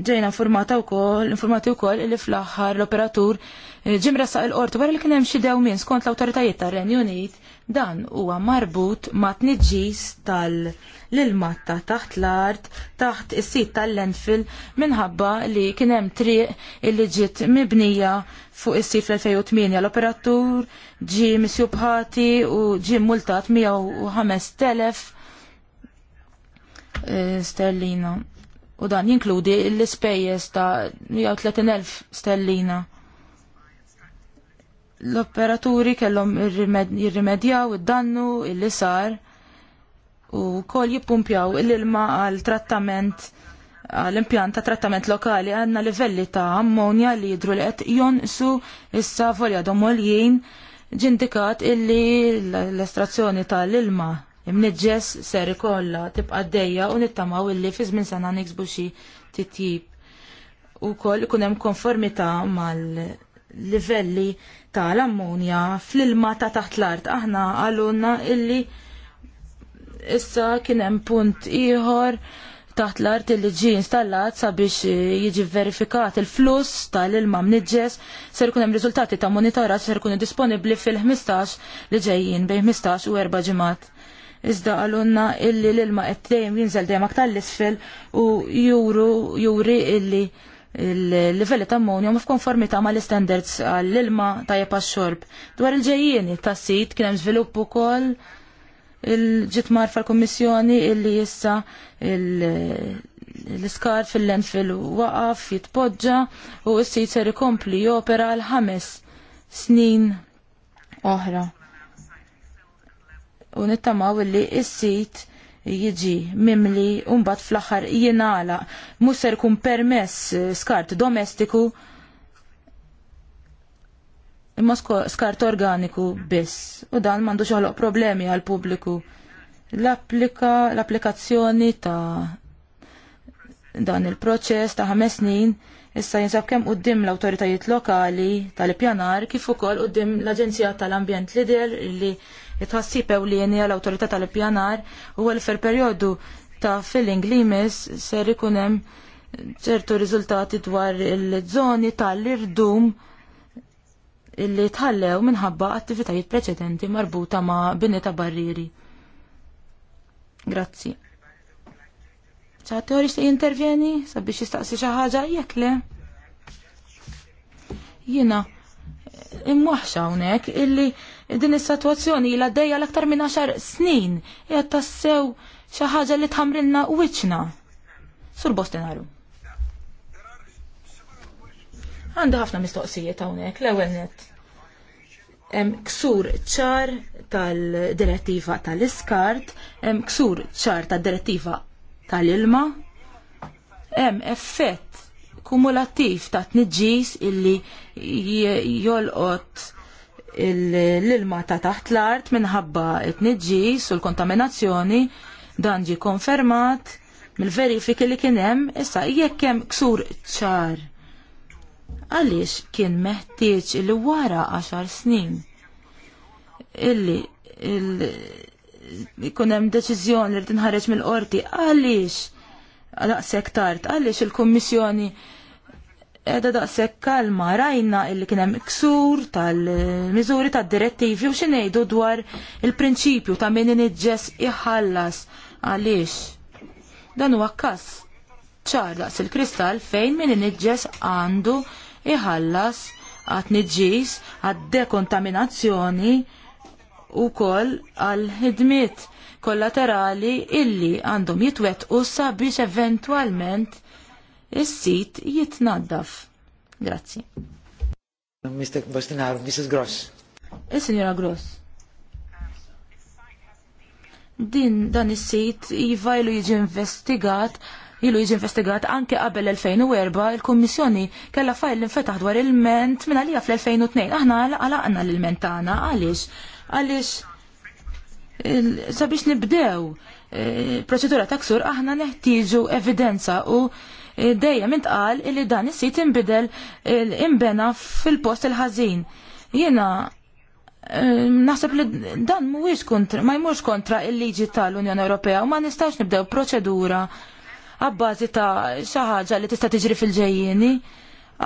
ġejna informata wkoll, informati wkoll li fl-aħħar l-operatur eh, ġimra saq il qortu wara li kien hemm xi dewmien skont l-awtoritajiet tar-Renju Unit dan huwa marbut ma' tniġġis tal-ilmatta taħt l-art taħt is-sit tal-Lenfil minħabba li kien hemm triq li ġiet mibnija fuq is-sit fl-2008 l-operatur ġie misjubħati u ġie multat 105,000 eh, sterlina u dan jinkludi l-ispejjeż ta' 30.000 stellina. L-operaturi kellhom jirrimedjaw id-dannu illi sar u kol jippumpjaw l-ilma għal trattament għal impjant ta' trattament lokali għanna livelli ta' ammonja li jidru li qed jonqsu issa volja domoljien ġindikat illi l-estrazzjoni tal-ilma imniġġes ser ikolla, tibqa' dejja u nittamaw illi fi żmien sena niksbu xi titjib. Ukoll ikun hemm konformità mal-livelli tal-ammonja fl-ilma ta' taħt l-art. Aħna għalunna illi issa kien hemm punt ieħor taħt l-art li ġi installat sabiex jiġi verifikat il-fluss tal-ilma mniġġes ser ikun hemm riżultati ta' monitora ser kunu disponibbli fil-15 li ġejjin bejn 15 u 4 ġimgħat iżda għalunna illi l-ilma qed dejjem jinżel dejjem aktar l-isfel u juru juri illi il-livelli ta' ammonium f'konformità ma' l-standards għall-ilma tajjeb għax-xorb. Dwar il-ġejjieni tas sit kien hemm żvilupp ukoll il-ġitmar fal-Kommissjoni illi jissa l-iskar fil-lenfil waqaf jitpoġġa u s-sit ser ikompli jopera l-ħames snin oħra u nittamaw li is-sit jiġi mimli u mbagħad fl-aħħar jingħala mhux ser jkun permess eh, skart domestiku imma skart organiku biss u dan m'għandux joħloq problemi għal pubbliku. L-applikazzjoni ta' dan il-proċess ta' ħames snin issa jinsab kemm qudiem l-awtoritajiet lokali tal-ippjanar kif ukoll qudiem l-Aġenzija tal-Ambjent Lider li it li jenija l-autorita tal pjanar u għal fer periodu ta' filling li jmiss ser ikun hemm ċertu riżultati dwar il-żoni tal-irdum illi tħallew minħabba attivitajiet preċedenti marbuta ma' bini ta' barrieri. Grazzi. ċaħteori xtiq intervjeni sabiex jistaqsi xi ħaġa jekk le. Jiena imwaħxa hawnhekk illi din is-sitwazzjoni ilha dejja l-aktar minn 10 snin qed tassew xi ħaġa li tħamrilna wiċċna. Sur Bostinaru. Għandu ħafna mistoqsijiet hawnhekk l-ewwel nett. Hemm ksur ċar tal-direttiva tal-iskart, hemm ksur ċar tad-direttiva tal-ilma, hemm effett kumulattiv ta' tniġġis illi jolqot l-ilma ta' taħt l-art minħabba t-nġis u l-kontaminazzjoni dan konfermat mill-verifiki li kien hemm issa jekk hemm ksur ċar. Għaliex kien meħtieġ li wara 10 snin illi ikun hemm deċiżjoni li tinħareġ mill-qorti għaliex daqshekk tard għaliex il-Kummissjoni il il kummissjoni edha daqsek kalma rajna illi kienem ksur tal-mizuri tal-direttivi u xinejdu dwar il-prinċipju ta' minn inġess iħallas għaliex. Dan huwa kas ċar daqs il-kristall fejn minn inġess għandu iħallas għat nġis għad dekontaminazzjoni u kol għal ħidmiet kollaterali illi għandhom jitwet ussa biex eventualment is-sit jitnaddaf. Grazzi. Mr. Bostinaro, Mrs. Gross. Is-Sinjora Gross. Din dan is-sit iva ilu jiġi investigat ilu jiġi investigat anke qabel 2004 il-Kummissjoni kella fajl li infetaħ dwar il-ment minn għalija fl-2002. Aħna għalaqna l-ment tagħna għaliex għaliex sabiex nibdew eh, proċedura ta' ksur aħna neħtieġu evidenza u Eh, dejjem intqal li dan is-sit inbidel imbena fil-post il-ħażin. Jiena eh, naħseb li dan mhuwiex kontra ma jmurx kontra il-liġi tal-Unjoni Ewropea u ma nistax nibdew proċedura għabbażi ta' xi ħaġa li tista' tiġri fil-ġejjieni.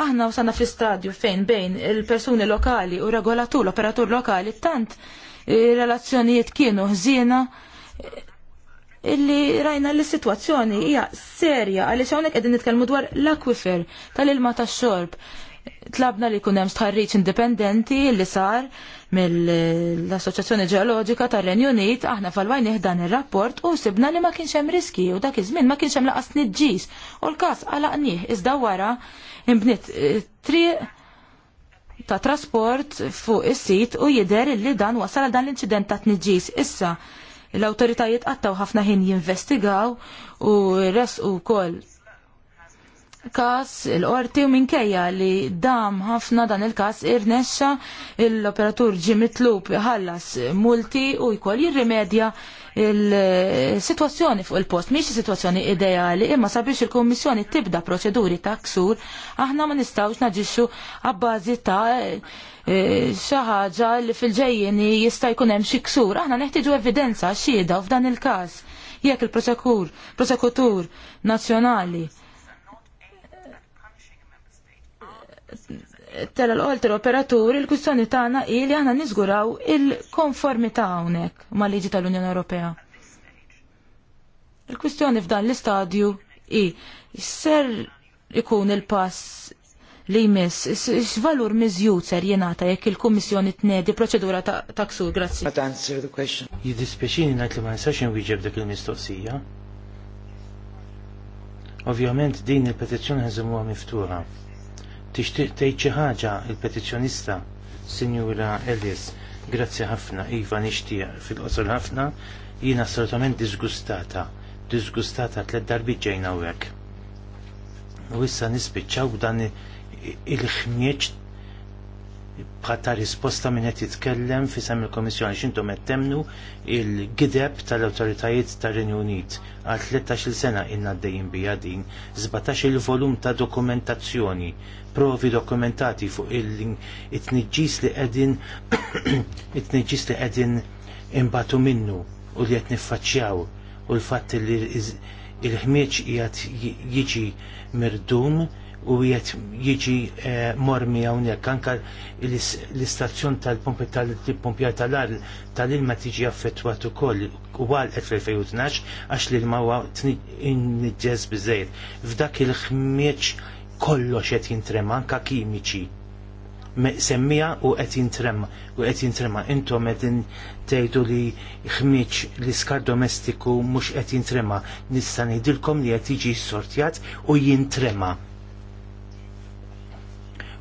Aħna wasanna fl-istadju fejn bejn il-persuni lokali u regolatur l-operatur lokali tant eh, relazzjonijiet kienu ħżiena illi rajna li situazzjoni hija serja għaliex hawnhekk qegħdin nitkellmu dwar l-akwifer tal-ilma tax-xorb. Tlabna li jkun hemm stħarriġ indipendenti li sar mill-Assoċjazzjoni Ġeoloġika tar-Renju Unit aħna falwajn dan ir-rapport u sibna li ma kienx hemm riski u dak iż-żmien ma kienx hemm laqas nidġis. U l-każ għalaqnieh iżda wara imbniet eh, triq ta' trasport fuq is-sit u jidher li dan wasal dan l-inċident ta' tniġġis. Issa l-autoritajiet qattaw ħafna ħin jinvestigaw u resqu wkoll kas il-qorti u minkejja li dam ħafna dan il-kas irnexxa l-operatur ġi mitlub ħallas multi u jkoll jirrimedja il-situazzjoni fuq il-post. Miex situazzjoni ideali imma sabiex il-Kommissjoni tibda proċeduri ta' ksur aħna ma nistawx naġixxu għabbażi ta' e, xi ħaġa li fil ġejjeni jista' jkun hemm xi ksur. Aħna neħtieġu evidenza xhieda f'dan il-każ jekk il-prosekutur nazzjonali tal l operaturi l-operatur il tagħna hi li aħna niżguraw il-konformità hawnhekk mal-liġi tal-Unjoni Ewropea. Il-kwistjoni f'dan l-istadju i ser ikun il-pass li jmiss, x-valur miżjud ser jenata jekk il-Kummissjoni tnedi proċedura ta' taksur, grazzi. But answer the question. najt li ma nistax inwieġeb dik il-mistoqsija. Ovvjament din il-petizzjoni għazimu miftuħa. Tixtieq tgħid xi ħaġa il-petizzjonista Sinjura Ellis. Grazzi ħafna, Iva nixtieq fil-qosor ħafna, jiena assolutament disgustata, disgustata tliet darbi ġejna hawnhekk. U issa nispiċċaw dan il ħmieċ bħatta risposta minn qed jitkellem fi sem il-Komissjoni x'intu qed temnu il-gideb tal-awtoritajiet tar-Renju Unit għal 13-il sena inna d-dejjin bija din 17 il-volum ta' dokumentazzjoni provi dokumentati fuq il-tniġġis li qegħdin it-tniġġis li qegħdin imbatu minnu u li qed niffaċċjaw u l-fatt li il ħmieċ qiegħed jiġi mirdum u jiet jiġi eh, mormi hawnhekk anka l-istazzjon tal-pompi tal-pompjar tal-ar tal-ilma tiġi affettwat ukoll u għal 2012 għax l-ilma t-nidġez bizzejt. F'dak il-ħmieġ kollox qed jintrema anka kimiċi semmija u qed jintrema u qed jintrema intom qegħdin tgħidu li ħmiġ l skar domestiku mhux qed jintrema nista' ngħidilkom li qed jiġi sortjat u jintrema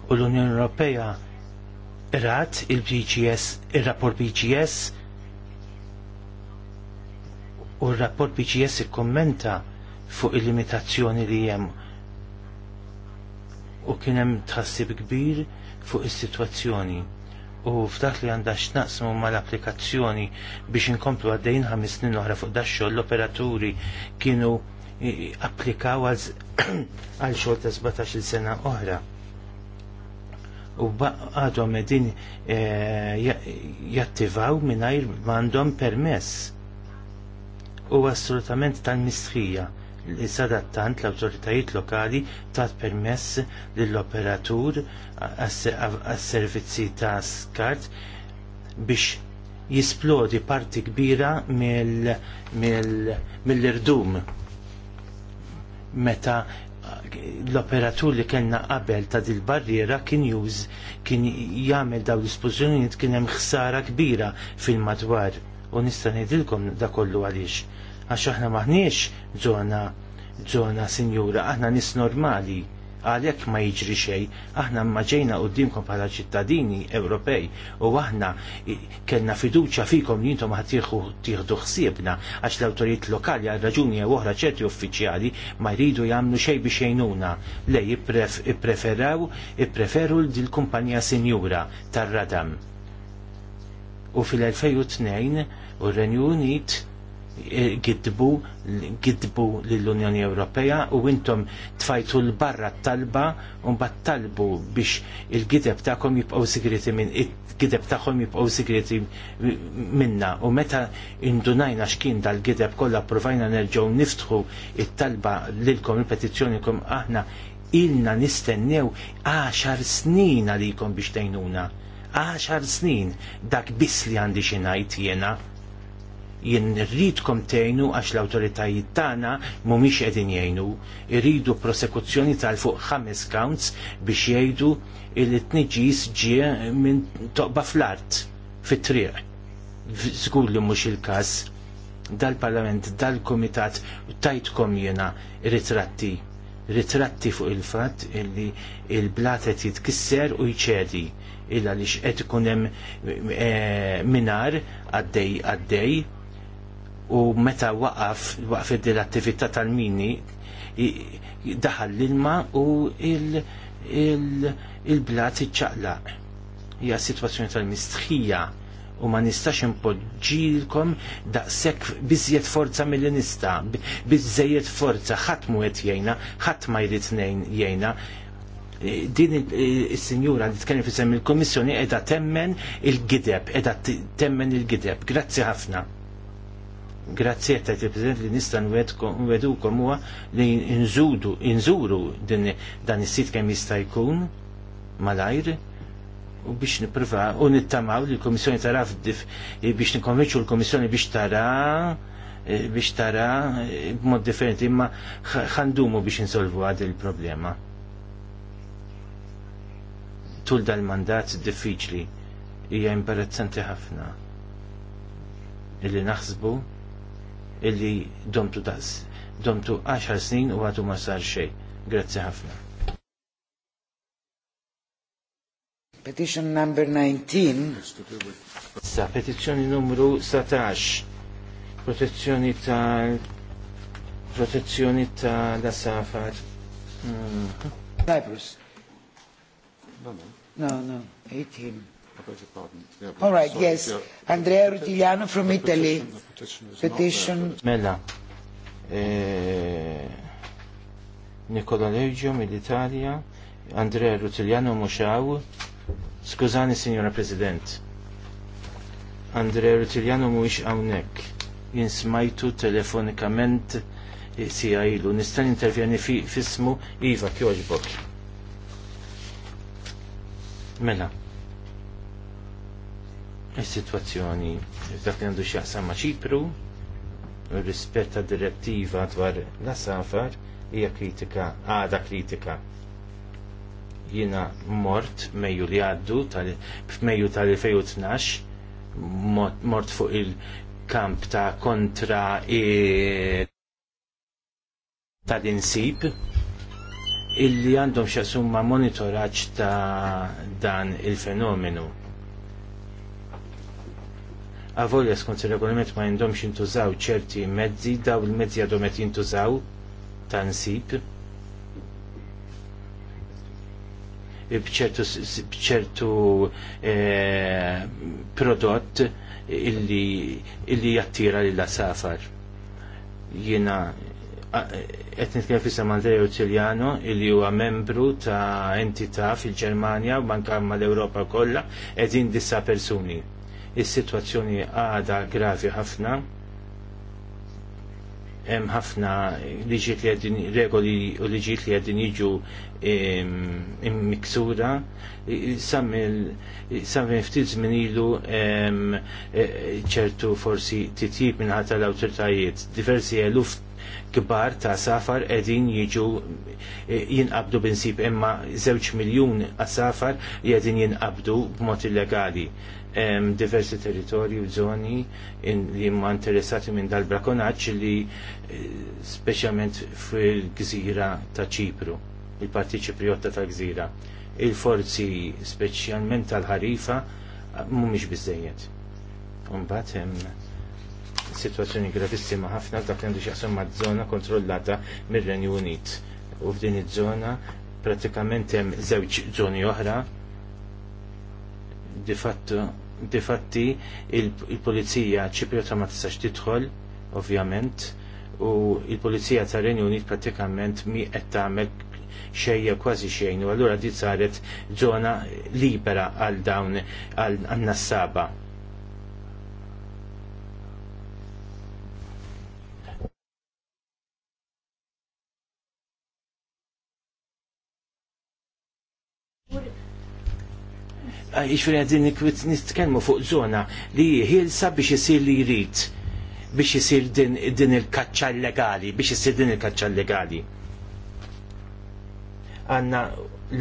u l-Unjoni Ewropea rat il-BGS, il-rapport BGS u l-rapport BGS il-kommenta fuq il-limitazzjoni li hemm u kien hemm tħassib kbir fuq is-sitwazzjoni u f'dak li għandha x'naqsmu mal-applikazzjoni biex inkomplu għaddejn ħames snin oħra fuq dax-xogħol l-operaturi kienu applikaw għal xogħol ta' 17-il sena oħra u għadhom edin eh, jattivaw minnajr mandom permess u assolutament tal-mistrija li sadattant l-autoritajiet lokali tat permess l-operatur għas-servizzi ta' skart biex jisplodi parti kbira mill-irdum meta l-operatur li kellna qabel ta' dil barriera kien już kien jagħmel dawn l-ispożjonijiet kien hemm ħsara kbira fil-madwar u nista' ngħidilkom da kollu għaliex għax aħna maħniex żona żona sinjura aħna nis normali għalhekk ma jiġri xejn, aħna ma ġejna qudiemkom bħala ċittadini Ewropej u aħna kellna fiduċja fikom li intom ħatieħu tieħdu ħsiebna għax l-awtorijiet lokali għal raġuni jew oħra ċerti uffiċjali ma jridu jagħmlu xejn biex jgħinuna le jippreferaw ippreferu l-kumpanija sinjura tar-radam. U fil-2002 u r-Renju Unit gidbu eh, gidbu lill-Unjoni Ewropea u intom tfajtu l-barra t-talba u mbagħad talbu biex il-gideb tagħkom jibqgħu sigreti minn gideb taħkom jibqaw sigreti minna u meta indunajna x'kien dal-gideb kollha provajna nerġgħu niftħu it-talba lilkom il kom aħna ilna nistennew 10 snin għalikom biex tgħinuna. 10 snin dak biss li għandi xi ngħid jiena jien rridkom tgħinu għax l-awtoritajiet tagħna mhumiex qegħdin jgħinu. Irridu prosekuzzjoni tal fuq ħames counts biex jgħidu li t-tniġis ġie minn toqba fl-art fit-triq. Żgur li mhux il-każ dal-parlament, dal kumitat tajtkom jena ritratti. Ritratti fuq il-fat illi il qed jitkisser u jċedi illa li xqed ikun hemm eh, minar għaddej għaddej u meta waqaf waqaf l-attività tal-mini daħal l-ilma u il-blat iċċaqlaq. Hija situazzjoni tal-mistħija u ma nistax impoġġilkom daqshekk biżjed forza mill nista, biżejjed forza, ħadd mu qed jgħinna, ħadd ma jrid jgħinna. E, din e, is-sinjura li tkellem fisem il-Kummissjoni qiegħda temmen il-gideb, qiegħda temmen il-gideb. Grazzi ħafna. Grazzi għetta il-President li nista' nwedukom huwa li nżudu, nżuru dan is-sit kemm jista' jkun malajr u biex niprova u nittamaw li l-Komissjoni tara biex nikonvinċu l-Komissjoni biex tara e, biex tara e, b'mod differenti imma ħandumu biex insolvu għad il-problema. Tul dal-mandat diffiċli hija imbarazzanti ħafna illi naħsbu illi domtu daz, domtu 10 snin u għadu ma sar xej. Grazzi ħafna. Petition number 19. Sa petizzjoni numru 17. Protezzjoni ta' protezzjoni tal-asafar. Mm. Cyprus. No, no, 18. All right, yes. Andrea Rutigliano from Italy. Petition. Mela. E, Nicola Leggio mill Andrea Rutiliano Muxaw, skużani Signora President. Andrea Rutiljano mhuwiex hawnhekk. Jinsmajtu smajtu telefonikament e, sija ilu. Nista' fi fismu Iva Kjoġbok. Mela is-sitwazzjoni dak li għandu x'jaqsam ma' Ċipru rispett direttiva dwar l-asafar hija kritika għada kritika jina mort meju li għaddu meju tal-2012 mort fuq il-kamp ta' kontra tal-insib illi għandhom xasumma monitoraċ ta' dan il-fenomenu Avolja skont il-regolament ma jindomx jintużaw ċerti mezzi, daw il-mezzi għadhom qed jintużaw ta' nsib. bċertu eh, prodott illi, illi jattira li la safar. Jena qed nitkellem fi Andrea illi huwa membru ta' entità fil-Ġermanja u manka mal-Ewropa kollha qegħdin disa persuni. Is-sitwazzjoni għada gravi ħafna hemm ħafna liġiet li għedin regoli u liġiet li għedin jiġu miksura Sammi ftit żmien ilu e, ċertu forsi titjib minħa tal-awtoritajiet. Diversi eluf kbar ta' safar edin jiġu e, jinqabdu binsib imma zewċ miljun għas-safar jedin jinqabdu b'mod illegali diversi territorju, zoni li ma interessati minn dal-brakonaċ li eh, specialment fil-gżira ta' ċipru, il-parti ċipriotta ta' gżira. Il-forzi specialment tal-ħarifa eh, mumiex bizzejiet. Umbat hemm situazzjoni gravissima ħafna dak għandu xaqsam ma' zona kontrollata mir-Renju Unit. U f'din iż-żona pratikament hemm żewġ żoni oħra di fatto difatti il-Polizija ċipriota ma tistax tidħol, ovvjament, u il-Polizija tar renju Unit pratikament mi qed tagħmel xejja kważi xejn u allura di saret żona libera għal dawn għal nassaba ixfri għadin nitkelmu fuq zona li ħilsa biex jisir li jrid biex jisir din il-kaċċa illegali, biex jisir din il-kaċċa illegali. Għanna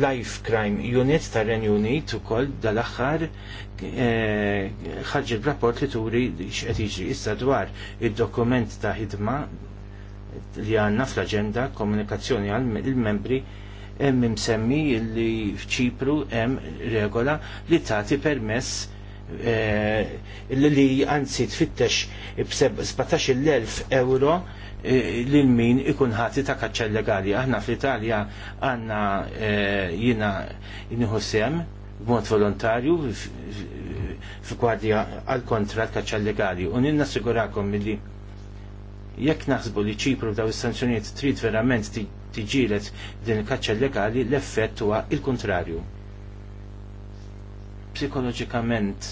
Life Crime Unit tar renju Unit ukoll dal-aħħar eh, ħarġ l rapport li turi x'qed jiġri issa dwar id-dokument ta' ħidma li għandna fl-aġenda komunikazzjoni għal il-membri il membri hemm imsemmi li f'Ċipru hemm regola li tagħti permess li anzi tfittex b-17.000 euro li lil min ikun ħati ta' kaċċa legali. Aħna fl-Italja għanna jina jiniħu sem b'mod volontarju f'gwardja għal kontrat kaċċa legali. U ninna sigurakom li Jekk naħsbu li ċipru daw is-sanzjonijiet trid verament tiġilet din il-kaċċa legali, l-effett huwa il-kontrarju. Psikoloġikament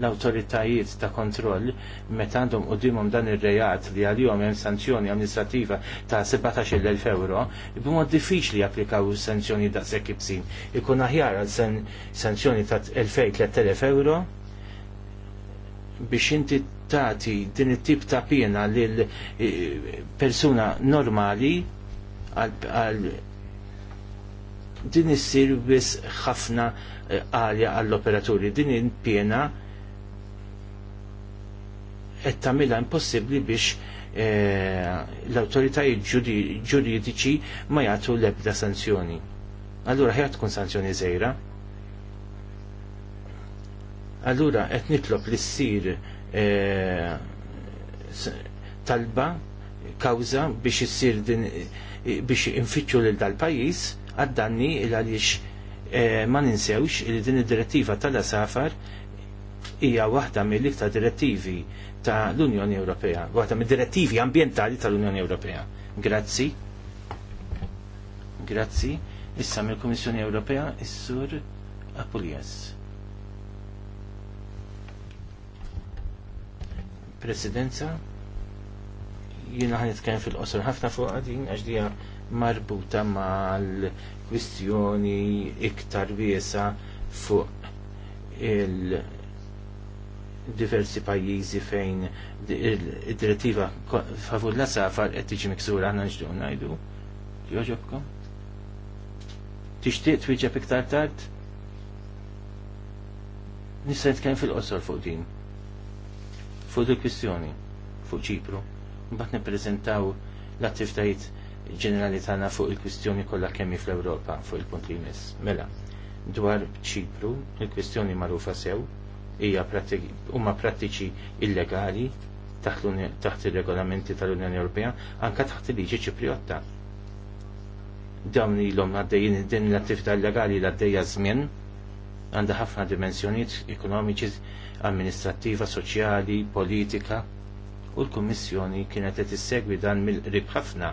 l-autoritajiet ta' kontroll meta għandhom qudiemhom dan ir-rejat li għalihom hemm sanzjoni amministrativa ta' 17,000 euro, b'mod diffiċli japplikaw sanzjoni da' sekk ibsin. Ikun aħjar għal sanzjoni ta' 2,000-3,000 euro biex inti tati din it-tip ta' pjena lil eh, persuna normali għal din issir biss ħafna eh, għalja għall-operaturi. Din il-pjena qed tagħmilha impossibbli biex eh, l-awtoritajiet ġuridiċi ma jagħtu l-ebda sanzjoni. Allura ħejja tkun sanzjoni żejra. Allura qed nitlob li ssir E, talba kawza biex issir din e, biex infittxu lil dal-pajjiż għad-danni il għaliex e, ma ninsewx li din id-direttiva tal-asafar hija waħda mill-iktar direttivi ta' l-Unjoni Ewropea, waħda mid-direttivi ambientali tal-Unjoni Ewropea. Grazzi. Grazzi. Issa mill-Kummissjoni Ewropea is-Sur Apuljes. presidenza jina ħan itkajn fil-qosor ħafna fuq għadin għax dija marbuta mal-kwistjoni iktar wiesa fuq il-diversi pajjiżi fejn id-direttiva favur la safar qed tiġi miksura għandna nġdu ngħidu. Joġobkom? Tixtieq twieġeb iktar tard? Nista' nitkellem fil-qosor fuq din fuq il kwistjoni fuq ċipru. Mbagħad nippreżentaw l-attivitajiet ġenerali tagħna fuq il-kwistjoni kollha kemm fl-Ewropa fuq il-punt li jmiss. Mela, dwar ċipru, il-kwistjoni magħrufa sew hija huma prattiċi illegali taħt ir-regolamenti tal-Unjoni Ewropea anke taħt il-liġi Ċipriotta. Dawn ilhom għaddejjin din l-attività illegali l għaddejja żmien għandha ħafna dimensjonijiet ekonomiċi, amministrattiva, soċjali, politika u l-Kummissjoni kienet qed issegwi dan mill-qrib ħafna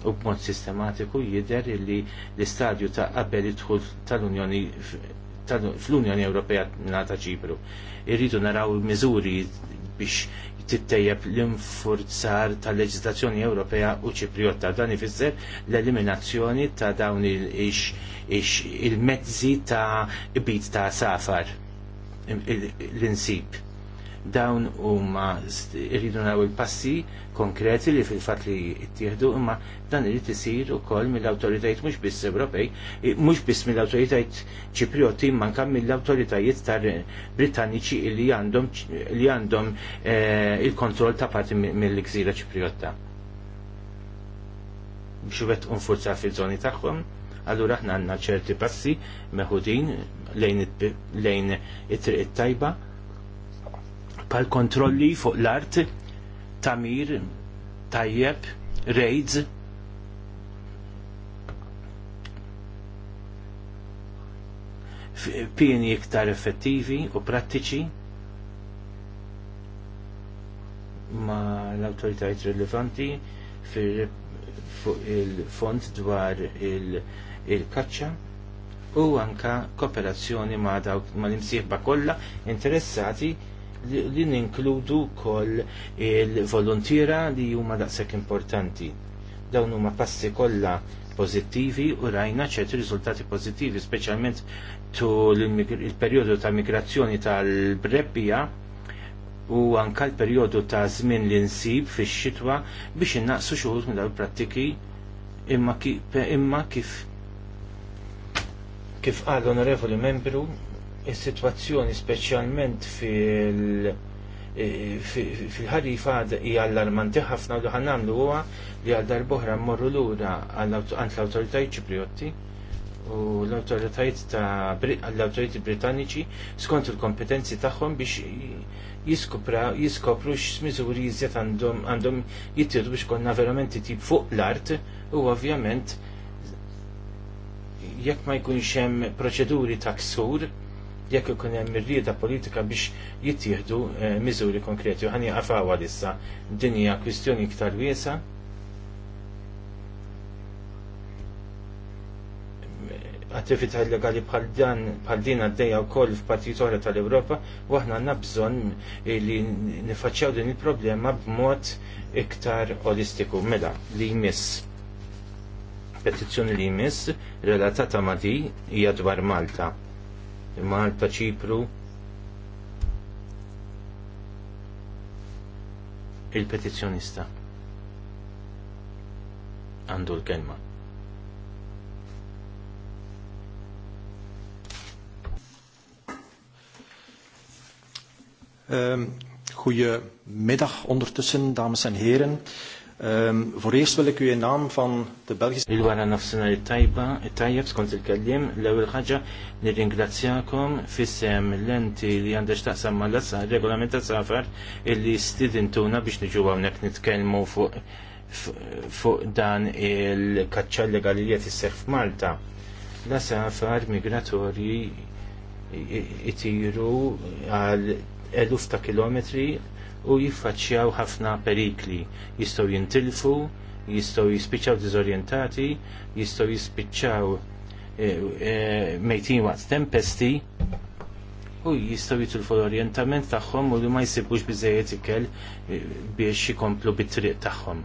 u b'mod sistematiku jidher li l-istadju ta' qabel idħul tal-Unjoni fl-Unjoni Ewropea ta' Ċipru. Irridu naraw miżuri biex tittejjeb l-infurzar tal-leġislazzjoni Ewropea u Ċipriotta. Dan ifisser l-eliminazzjoni ta' dawn il-mezzi ta' bit ta' safar l-insib. Dawn huma irridu naraw il-passi konkreti li fil-fatt li jittieħdu imma dan irid isir ukoll mill-awtoritajiet mhux biss Ewropej, mhux biss mill-awtoritajiet Ċiprioti manka mill-awtoritajiet tar Britanniċi li għandhom li għandhom eh, il-kontroll ta' parti mill-Gżira Ċipriotta. Biex wet unfurza fil-żoni tagħhom, allura aħna għandna ċerti passi meħudin lejn it-triq it-tajba pal kontrolli fuq l-art tamir tajjeb raids pieni iktar effettivi u prattiċi ma l autoritajt rilevanti fuq il-fond dwar il-kaċċa il u anka kooperazzjoni ma' dawk mal-imsieħba kollha interessati li ninkludu koll il-volontira li huma daqshekk importanti. Dawn huma passi kollha pożittivi u rajna ċerti riżultati pożittivi, speċjalment tul il-perjodu ta' migrazzjoni tal-brebbija u anka l-perjodu ta' żmien li nsib fix-xitwa biex innaqsu xuħud minn dawn prattiki imma kif Kif qal onorevoli membru, is-sitwazzjoni speċjalment fil- eh, fil-ħarifa hija allarmanti ħafna u li ħan nagħmlu huwa li għal darb'oħra mmorru lura għand l-awtoritajiet Ċipriotti u l-awtoritajiet ta' l-awtoritajiet Britanniċi skont il-kompetenzi tagħhom biex jiskopru x'miżuri jiżjed għandhom jittiru biex konna verament tip fuq l-art u ovvjament jekk ma jkunx hemm proċeduri ta' ksur, jekk ikun hemm irrieda politika biex jittieħdu eh, miżuri konkreti. U ħani għafawa issa din hija kwistjoni iktar wiesa. attività illegali bħal dan bħal din għaddejja wkoll f'partit oħra tal europa u aħna għandna bżonn li nifacċaw din il-problema b'mod iktar olistiku mela li jmiss petizzjoni li jmiss relatata ma' di hija dwar Malta. Malta, Ċipru, il-petizzjonista għandu l-kelma. Um, ehm, middag ondertussen, dames en heren. Ehm, voor eerst wil ik u in naam van de Belgische... Il-wara nafsina il-tajba, il skont il-kellim, l-ewel ħagġa nir-ringrazzjakom fissem l-enti li għandex taqsam ma l-assa regolament ta' safar illi stidintuna biex niġu għawnek nitkelmu fuq dan il-kacċa legalijiet jisseħ f'Malta. La safar migratorji itiru għal eluf ta' kilometri u jiffaċċjaw ħafna perikli. Jistgħu jintilfu, jistgħu jispiċċaw diżorjentati, jistgħu jispiċċaw eh, eh, mejtin waqt tempesti u jistgħu jitilfu l-orjentament tagħhom u li ma jsibux biżejjed ikel eh, biex jikomplu bit-triq tagħhom.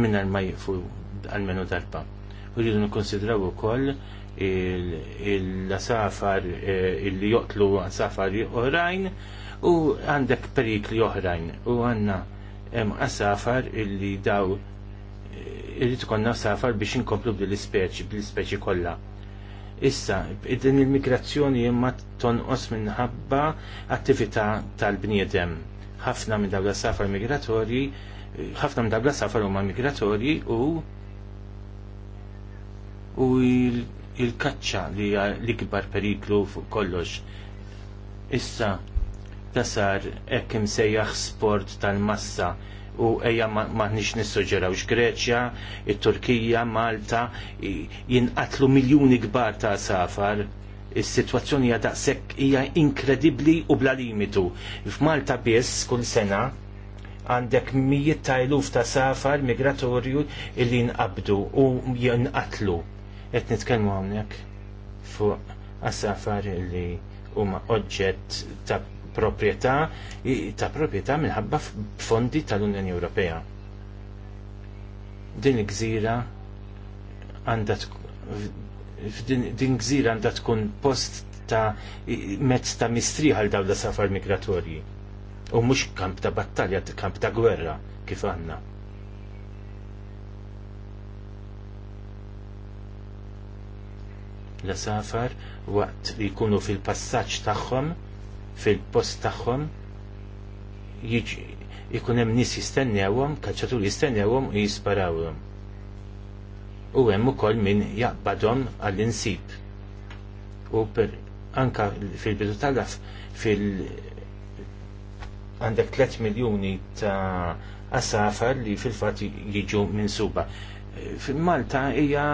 l ma jifu għal-menu darba. U rridu nikkonsidraw ukoll il-safar eh, illi joqtlu safar oħrajn u għandek perikli oħrajn u għanna hemm safar illi daw eh, irrid konna safar biex inkomplu bil-ispeċi bil-ispeċi kollha. Issa, din il-migrazzjoni imma tonqos minħabba attività tal-bniedem. Ħafna minn dawla safar migratorji, ħafna minn dawla safar huma migratorji u u il-kaċċa li hija l-ikbar periklu fuq kollox. Issa tasar sar hekk imsejjaħ sport tal-massa u eja nissoġeraw x Greċja, il-Turkija, Malta, jinqatlu miljoni kbar ta' safar. Is-sitwazzjoni hija daqshekk hija inkredibbli u bla limitu. F'Malta biss kull sena għandek mijiet ta' iluf ta' safar migratorju li jinqabdu u jinqatlu qed nitkellmu hawnhekk fuq għas-safar li huma oġġett ta' proprjetà ta' proprjetà minħabba fondi tal-Unjoni Ewropea. Din il-gżira għandha din gżira għandha tkun post ta' mezz ta' mistriħal dawn da' safar migratorji. U mhux kamp ta' battalja, kamp ta' gwerra kif għandna. l-safar waqt li jkunu fil-passaġġ tagħhom fil-post tagħhom ikun hemm nies jistennewhom, kaċċatur jistennewhom u jisparawhom. U hemm ukoll min jaqbadhom għall-insib. U per anka fil-bidu tal laf fil- għandek 3 miljoni ta' asafar li fil-fat jiġu minsuba fil-Malta hija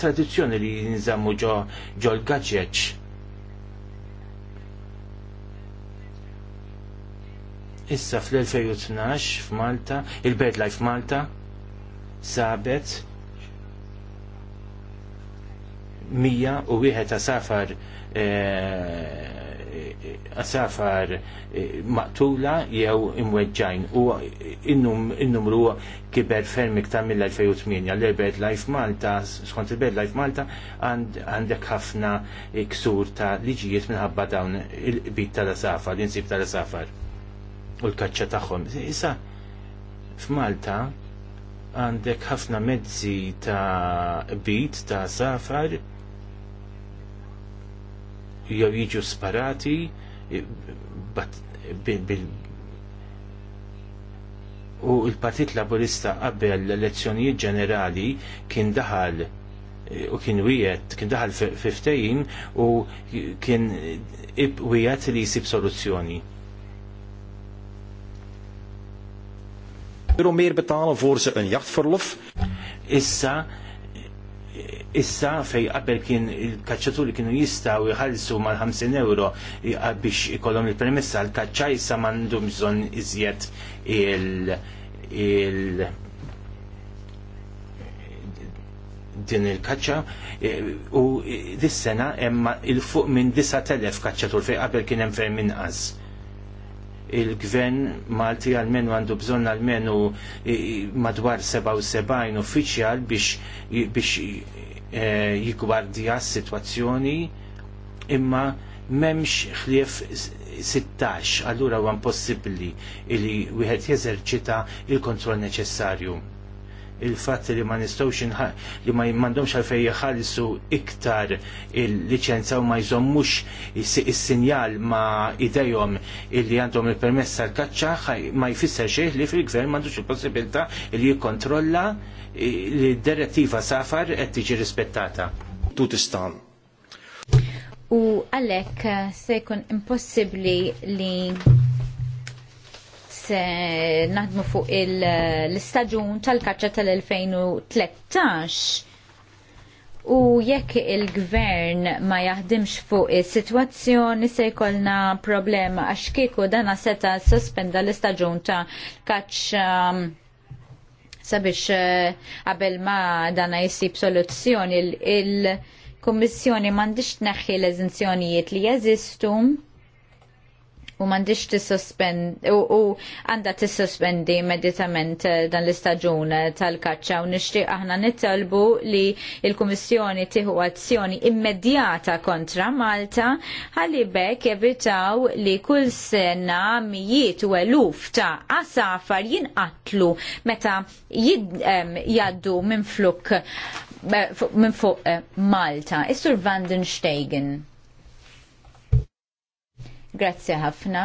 tradizzjoni li jinżammu ġo l-gaċċeċ. Issa fl-2012 f'Malta, il-Bed Life Malta, sabet 101 ta' safar e asafar eh, maqtula jew imweġġajn u in-numru kiber ferm iktar mill-2008 l-Bed Life Malta, skont il-Bed Life Malta għandek ħafna eh, ksur ta' liġijiet minħabba dawn il-bit tal-asafar, l-insib tal-asafar u l-kaċċa tagħhom. Issa f'Malta għandek ħafna mezzi ta' bit ta' safar jew jiġu sparati bil u il-Partit Laburista qabel l-elezzjonijiet ġenerali kien daħal e, u kien wiet, kien daħal fiftejn u kien ib li jisib soluzzjoni. Euro meer betalen voor ze een jachtverlof. Issa issa fej qabel kien il-kacċaturi kienu jistaw jħallsu mal-50 euro biex ikollhom il-permessa l kaċċa issa mandu bżonn iżjed il-, il din il-kaċċa e, u dis-sena emma il-fuq minn 9000 kaċċatur fejn qabel kien hemm fejn inqas. Il-gvern Malti għalmenu għandu bżonn għalmenu madwar 77 uffiċjal biex Eh, jigwardja s-situazzjoni imma memx ħlief 16, allura huwa impossibbli li wieħed jeżerċita il-kontroll neċessarju il-fatt li ma nistgħux li ma m'għandhomx għalfej jħallsu iktar il-liċenza u ma jżommux is-sinjal ma idejhom illi għandhom il permessa l kaċċa ma jfisser xejn li fil-gvern m'għandux il-possibilità li jikkontrolla li d-direttiva safar qed tiġi rispettata. Tutistan. U għalek se jkun impossibbli li Eh, naħdmu fuq eh, l-istaġun tal-kaċċa tal-2013. U jekk il-gvern ma jaħdimx fuq is-sitwazzjoni se jkollna problema għax kieku dana seta sospenda l-istaġun ta' kaċċa mm, sabiex eh, qabel ma dana jisib soluzzjoni il-Kommissjoni mandiċ tneħħi l-eżenzjonijiet li jeżistu u mandiċ tissospend u għanda tissospendi meditament eh, dan l-istagġun eh, tal-kaċċa u nixtieq aħna nittalbu li il-Kummissjoni tieħu azzjoni immedjata kontra Malta għalli bekk evitaw li kull sena mijiet u eluf ta' għasafar jinqatlu meta jaddu minn fluk eh, minn fuq Malta. Is-Sur Vandenstegen. Grazzi ħafna.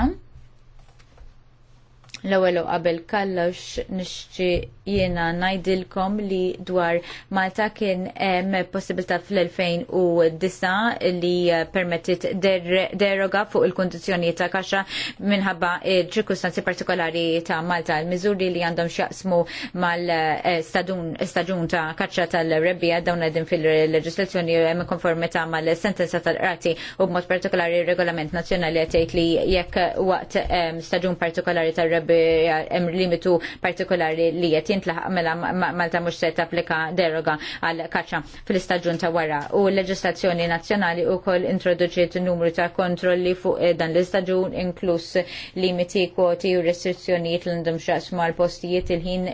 L-ewwel u qabel kollox nixtri jiena ngħidilkom li dwar Malta kien hemm possibilità fl-2009 li permettit deroga fuq il-kundizzjonijiet ta' kaxxa minħabba ċirkustanzi partikolari ta' Malta. l miżuri li għandhom x'jaqsmu mal-staġun ta' kaċċa tal-rebbija dawn qegħdin fil-leġislazzjoni hemm konformità mal-sentenza tal-qrati u b'mod partikolari regolament nazzjonali qed li jekk waqt ehm, staġun partikolari tal-rebbija hemm limitu partikolari li qed jintlaħaq mela Malta mhux se tapplika deroga għal kaċċa fl-istaġun ta' wara u l-leġislazzjoni nazzjonali wkoll introduċiet numru ta' kontrolli fuq eh, dan l-istaġun inkluss limiti kwoti u restrizzjonijiet l għandhom xaqsmu għal postijiet il-ħin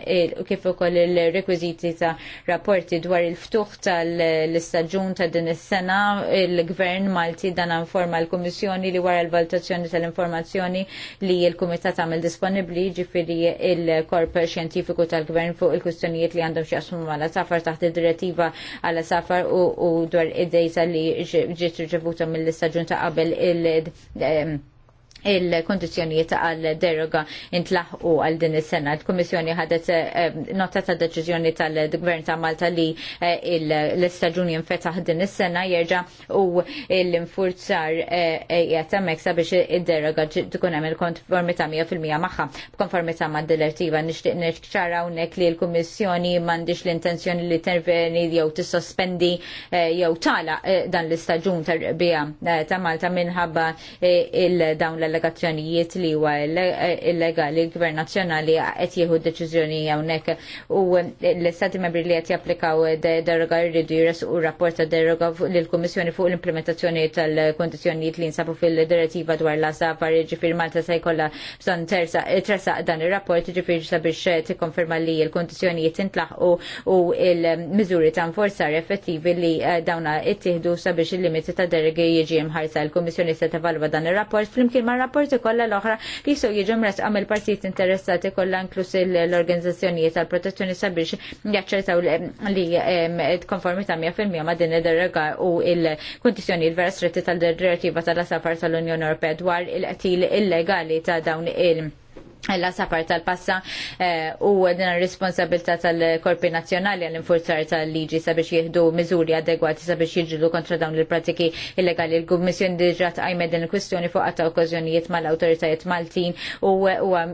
kif ukoll il-rekwiżiti ta' rapporti dwar il-ftuħ tal-istaġun ta' din is-sena il-Gvern Malti dan informa l-Kummissjoni li wara l-valutazzjoni tal-informazzjoni li l-Kumitat għamil disponibbli possibbli ġifiri il-korp xjentifiku tal-gvern fuq il-kustonijiet li għandhom xjaqsmu mala safar taħt id-direttiva għala safar u dwar id-dejta li ġitri ġivuta mill istagġun ta' qabel il- il-kondizjonijiet għal deroga intlaħqu għal din is-sena. Il-Kummissjoni ħadet eh, nota ta' deċiżjoni tal-Gvern ta' Malta li eh, l istaġun jinfetaħ din is-sena jerġa' u l-infurzar eh, qiegħed hemmhekk sabiex id-deroga tkun hemm il-konformità 100% magħha. B'konformità mad-direttiva nixtieq niċċara hawnhekk li l-Kummissjoni m'għandix l-intenzjoni li terveni jew tissospendi jew tala dan l-istaġun tar rbija ta' Malta minħabba il-dawn l allegazzjonijiet li huwa illegali l-Gvern Nazzjonali qed jieħu deċiżjoni hawnhekk u l-Istati Membri li qed japplikaw deroga jridu jresqu rapport ta' deroga lill-Kummissjoni fuq l-implementazzjoni tal-kondizzjonijiet li nsabu fil-direttiva dwar l asafar affarijiet ġifir Malta se jkollha bżonn tersaq dan ir-rapport ġifir sabiex tikkonferma li l-kondizzjonijiet intlaħqu u l-miżuri ta' nforzar effettivi li eh, dawna ittieħdu sabiex il-limiti ta' deregi jiġi mħarsa l-Kummissjoni se tevalwa dan ir-rapport flimkien ma' rapporti kollha l-oħra li jistgħu jiġu mresqa il partijiet interessati kollha inklus l-organizzazzjonijiet tal-protezzjoni sabiex jaċċertaw li konformità 100% ma' din id-derega u il il vera stretti tal-direttiva tal-asafar tal-Unjoni Ewropea dwar il-qtil illegali ta' dawn il- Ella sapar tal-passa eh, u din responsabilità tal-Korpi Nazzjonali għall-infurzar tal-liġi sabiex jieħdu miżuri adegwati sabiex jiġġieldu kontra dawn il-pratiki illegali. Il-Kummissjoni diġà tqajmed din il-kwistjoni fuq ta' okkażjonijiet mal-awtoritajiet Maltin u huwa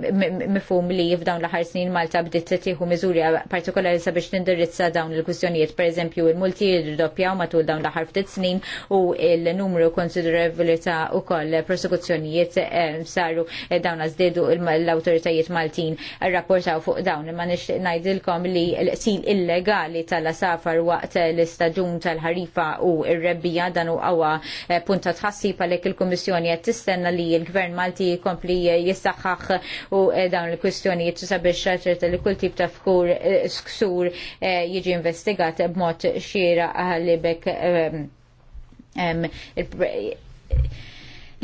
mifhum li f'dawn l-aħħar snin Malta bdiet tieħu miżuri partikolari sabiex tindirizza dawn il-kwistjonijiet, pereżempju il-multi jirdoppjaw matul dawn l-aħħar ftit snin u l-numru konsiderevoli ta' ukoll prosekuzzjonijiet eh, saru eh, dawn għażdedu l-awtoritajiet l-autoritajiet Maltin rrapportaw fuq dawn imma nixtieq ngħidilkom li l-qsil illegali tal-asafar waqt l-istaġun tal-ħarifa u r-rebbija dan u qawwa eh, punta tħassib għalhekk il-Kummissjoni qed tistenna li l-Gvern Malti jkompli eh, jissaħħaħ u eh, dawn il-kwistjonijiet sabiex ċerta li kull tip ta' fkur sksur jiġi investigat b'mod xiera għalibek um,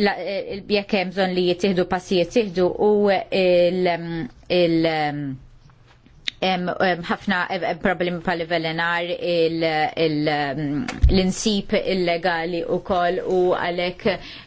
Eh, jekk hemm bżonn li jittieħdu passijiet jittieħdu u il-, il, il um, ħafna problemi pa' velenar l-insib illegali u koll u għalek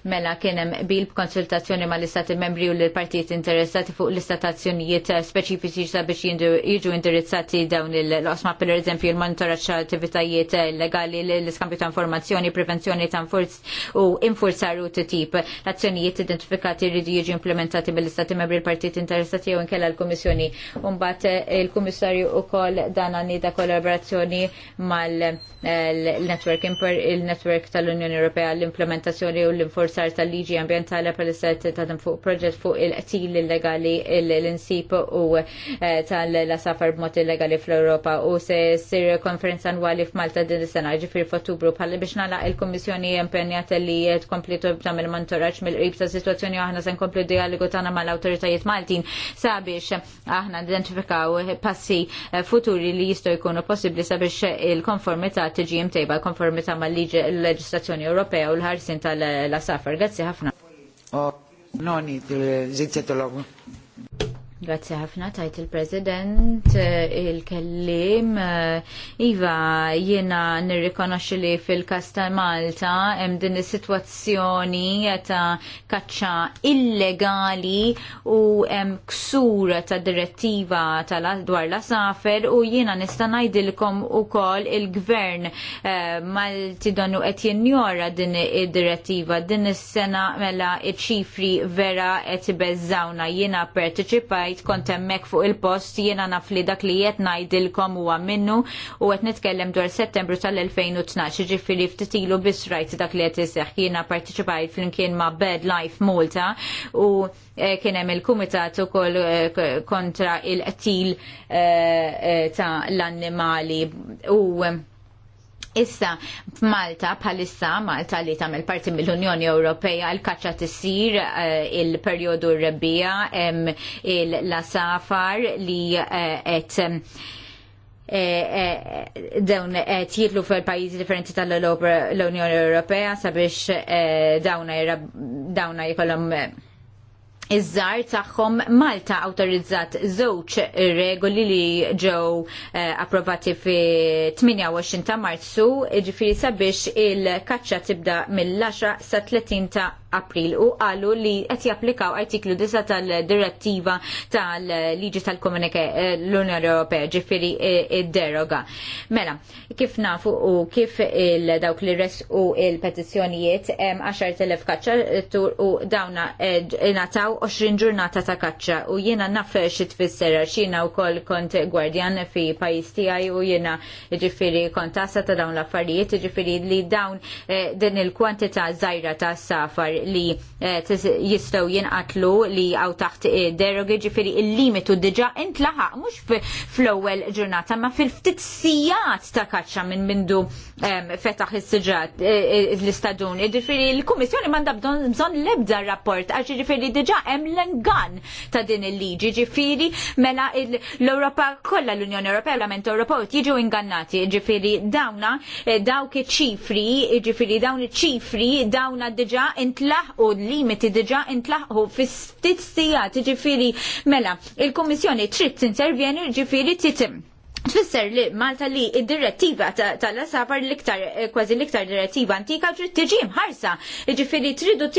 mela kienem bil konsultazzjoni ma' l-istati membri u l-partijiet interessati fuq l-istatazzjonijiet speċifiċi sabiex jiġu indirizzati dawn l-osma per eżempju il-monitoraċ attivitajiet illegali l-iskambju ta' informazzjoni, prevenzjoni ta' forz u infurzar u t-tip. L-azzjonijiet identifikati rridu jiġu implementati mill-istati membri l-partijiet interessati u nkella l-Komissjoni. Umbat il il-Kummissarju koll dan għandita kollaborazzjoni mal-network eh, il-network tal-Unjoni Ewropea l-implementazzjoni u l-inforzar tal-liġi ambientali pal ta' dan fuq proġett fuq il-qtil illegali l-insib u eh, tal-safar b'mod illegali fl-Ewropa u se sir konferenza annwali f'Malta din is-sena ġifir f'Ottubru bħalli biex nala il-Kummissjoni impenjat li tkompli il mantoraċ mill-qrib ta' situazzjoni aħna se nkomplu dialogu tagħna mal-awtoritajiet Maltin sabiex aħna identifikaw passi eh, futuri li jistgħu jkunu possibli sabiex il-konformità tiġi imtejba l-konformità mal-liġi l-leġislazzjoni Ewropea u l-ħarsin tal-asafar. Grazzi ħafna. Oh, Noni, eh, zizzetologu. Grazie ħafna tajt il-President, eh, il-kellim. Eh, iva, jiena nirrikonoxi li fil kasta Malta hemm din is-sitwazzjoni ta' kaċċa illegali u hemm ksura ta' direttiva tal dwar la safer u jiena nista' ngħidilkom ukoll il-Gvern eh, Malti donu qed jinjora din id-direttiva din is-sena mela ċifri vera qed ibeżżawna jiena pparteċipaj jgħid kont hemmhekk fuq il-post jiena naf li dak li qed ngħidilkom huwa minnu u qed nitkellem dwar Settembru tal-2012 ġifieri ftit ilu biss rajt dak li qed iseħħ jiena partiċipajt flimkien ma' Bad Life Malta u eh, kien hemm il-kumitat ukoll eh, kontra il-qtil eh, ta' l-annimali u Issa, f'Malta, bħalissa, Malta li tamel parti mill-Unjoni Ewropea, l-kaċċa tisir eh, il-periodu rebbija, l-asafar li eh, et eh, dawn qed jitlu fil-pajjiżi differenti tal-Unjoni Ewropea sabiex dawna jkollhom iż-żar tagħhom Malta awtorizzat żewġ regoli li ġew eh, approvati fi 28 ta' Marzu, ġifieri sabiex il-kaċċa tibda mill-10 sa 30 ta' April u qalu li qed japplikaw artiklu 9 tal-direttiva tal-liġi tal-komunike eh, l-Unjoni Ewropea ġifieri eh, id-deroga. Mela, kif nafu u kif il-dawk li res u il-petizzjonijiet 10.000 kacċa u dawna eh, nataw 20 ġurnata ta' kaċċa u jiena naf xi fisser xina wkoll kont gwardjan fi pajjiż tijaj u jena ġifiri kontasa ta' dawn l-affarijiet ġifieri li dawn din il-kwantità żgħira ta' safar li eh, jistgħu jinqatlu li għaw taħt eh, derogi ġifiri il-limitu diġà intlaħaq mhux fl-ewwel ġurnata ma fil-ftit sijat ta' kaċċa minn mindu fetaħ il siġat eh, l-istadun. ġifiri l-Kummissjoni m'għandha bżonn l-ebda rapport għax ġifieri diġà hemm l-engan ta' din il-liġi ġifiri mela l europa kollha l-Unjoni Ewropea, l-Parlament Europa jiġu ingannati ġifiri dawna dawk ċifri ġifiri dawn iċ-ċifri dawna diġà intlaħaq l limiti diġa intlaħ fi ftit sijat ġifiri mela il-Komissjoni trid tintervjeni ġifiri titim. Tfisser li Malta li id-direttiva tal asafar l-iktar, eh, kważi l-iktar direttiva antika ġrid tiġi mħarsa. Ġifiri tridu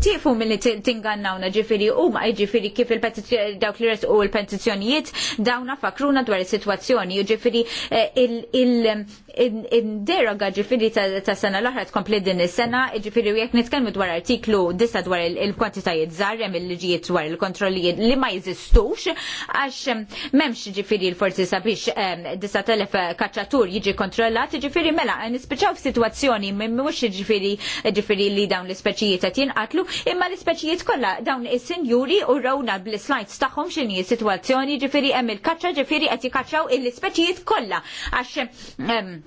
tifu mill tingannawna ġifiri u ma ġifiri kif dawk li u l-petizjonijiet dawna fakruna dwar is-sitwazzjoni. Ġifiri eh, Deroga ġifiri ta' sena l-oħra tkompli din is-sena, ġifiri u jek nitkellmu dwar artiklu disa dwar il-kwantitajiet żarrem il-liġijiet dwar il-kontrollijiet li ma jeżistux, għax memx ġifiri l-forzi sabiex disa telef kacċatur jiġi kontrollat, ġifiri mela f f'sitwazzjoni mhux mux ġifiri li dawn l-ispeċijiet qed jinqatlu, imma l-ispeċijiet kollha dawn is senjuri u rawna bl-slides tagħhom xini situazzjoni sitwazzjoni ġifiri hemm il-kaċċa ġifiri qed jikaċċaw il ispeċijiet kollha għax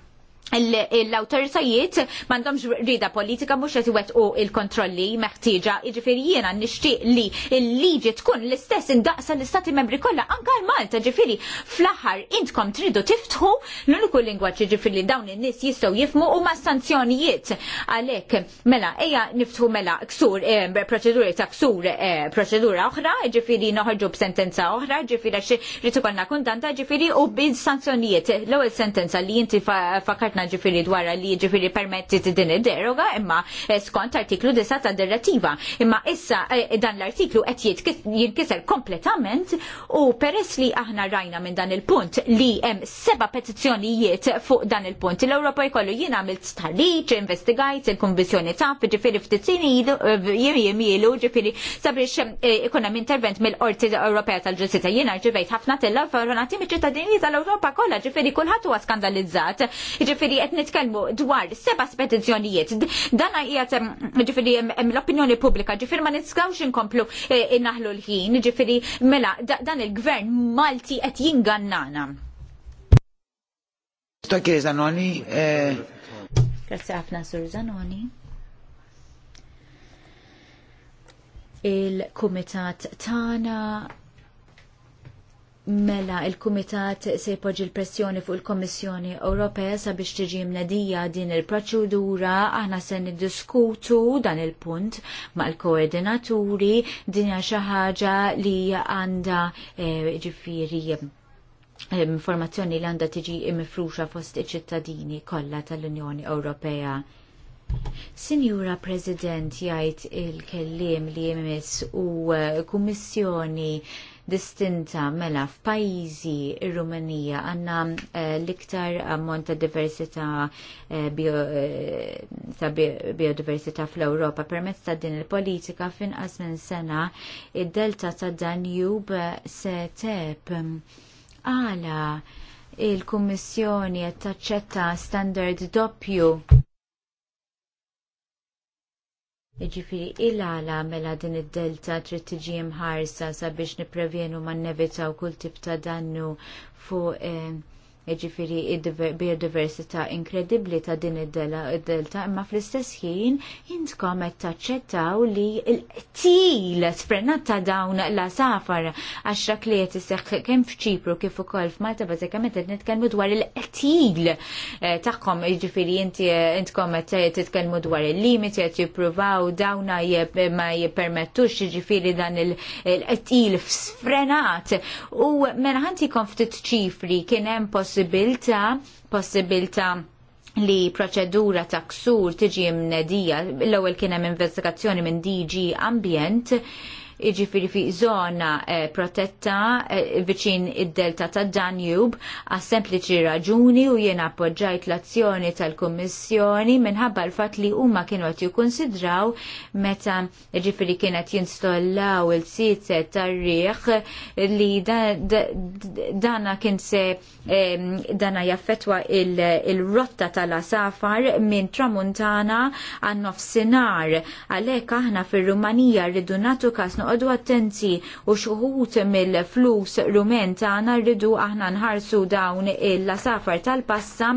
l-autoritajiet mandomx rida politika mux għet wet u il-kontrolli meħtieġa ġifiri jena nishtiq li il-liġi tkun l-istess indaqsa l-istati membri kolla anka l-Malta ġifiri fl ħar intkom tridu tiftħu l-uniku lingwaċ ġifiri dawn il-nis jistaw jifmu u ma sanzjonijiet għalek mela eja niftħu mela ksur eh, proċeduri ta' ksur eh, proċedura oħra ġifiri b b'sentenza oħra ġifiri għaxi rritu konna kundanta ġifiri u b sanzjonijiet l-ewel sentenza li jinti fakartna ħafna ġifiri dwar li ġifiri permetti din id-deroga imma eh, skont artiklu 9 ta' direttiva. Imma issa eh, dan l-artiklu qed jinkiser kompletament u peress li aħna rajna minn dan il-punt li hemm seba' petizzjonijiet fuq dan il-punt. L-Ewropa jkollu jien għamilt starriċ, investigajt il-konvizjoni ta' ġifiri ftit jimilu eh, ġifiri sabiex ikun hemm intervent mill-Qorti Ewropea tal-Ġustizja jiena ġifejt ħafna tella fornati miċ-ċittadini tal-Ewropa kollha ġifieri kulħadd huwa skandalizzat. Ġifiri, qed nitkellmu dwar seba' spedizjonijiet. Dana qiegħed ġifiri l-opinjoni pubblika, ġifiri ma nitskawx inkomplu e, innaħlu l-ħin, ġifiri mela dan il-gvern Malti qed jingannana. Stokki Zanoni. E- Grazie ħafna Sur Zanoni. il kumitat tagħna Mela, il-Kumitat se jpoġġi l-pressjoni fuq il-Kommissjoni Ewropea sabiex tiġi mnedija din il-proċedura, aħna se niddiskutu dan il-punt ma' l-koordinaturi, din hija xi ħaġa li għandha eh, ġifieri eh, informazzjoni li għandha tiġi mifruxa fost iċ-ċittadini kollha tal-Unjoni Ewropea. Sinjura President jgħid il-kellim li jmiss u eh, kummissjoni distinta mela f'pajjiżi ir-Rumanija għandna eh, l-iktar ammont ta' diversità eh, eh, ta' biodiversità fl-Ewropa permezz ta' din il-politika finqas minn sena id-delta ta' Danjub se għala il-Kummissjoni qed taċċetta standard doppju Iġifiri, il-għala mela din id-delta trid tiġi mħarsa sabiex niprevjenu ma nevitaw kull tip ta' dannu fuq eh, ġifiri biodiversità inkredibbli ta' din id-delta, imma fl-istess ħin jintkom qed taċċettaw li l-qtil sfrenat ta' dawn la safar għaxra li qed isseħħ kemm f'Ċipru kif ukoll f'Malta bażikament qed nitkellmu dwar il-qtil eh, tagħhom jiġifieri inti eh, intkom qed titkellmu dwar il-limit qed jippruvaw dawna ma jippermettux jiġifieri dan il til sfrenat u minn mela ħantikom ftit ċifri kien hemm post possibilità, possibilità li proċedura ta' ksur tiġi mnedija, l-ewwel kien hemm investigazzjoni minn DG Ambjent iġifiri fi żona eh, protetta eh, viċin id-delta ta' Danube għas sempliċi raġuni u jien appoġġajt l-azzjoni tal-Kummissjoni minħabba l-fatt li huma kienu qed jikkonsidraw meta jiġifieri kienet jinstollaw il-sitet tar-riħ li dana kien se dana jaffetwa il-rotta tal-asafar minn tramuntana għan nofsinhar għalhekk aħna fir-Rumanija rridu nagħtu każ noqogħdu attenti u xuħut mill-flus rumen tagħna rridu aħna nħarsu dawn il-safar tal-passa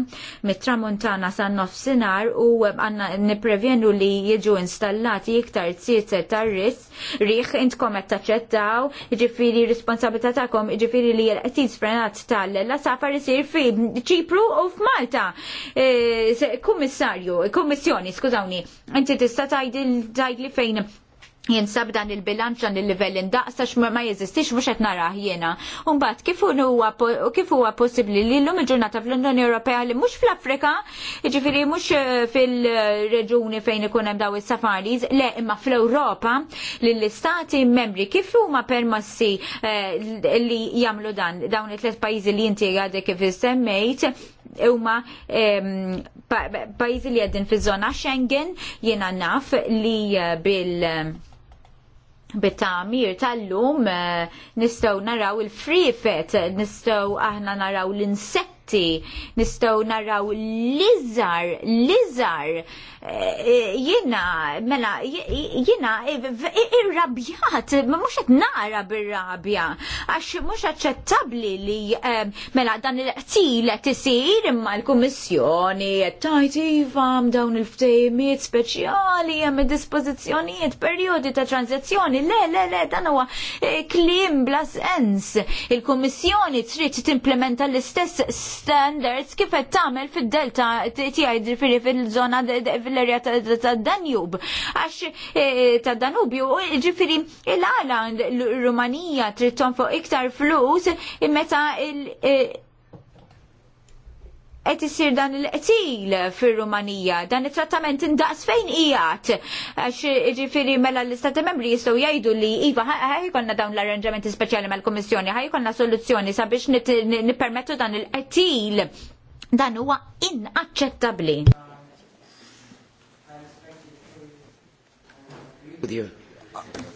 mit-tramuntana san nofsinhar u għandna nipprevenu li jiġu installati iktar tziet tar-riss riħ intkom qed taċċettaw, jiġifieri responsabilità tagħkom jiġifieri li l-qed sprenat tal-safar isir fi ċipru u f'Malta. E, kummissarju, kummissjoni, skużawni, inti tista' tgħidli fejn jinsab dan il-bilanċ dan il-livell indaqsa ma jeżistix mhux qed narah jiena. Imbagħad kif huwa kif huwa possibbli li llum il-ġurnata fl-Unjoni Ewropea li mhux fl-Afrika, jiġifieri mhux eh, fil-reġuni fejn ikun hemm daw is-safaris, le imma fl-Ewropa li l-istati membri kif huma permessi eh, li jagħmlu dan dawn it-tliet pajjiżi li inti għadek kif semmejt huma ehm, pajjiżi li għeddin fiż-żona Schengen jiena naf li eh, bil bit-tamir tal-lum eh, nistaw naraw il-frifet, nistaw aħna naraw l-insetti, nistaw naraw l-izzar, l-izzar Eh, eh, jina, mela, jina, eh, irrabjat, ma mux qed nara bil-rabja, għax mux aċċettabbli li, mela, dan il-qtil għet isir imma l-kommissjoni, tajt iva, dawn il-ftejmiet speċjali, jem dispożizzjonijiet periodi ta' tranzizjoni, le, le, le, dan huwa klim bla sens. Il-kommissjoni trid timplementa l-istess standards kif qed tagħmel fid-delta tiegħi fil-żona fil fl-erja ta' Danjub. Għax e, e, ta' Danubju, ġifiri il-għala l-Rumanija tritton fuq iktar flus meta il- Et isir dan il-qtil fir-Rumanija, dan it-trattament indaqs fejn ijat, Għax ġifieri mela l-Istati Membri jistgħu jgħidu li iva konna dawn l-arranġamenti speċjali mal-Kummissjoni, konna soluzzjoni sabiex nippermettu dan il-qtil. Dan huwa inaċċettabbli. with you.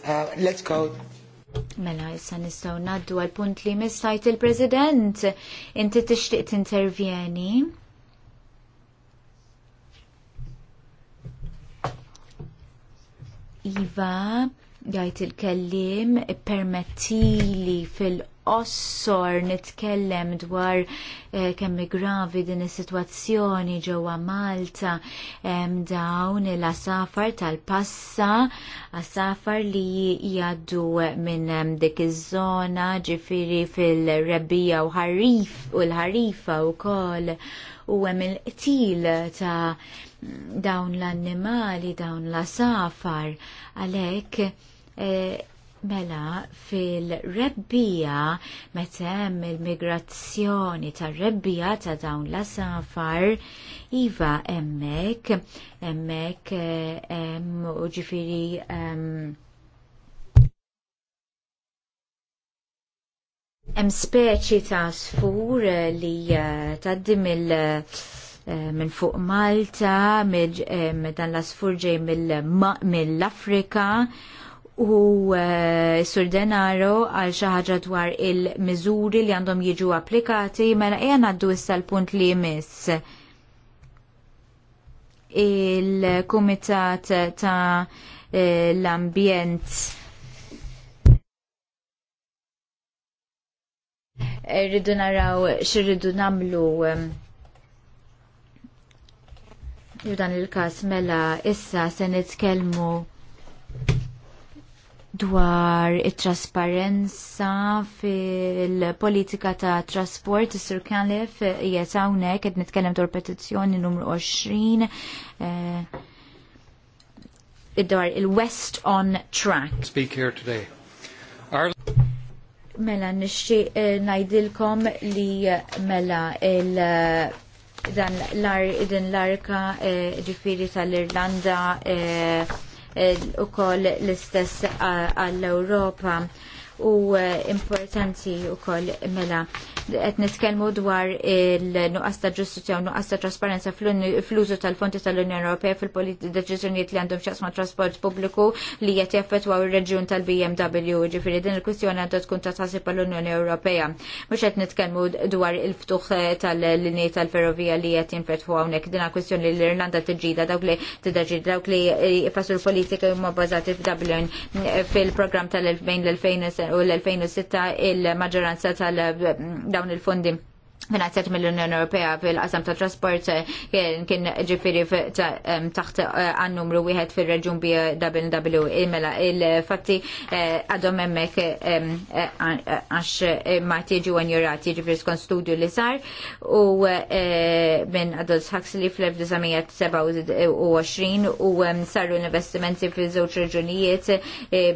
Uh, let's go. Mela, issa nistgħu ngħaddu għal punt li mistajt il-President. Inti tixtieq intervjeni Iva, jgħid il-kellim permettili fil-qossor nitkellem dwar eh, kemm gravi din is-sitwazzjoni ġewwa Malta hemm dawn il asafar tal-passa, asafar li jgħaddu minn ehm, dik iż-żona ġifieri fil-rebbija u ħarif u l-ħarifa wkoll u hemm il-qtil ta' dawn l-annimali, dawn l-asafar għalhekk E, mela, fil-rebbija, metem il-migrazzjoni ta' rebbija ta' dawn la safar, iva emmek, emmek, emm, uġifiri, emm, Hemm speċi ta' sfur li e, taddim il- e, minn fuq Malta, minn dan l-asfur ġej mill-Afrika, mil u eh, Sur Denaro għal xi ħaġa dwar il-miżuri li għandhom jiġu applikati mela qiegħ għaddu issa l-punt li jmiss il-Kumitat ta' eh, l-Ambjent rridu naraw xirridu namlu u eh, dan il-kas mela issa se nitkellmu dwar it-trasparenza fil-politika ta' trasport, Sir Kalif, jiet hawnhekk qed nitkellem dwar petizzjoni numru 20 id eh, dwar il-West on Track. Speak here today. Mela, nixi najdilkom eh, ngħidilkom li eh, mela il- dan l-ar, din l-arka ġifiri tal-Irlanda Eh, ukoll l-istess eh, għall-Ewropa u eh, importanti u koll mela. Qed nitkellmu dwar il-nuqqas ta' ġustizja u nuqqas ta' trasparenza fl-użu tal-fonti tal-Unjoni Ewropea fil-deċiżjonijiet li għandhom x'jaqsma trasport pubbliku li qed jaffettwaw ir-reġjun tal-BMW, ġifiri din il-kwistjoni għandha tkun ta' tasib għall-Unjoni Ewropea. Mhux qed nitkellmu dwar il-ftuħ tal-linji tal-ferrovija li qed jinfetwa hawnhekk din kwistjoni li l-Irlanda tiġġida dawk li t-ġida dawk li jfassru l-politika huma bbażati dublin fil-programm tal-2000 l-2000 u l-2006 il-maġġoranza tal-dawn mm, il-fondi finanzjat mill-Unjoni Ewropea fil-qasam ta' trasport kien ġifiri taħt eh, għan numru wieħed fil-reġun bi WW imela e, il-fatti eh, għadhom hemmhekk eh, għax ma tiġu għanjurati ġifiri skont studju li sar u minn Adolf Huxley fl-1927 u saru investimenti fil żewġ reġunijiet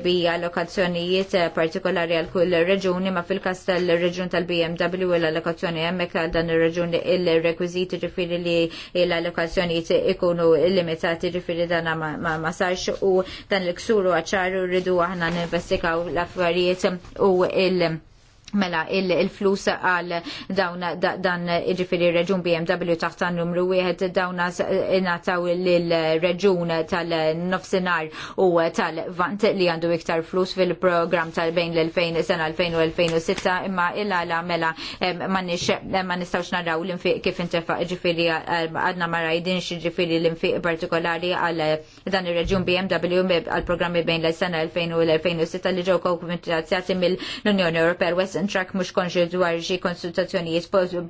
bi allokazzjonijiet partikolari għal kull reġuni ma fil kastell tal-reġun tal-BMW l-allokazzjoni hemm hawnhekk għal dan ir-raġuni il-rekwiżiti ġifiri li l-allokazzjonijiet ikunu limitati ġifiri dan ma sarx u dan il ksuru għaċċaru rridu aħna ninvestigaw l-affarijiet u il- Mela, il-flus għal dawn dan ġifiri reġun BMW taħt numru wieħed dawn nataw l-reġun tal nofsenar u tal-vant li għandu iktar flus fil-program tal-bejn l-2000 sena 2006 imma il-għala mela ma nistawx naraw l-infiq kif intefa ġifiri għadna ma rajdin ġifiri l-infiq partikolari għal dan il-reġun BMW għal programmi bejn l-sena 2000 u l-2006 li ġew komitazjati mill-Unjoni Ewropea Jack mhux konxi dwar xi konsultazzjonijiet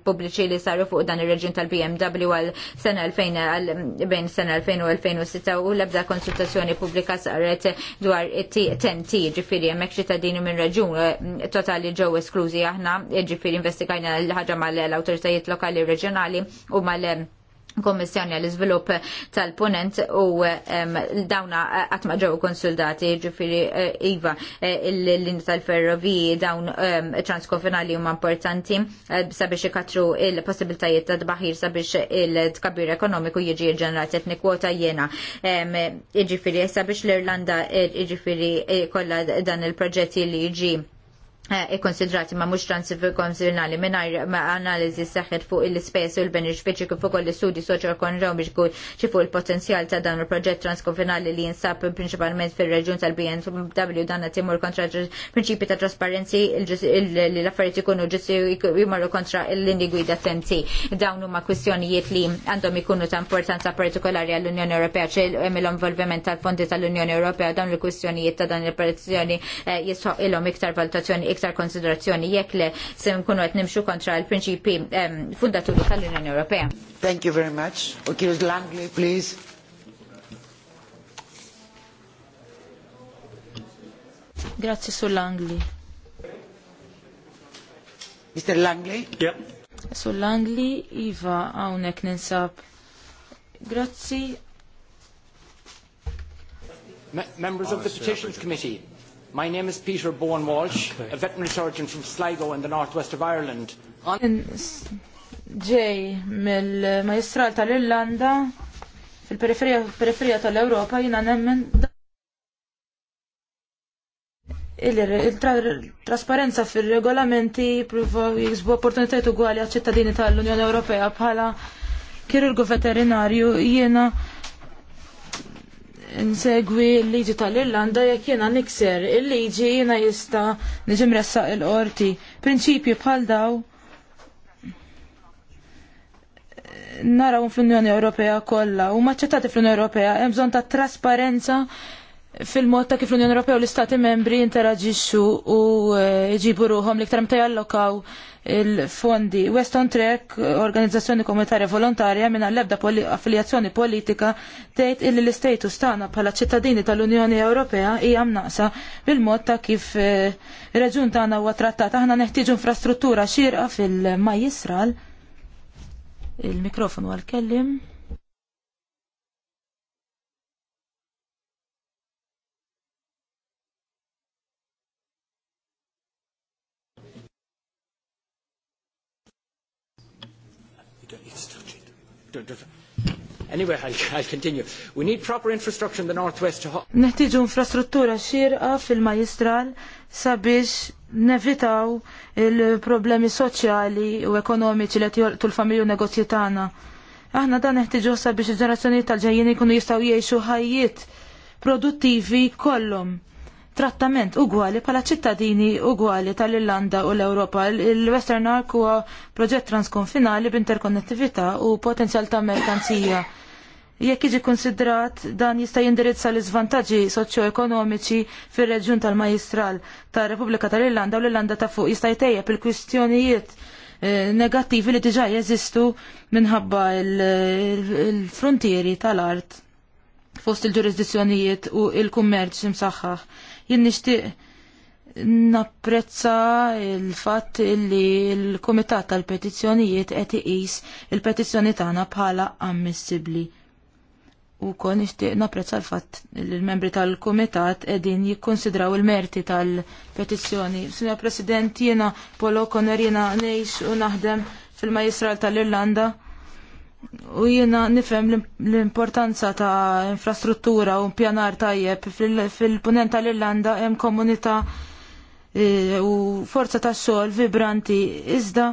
pubbliċi li saru fuq dan ir reġin tal-BMW għal sena 2000 bejn sena 2000 u 2006 u l-ebda konsultazzjoni pubblika saret dwar TNT ġifieri hemmhekk ċittadini minn reġun eh, totali ġew esklużi aħna ġifiri investigajna l-ħaġa mal-awtoritajiet lokali reġjonali u mal- Kommissjoni għall iżvilupp tal-ponent u dawna għatmaġaw eh, ġew konsultati ġifiri eh, Iva eh, l-linja tal-ferroviji dawn transkonfinali huma importanti sabiex ikatru il-possibiltajiet ta' dbaħir sabiex il tkabir ekonomiku jiġi ġenerat etni kwota jena. Ġifiri sabiex l-Irlanda ġifiri kollha dan il-proġetti li jiġi Eh, ikkonsidrati ma mhux transfer konsilnali ma' analiżi seħħet fuq il-ispejs u l-benefiċċju kif ukoll l-istudji soċjo kull xi fuq il-potenzjal ta' dan il-proġett transkonfinali li jinsab prinċipalment fir-reġjun tal-BMW dan qed timur kontra prinċipji ta' trasparenzi li l-affarijiet ikunu ġusti jmorru kontra l-linji gwida tenti. Dawn huma kwistjonijiet li għandhom ikunu ta' importanza partikolari għall-Unjoni Ewropea xi l-involviment tal-fondi tal-Unjoni Ewropea dawn il-kwistjonijiet ta' dan il-protezzjoni eh, jisħoq ilhom iktar valutazzjoni iktar konsiderazzjoni jekk le se nkunu qed nimxu kontra l-prinċipi fundaturi tal-Unjoni Ewropea. Thank you very much. Okay, Langley, please. Grazie Sur Langley. Mr. Langley? Yeah. Sur Langley, Iva, hawnhekk ninsab. Grazzi members of the Petitions Committee, My name is Peter Bowen Walsh, okay. a veterinary surgeon from Sligo in the northwest of Ireland. Ġej mill-Majestral uh, tal-Irlanda fil-periferija tal-Ewropa jina nemmen il-trasparenza fil-regolamenti pruva jiksbu opportunitajiet ugwali għal ċittadini tal-Unjoni Ewropea bħala kirurgu veterinarju jiena nsegwi l-liġi tal-Irlanda jekk jiena nikser il-liġi jiena jista niġi mressaq il-qorti. Prinċipji bħal daw eh, naraw fl-Unjoni Ewropea kollha u maċċettati fl-Unjoni Ewropea hemm bżonn ta' trasparenza fil-mod ta' kif l-Unjoni Ewropea u l-Istati membri interaġixxu u eh, jġibu ruhom liktar meta jallokaw il-fondi. Weston Trek, organizzazzjoni komunitarja volontarja minn l-ebda affiljazzjoni politika, tgħid illi l-istatus tagħna bħala ċittadini tal-Unjoni Ewropea hija mnaqsa bil-mod ta' kif eh, reġun tagħna huwa trattata. Aħna neħtieġu infrastruttura xierqa fil-Majjisral. Il-mikrofon għal-kellim. Anyway, I'll, I'll continue. We need proper infrastructure in the northwest to... Neħtiġu infrastruttura xirqa fil-majistral sabiex nevitaw il-problemi soċjali u ekonomiċi li tul familju negozji tagħna. Aħna dan neħtiġu sabiex il-ġenerazzjoni tal ġajjini kunu jistgħu jgħixu ħajjiet produttivi kollum. trattament ugwali pala ċittadini ugwali tal-Irlanda u l-Europa. Il-Western Ark huwa proġett transkonfinali b'interkonnettività u potenzjal ta' merkanzija Jekk jiġi konsidrat dan jista' jindirizza l iżvantaġġi soċjoekonomiċi fir-reġjun tal-Majistral tar-Repubblika tal-Irlanda u l-Irlanda ta' fuq jista' jtejjeb il-kwistjonijiet eh, negattivi li diġà jeżistu minħabba l-frontieri tal-art fost il-ġurisdizzjonijiet u l kummerċ imsaħħaħ. Jien nixtieq napprezza il-fatt li l-Kumitat tal-Petizzjonijiet qed iqis il-petizzjoni tagħna bħala ammissibbli u kon nixtieq napprezza l-fatt li l-membri tal-kumitat qegħdin jikkonsidraw il-merti tal-petizzjoni. Sinja President, jiena Polo Conner jena ngħix u naħdem fil-Majistral tal-Irlanda u jiena nifhem l-importanza ta' infrastruttura u pjanar tajjeb fil-punent tal-Irlanda hemm komunità eh, u forza ta' xogħol vibranti iżda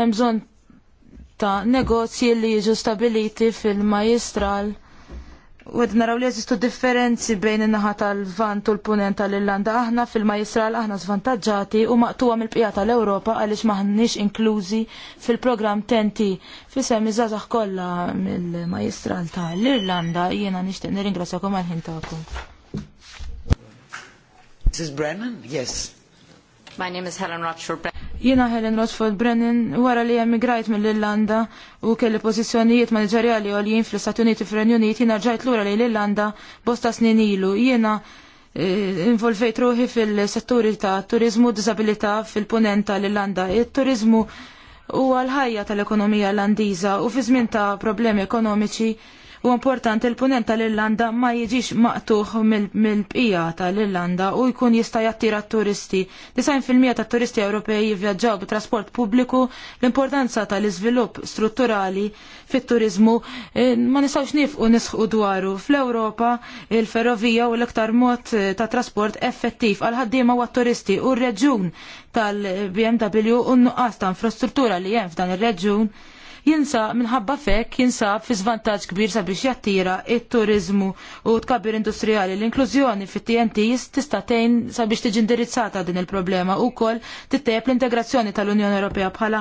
hemm bżonn ta' negozji li jiġu stabiliti fil-Majistral U għed naraw li jazistu differenzi bejn in-naħa tal-vant u l-punent tal-Irlanda. Aħna fil majistral aħna svantagġati u maqtuwa mill-pija tal-Ewropa għaliex maħnix inklużi fil-programm tenti fisem iż kolla kollha mill majistral tal-Irlanda jiena nixtieq nirringrazzjakom għal-ħin tagħkom. Mrs. Brennan, yes. My name is Helen Rochford Brennan. Jiena Helen Rosford Brennan wara li emigrajt mill-Irlanda u kelli pożizzjonijiet manageriali għoljien fl-Istati Uniti fir-Renju Unit jiena ġajt lura li l-Irlanda bosta snin ilu. Jiena eh, involvejt ruħi fil-setturi ta' turizmu u fil-punent tal-Irlanda. Il-turizmu huwa l-ħajja tal-ekonomija irlandiża u fi żmien ta' problemi ekonomiċi U importanti l-punent tal-Irlanda ma jiġix maqtuħ mill-bqija tal-Irlanda u jkun jista' jattira turisti. 90% ta' turisti Ewropej jivvjaġġaw bit-trasport pubbliku, l-importanza tal-iżvilupp strutturali fit-turizmu e, ma nistgħux nifqu nisħu dwaru. Fl-Ewropa il-ferrovija u l-iktar mod e, ta' trasport effettiv għal ħaddiema u turisti u r-reġun tal-BMW u n-nuqqas ta' infrastruttura li hemm f'dan ir-reġun jinsa minħabba fekk jinsab fi svantaġġ kbir sabiex jattira it-turizmu u tkabbir industrijali. L-inklużjoni fit-TNT tista' tgħin sabiex tiġi indirizzata din il-problema u wkoll tittejjeb l-integrazzjoni tal-Unjoni Ewropea bħala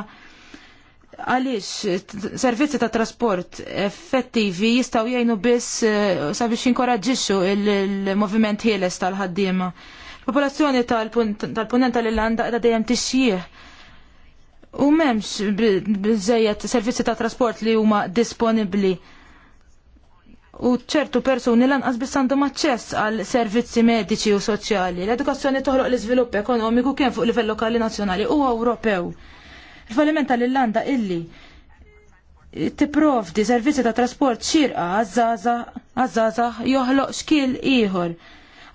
għaliex servizzi ta' trasport effettivi jistaw jgħinu biss eh, sabiex jinkoraġġixxu il-moviment ħieles tal-ħaddiema. Popolazzjoni tal-punent tal-Irlanda qiegħda dejjem tixjih u memx bizzejet servizzi ta' trasport li huma disponibli. U ċertu persuni lanqas biss għandhom aċċess għal servizzi mediċi u soċjali. L-edukazzjoni toħloq l-iżvilupp ekonomiku kien fuq livell lokali nazzjonali u Ewropew. Il-falliment tal-Irlanda illi tipprovdi servizzi ta' trasport xirqa għazzaza joħloq xkil ieħor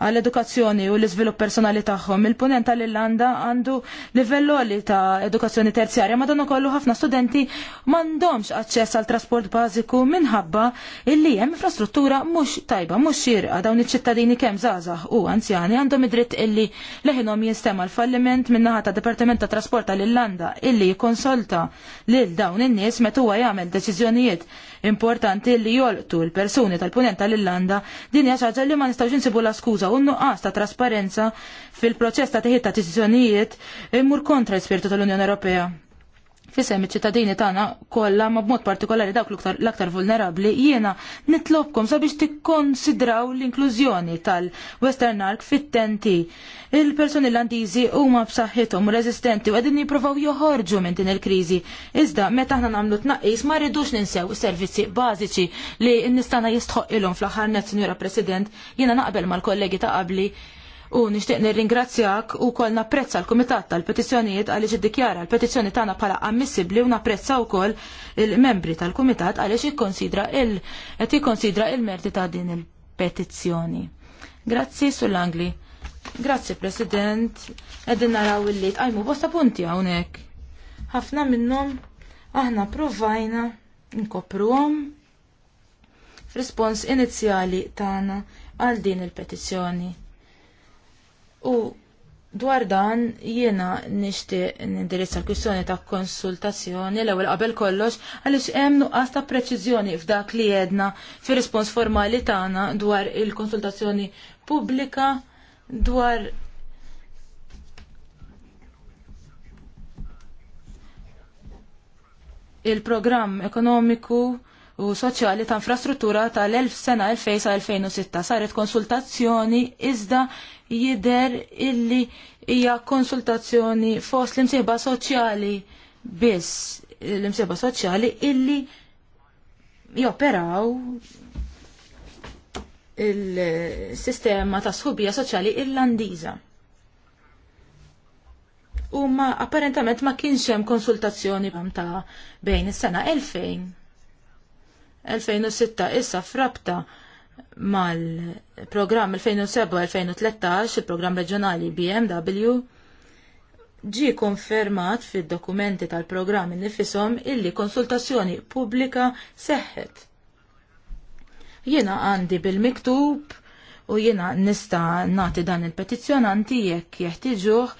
għall-edukazzjoni u l-iżvilupp personali tagħhom. Il-punent tal-Irlanda għandu livelloli ta' edukazzjoni terzjarja, ma dan ukollu ħafna studenti m'għandhomx aċċess għal trasport bażiku minħabba illi hemm infrastruttura mhux tajba, mhux xirqa dawn iċ-ċittadini kemm żgħażagħ u anzjani għandhom id-dritt illi leħinhom jinstema l-falliment minnaħa ta' Dipartiment ta' Trasport tal-Irlanda illi jikonsolta lil dawn in-nies meta huwa jagħmel deċiżjonijiet importanti li jolqtu l-persuni tal-punent tal-Irlanda din hija ħaġa li ma nistgħux insibu la skuża u nuqqas ta' trasparenza fil-proċess ta' teħid ta' deċiżjonijiet immur kontra l-ispirtu tal-Unjoni Ewropea. Fissem iċ-ċittadini tagħna kollha ma b'mod partikolari dawk l-aktar vulnerabbli jiena nitlobkom sabiex tikkonsidraw l-inklużjoni tal-Western Ark fit-tenti. Il-persuni Landiżi huma b'saħħithom rezistenti u qegħdin jippruvaw joħorġu minn din il-kriżi. Iżda meta aħna nagħmlu tnaqqis ma rridux ninsew servizzi bażiċi li n-nistana jistħoq ilhom fl-aħħar net, Sinjura President, jiena naqbel mal-kollegi ta' qabli u nixtieq nirringrazzjak u kol napprezza l-Kumitat tal-Petizzjonijiet għaliex iddikjara l-petizzjoni tagħna bħala ammissibbli u napprezza wkoll il-membri tal-Kumitat għaliex il qed jikkonsidra il-merti ta' din il-petizzjoni. Grazzi sull-Angli. Grazzi President. Qegħdin naraw illi tqajmu bosta punti hawnhekk. Ħafna minnhom aħna provajna nkopruhom f'rispons inizjali tagħna għal din il-petizzjoni. U dwar dan jiena nixtieq nindirizza l-kwistjoni ta' konsultazzjoni l-ewwel qabel kollox għaliex hemm nuqqas ta' preċiżjoni f'dak li jedna fir-rispons formali tagħna dwar il-konsultazzjoni pubblika dwar il-programm ekonomiku u soċjali ta' infrastruttura tal-1000 sena sa' 2006 saret konsultazzjoni iżda jider illi hija konsultazzjoni fost l-imsieba soċjali biss l-imsieba soċjali illi joperaw il-sistema ta' sħubija soċjali irlandiża. U ma apparentament ma kienx hemm konsultazzjoni ta' bejn is-sena 2000 2006 issa frabta mal-programm 2007-2013, il-programm reġjonali BMW, ġi konfermat fid-dokumenti tal-programm nifisom illi konsultazzjoni pubblika seħħet. Jiena għandi bil-miktub u jiena nista nati dan il-petizzjonanti jekk jeħtiġuh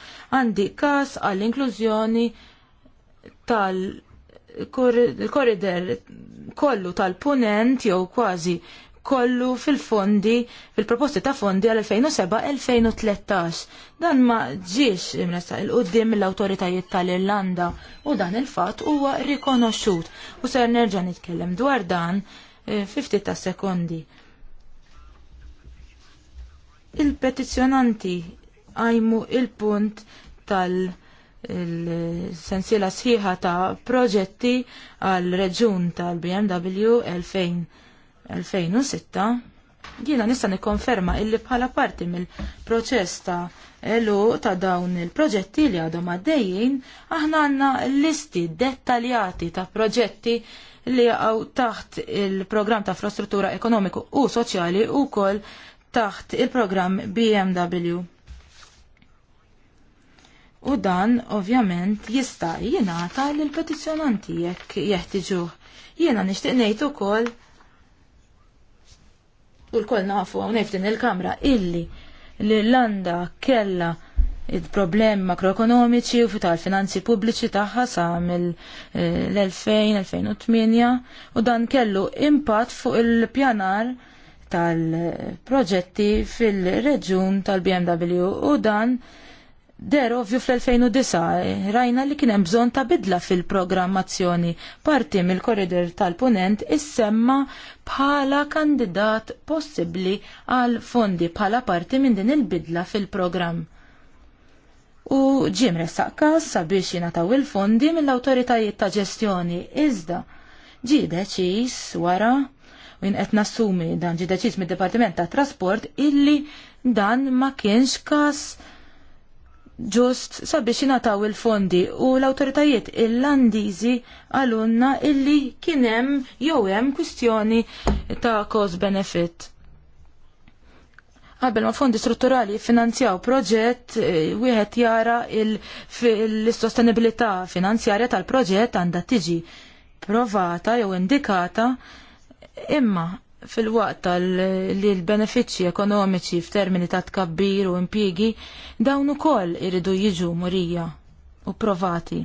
għandi kas għall-inklużjoni tal-korrider kollu tal-punent jew kważi kollu fil-fondi, fil-proposti ta' fondi għal-2007-2013. Dan ma ġiex imresta il-qoddim mill-autoritajiet tal-Irlanda u dan il-fat huwa rikonoxxut u ser nerġa' nitkellem dwar dan 50 eh, ta' sekondi. Il-petizjonanti għajmu il-punt tal- il-sensiela sħiħa ta' proġetti għal reġun tal-BMW 2000 2006 jiena nista' nikkonferma illi bħala parti mill-proċess ta' elu ta' dawn il-proġetti li għadhom għaddejjin aħna għandna listi dettaljati ta' proġetti li għaw taħt il-programm ta' infrastruttura ekonomiku u soċjali u kol taħt il-programm BMW. U dan, ovvjament, jista' jingħata lill petizzjonanti jekk jeħtiġuh. Jiena nixtieq ngħid ukoll u l-koll nafu għonek il-kamra illi l-Irlanda kella il-problemi makroekonomiċi u fitar finanzi pubbliċi tagħha sa mill-2000-2008 eh, u dan kellu impatt fuq il-pjanar tal-proġetti fil-reġun tal-BMW u dan Der ovvju fl-2009 rajna li kien hemm bżonn ta' bidla fil-programmazzjoni parti mill korridor tal-Punent issemma bħala kandidat possibbli għal fondi bħala parti minn din il-bidla fil-programm. U ġim ressaq sabiex jingħataw il-fondi mill-awtoritajiet ta' ġestjoni iżda ġie deċiż wara u jinqet nassumi dan ġie deċiż mid-Dipartiment tat Trasport illi dan ma kienx każ ġust sabiex jingħataw il-fondi u l-awtoritajiet irlandiżi għalunna illi kien hemm jew hemm kwistjoni ta' cost benefit. Qabel ma' fondi strutturali finanzjaw proġett, eh, wieħed jara l-sostenibilità finanzjarja tal-proġett għandha tiġi provata jew indikata imma fil-waqt li l-benefiċċji ekonomiċi f'termini ta' tkabbir u impjiegi dawn ukoll iridu jiġu murija u provati.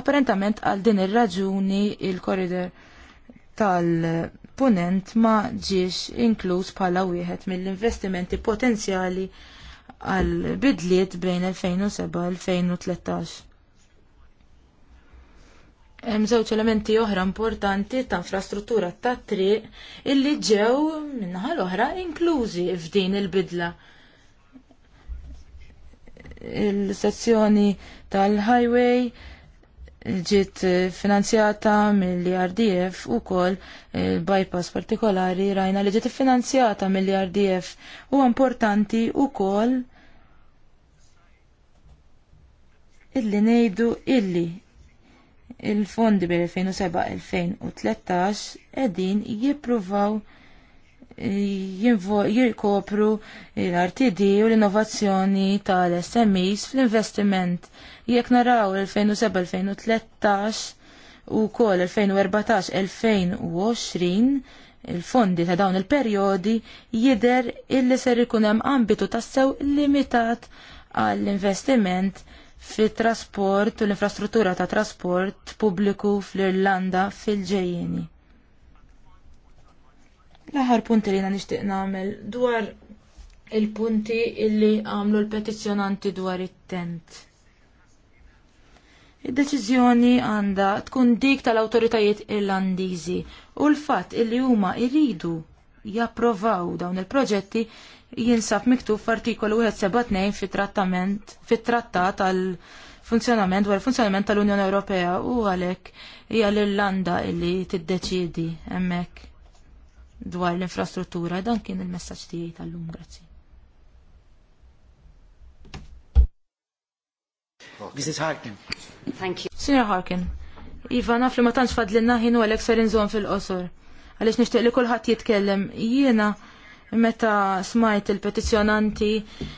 Apparentament għal din ir-raġuni il-korrider tal-punent ma ġiex inkluż bħala wieħed mill-investimenti potenzjali għal bidliet bejn 2007-2013. Hemm żewġ elementi oħra importanti ta' infrastruttura ta' triq illi ġew minnaħa l-oħra inklużi f'din il-bidla. Il-sezzjoni tal-highway ġiet finanzjata mill-RDF u kol bypass partikolari rajna li ġiet finanzjata mill-RDF u importanti u kol illi nejdu illi il-fondi bil-2007-2013 edin jippruvaw eh, jirkopru l-RTD u l-innovazzjoni tal-SMEs fl-investiment. Jekk naraw l 2007-2013 u kol 2014-2020 il-fondi ta' dawn il-perjodi jider illi ser ikun hemm ambitu tassew limitat għall-investiment fit-trasport u l-infrastruttura ta' trasport pubbliku fl-Irlanda fil-ġejjeni. L-aħħar punti li nixtieq nagħmel dwar il-punti illi għamlu l-petizzjonanti dwar it-tent. Id-deċiżjoni għandha tkun dik tal-awtoritajiet irlandiżi u l-fatt illi huma jridu japprovaw dawn il-proġetti jinsab miktub f'artikolu 172 fit-trattament fit-trattat għal funzjonament għal funzjonament tal-Unjoni Ewropea u għalhekk hija l-Irlanda illi tiddeċiedi hemmhekk dwar l-infrastruttura dan kien il-messaġġ tiegħi tal-lum grazzi. Mrs. Harkin. Thank you. Harkin, Iva naf li ma tantx fadlinna ħin u għalhekk ser fil-qosor. Għaliex nixtieq li kulħadd jitkellem jiena meta smajt il-petizjonanti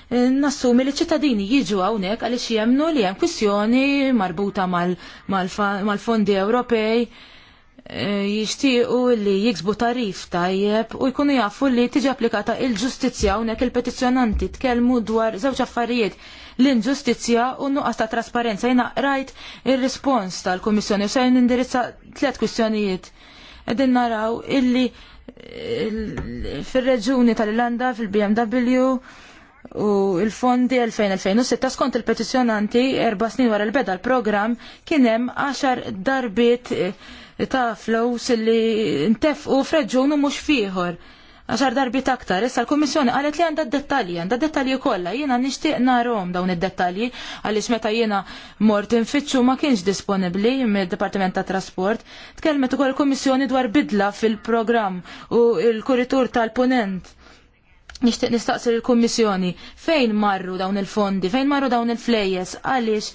eh, nassumi li ċittadini jiġu hawnhekk għaliex jemnu li hemm kwissjoni marbuta mal-fondi Ewropej eh, jixtiequ li jiksbu tarif tajjeb u jkunu jafu li tiġi applikata il-ġustizzja hawnhekk il-petizzjonanti tkellmu dwar żewġ affarijiet l-inġustizzja u nuqqas ta' trasparenza jina rajt ir-rispons tal-Kummissjoni u se indirizza tliet kwistjonijiet. Qegħdin naraw illi fil-reġuni tal-Irlanda, fil-BMW u il-fondi 2000-2006 skont il-petizjonanti erba snin wara l-beda l-program kienem 10 darbiet eh, ta' flows li ntefqu f'reġun u mhux fieħor għaxar darbi aktar. Issa l-Kummissjoni qalet li għandha dettalji, għandha dettalji kollha. Jiena nixtieq narom dawn id-dettalji għaliex meta jiena mort infittxu ma kienx disponibbli mid-Dipartiment ta' Trasport. Tkellmet ukoll l kummissjoni dwar bidla fil-programm u l-kuritur tal-punent Nixtieq nistaqsir il-Kummissjoni fejn marru dawn il-fondi, fejn marru dawn il-flejjes, għaliex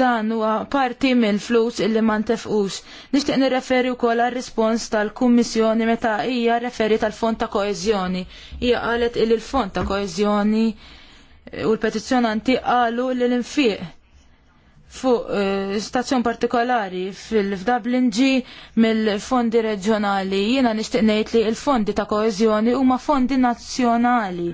dan huwa parti mill-flus illi ma ntefqux. Nixtieq nirreferi wkoll għar-rispons tal-Kummissjoni meta hija referi tal-Fond ta' Koeżjoni. Hija qalet illi l-Fond ta' Koeżjoni u l-petizzjonanti qalu li l-infiq fuq uh, stazzjon partikolari fil-Dublin ġi mill-fondi reġjonali. Jiena nixtieq ngħid li l-fondi ta' koeżjoni huma fondi nazzjonali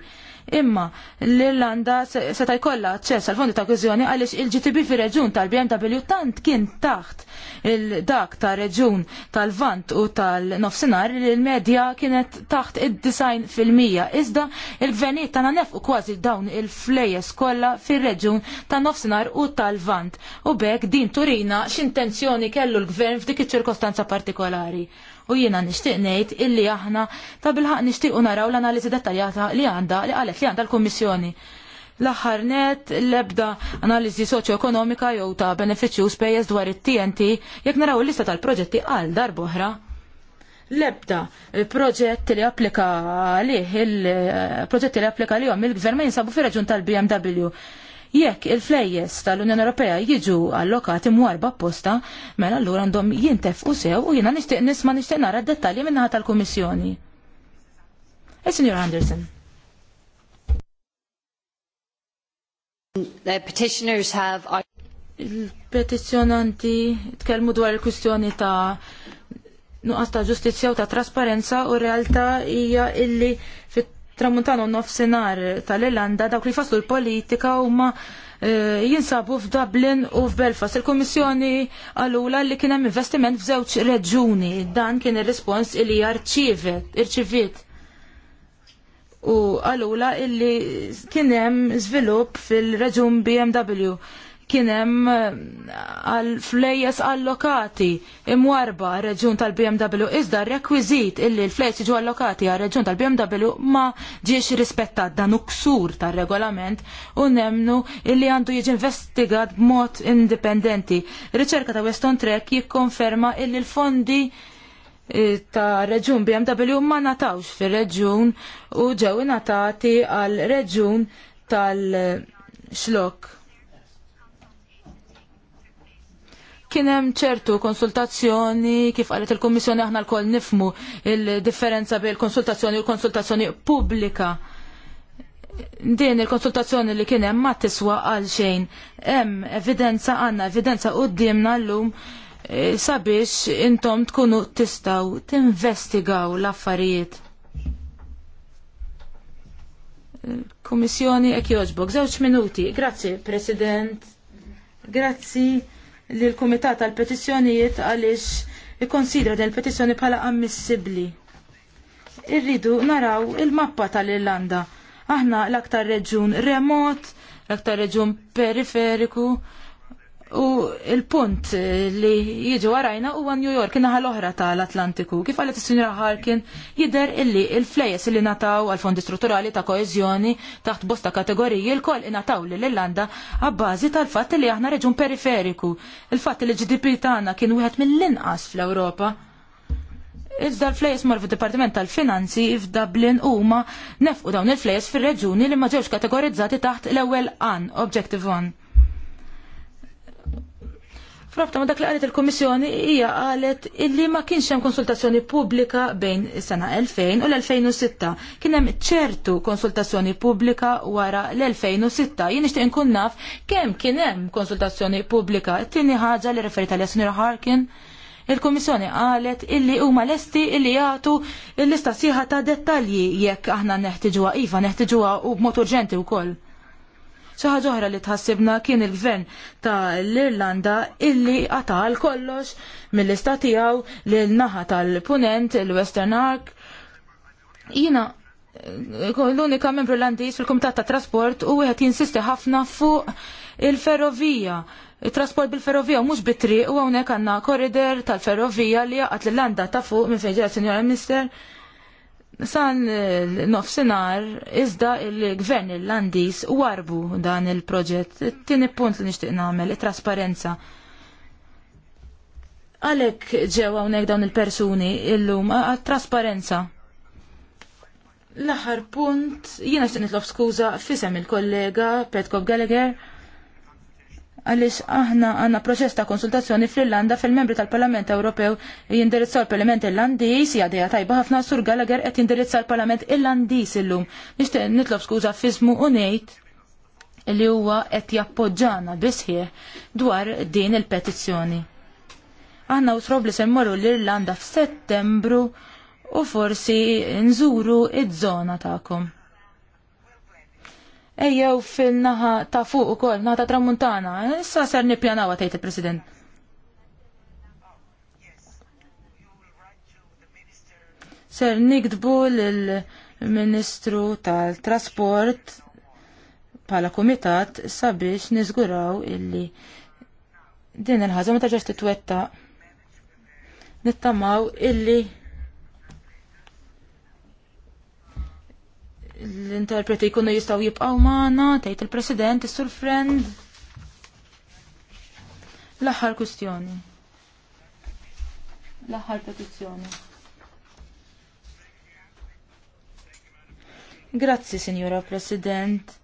imma l-Irlanda seta' jkollha aċċess għal fondi ta' okkużjoni għaliex il-GTB fir reġun tal-BMW tant kien taħt il-dak ta' reġun tal-Vant u tal-Nofsinhar li l-medja kienet taħt id-design fil-mija. Iżda il-gvernijiet tagħna nefqu kważi dawn il-flejes kollha fir-reġun tan-Nofsinhar u tal-Vant u bek din turina x'intenzjoni kellu l-gvern f'dik iċ-ċirkostanza partikolari u jiena nixtieq ngħid illi aħna ta' bilħaq nixtiequ naraw l-analiżi dettaljata li għandha li qalet li għandha l-Kummissjoni. L-aħħar net l-ebda analiżi soċjoekonomika jew ta' benefiċċju spejjeż dwar it-TNT jekk naraw l-lista tal-proġetti għal darb'oħra l-ebda proġett li applika għalih, il-proġett li applika li il-gvern ma jinsabu fi raġun tal-BMW. Jekk il-flejjes tal-Unjoni Ewropea jiġu allokati mwarba apposta, mela allura għandhom jintef u sew u jiena nixtieq nisma' nixtieq nara d-dettalji minnaħa tal-Kummissjoni. is e, Signor Anderson. The petitioners have il-petizjonanti tkellmu dwar il-kwistjoni ta' nuqqas ta' ġustizzja u ta' trasparenza u realtà hija illi fit tramuntano u nofsinhar tal-Irlanda dawk li faslu l-politika huma eh, jinsabu f'Dublin u f'Belfast. Il-Kommissjoni għalula li kien hemm investiment f'żewġ reġuni. Dan kien ir-rispons li irċiviet. U għalula illi kien hemm żvilupp fil-reġun BMW kienem eh, għal flejjes allokati imwarba reġun tal-BMW iżda rekwizit illi l-flejjes iġu allokati għal reġun tal-BMW ma ġiex rispettat dan uksur tal-regolament u nemnu illi għandu jiġi investigat b'mod indipendenti. Riċerka ta' Weston Trek jikkonferma illi l-fondi eh, ta' reġun BMW ma natawx fir-reġun u ġew natati għal reġun tal-xlok Kien hemm ċertu konsultazzjoni kif qalet il-Kummissjoni aħna lkoll nifmu il-differenza bejn konsultazzjoni u konsultazzjoni pubblika. Din il-konsultazzjoni li kien hemm ma tiswa għal xejn. Hemm evidenza għandna evidenza qudiemna llum eh, sabiex intom tkunu tistaw tinvestigaw l-affarijiet. Kummissjoni, ek jogħġbok. zewċ minuti. Grazzi, President. Grazzi li l-Kumitat tal-Petizzjonijiet għaliex ikkonsidra din il-petizzjoni bħala ammissibbli. Irridu naraw il-mappa tal-Irlanda. Aħna l-aktar reġun remot, l-aktar reġun periferiku, U il-punt li għarajna u huwa New York naħa l-oħra tal-Atlantiku. Kif għalet is-Sinjora Harkin, jidher illi il-flejes li nataw għal fondi strutturali ta' koeżjoni taħt bosta kategoriji l-koll inataw li l-Irlanda għabbażi tal-fatt li aħna reġun periferiku. il fat li GDP tagħna kien wieħed mill-inqas fl-Ewropa. Iżda l-flejes mor fil-Departiment tal-Finanzi f'Dublin huma nefqu dawn il-flejes fir-reġuni li ma ġewx kategorizzati taħt l-ewwel an, Objective 1 Frabta ma dak li qalet il komissjoni hija qalet illi ma kienx hemm konsultazzjoni pubblika bejn is-sena 2000 u l-2006. Kien hemm ċertu konsultazzjoni pubblika wara l-2006. Jien nixtieq inkun naf kemm kien hemm konsultazzjoni pubblika. Tieni ħaġa li referita tal Sinjor Harkin. il komissjoni qalet illi huma lesti illi jagħtu l-lista ta' dettalji jekk aħna neħtiġuha iva neħtiġuha u b'mod urġenti wkoll. Xi ħaġa oħra li tħassibna kien il-gvern ta' l-Irlanda illi għatal kollox mill-istat tiegħu lill naħa tal-Punent il-Western Ark. Jiena eh, l-unika membru Irlandiż fil-Kumitat ta' Trasport u wieħed jinsisti ħafna fuq il-ferrovija. Il-trasport bil-ferrovija mhux bit-triq u hawnhekk għandna korrider tal-ferrovija li jaqgħat l-Irlanda ta' fuq minn fejn ġejja Sinjora Minister san eh, nofsenar iżda il-gvern irlandiż warbu dan il-proġett. Tieni punt li nixtieq nagħmel, it-trasparenza. Għalek ġewa hawnhekk dawn il-persuni illum għat-trasparenza. L-aħħar punt, jiena xtiq nitlob skuża fisem il-kollega Petkov Gallagher għalix aħna għanna proċess ta' konsultazzjoni fl-Irlanda fil-membri tal-Parlament Ewropew jindirizzaw l-Parlament Irlandiż, jgħadija tajba ħafna sur Gallagher qed jindirizza l-Parlament Irlandiż illum. Nixtieq nitlob skuża fiżmu u ngħid li huwa qed jappoġġana bisħieħ dwar din il-petizzjoni. Aħna utrob li mmorru l-Irlanda f'Settembru u forsi nżuru id-żona tagħkom ejjew fil-naħa ta' fuq ukoll, naħa ta' tramuntana. Issa ser nippjanawa tgħid il-President. ser nikdbu l-Ministru tal-Trasport pala komitat sabiex nizguraw illi din il-ħazma ta' ġesti twetta nittamaw illi l-interpreti jkunu jistaw jibqaw maħna, tajt il-president, is-sur friend. L-axar kustjoni. L-axar petizjoni. Grazzi, Signora President.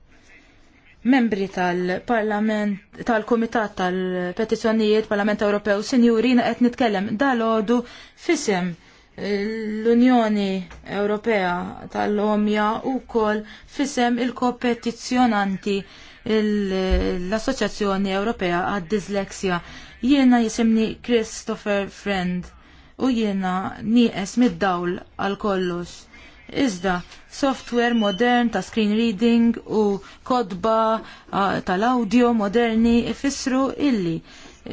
Membri tal-Parlament, tal-Komitat tal-Petizzjonijiet Parlament Ewropew, Sinjurina qed nitkellem dal-għodu fisem l-Unjoni Ewropea tal-Omja wkoll fisem il-kompetizzjonanti l-Assoċjazzjoni Ewropea għad-Disleksja. Jiena jisimni Christopher Friend u jiena nieqes mid-dawl għal kollox. Iżda, software modern ta' screen reading u kodba tal-audio moderni ifissru illi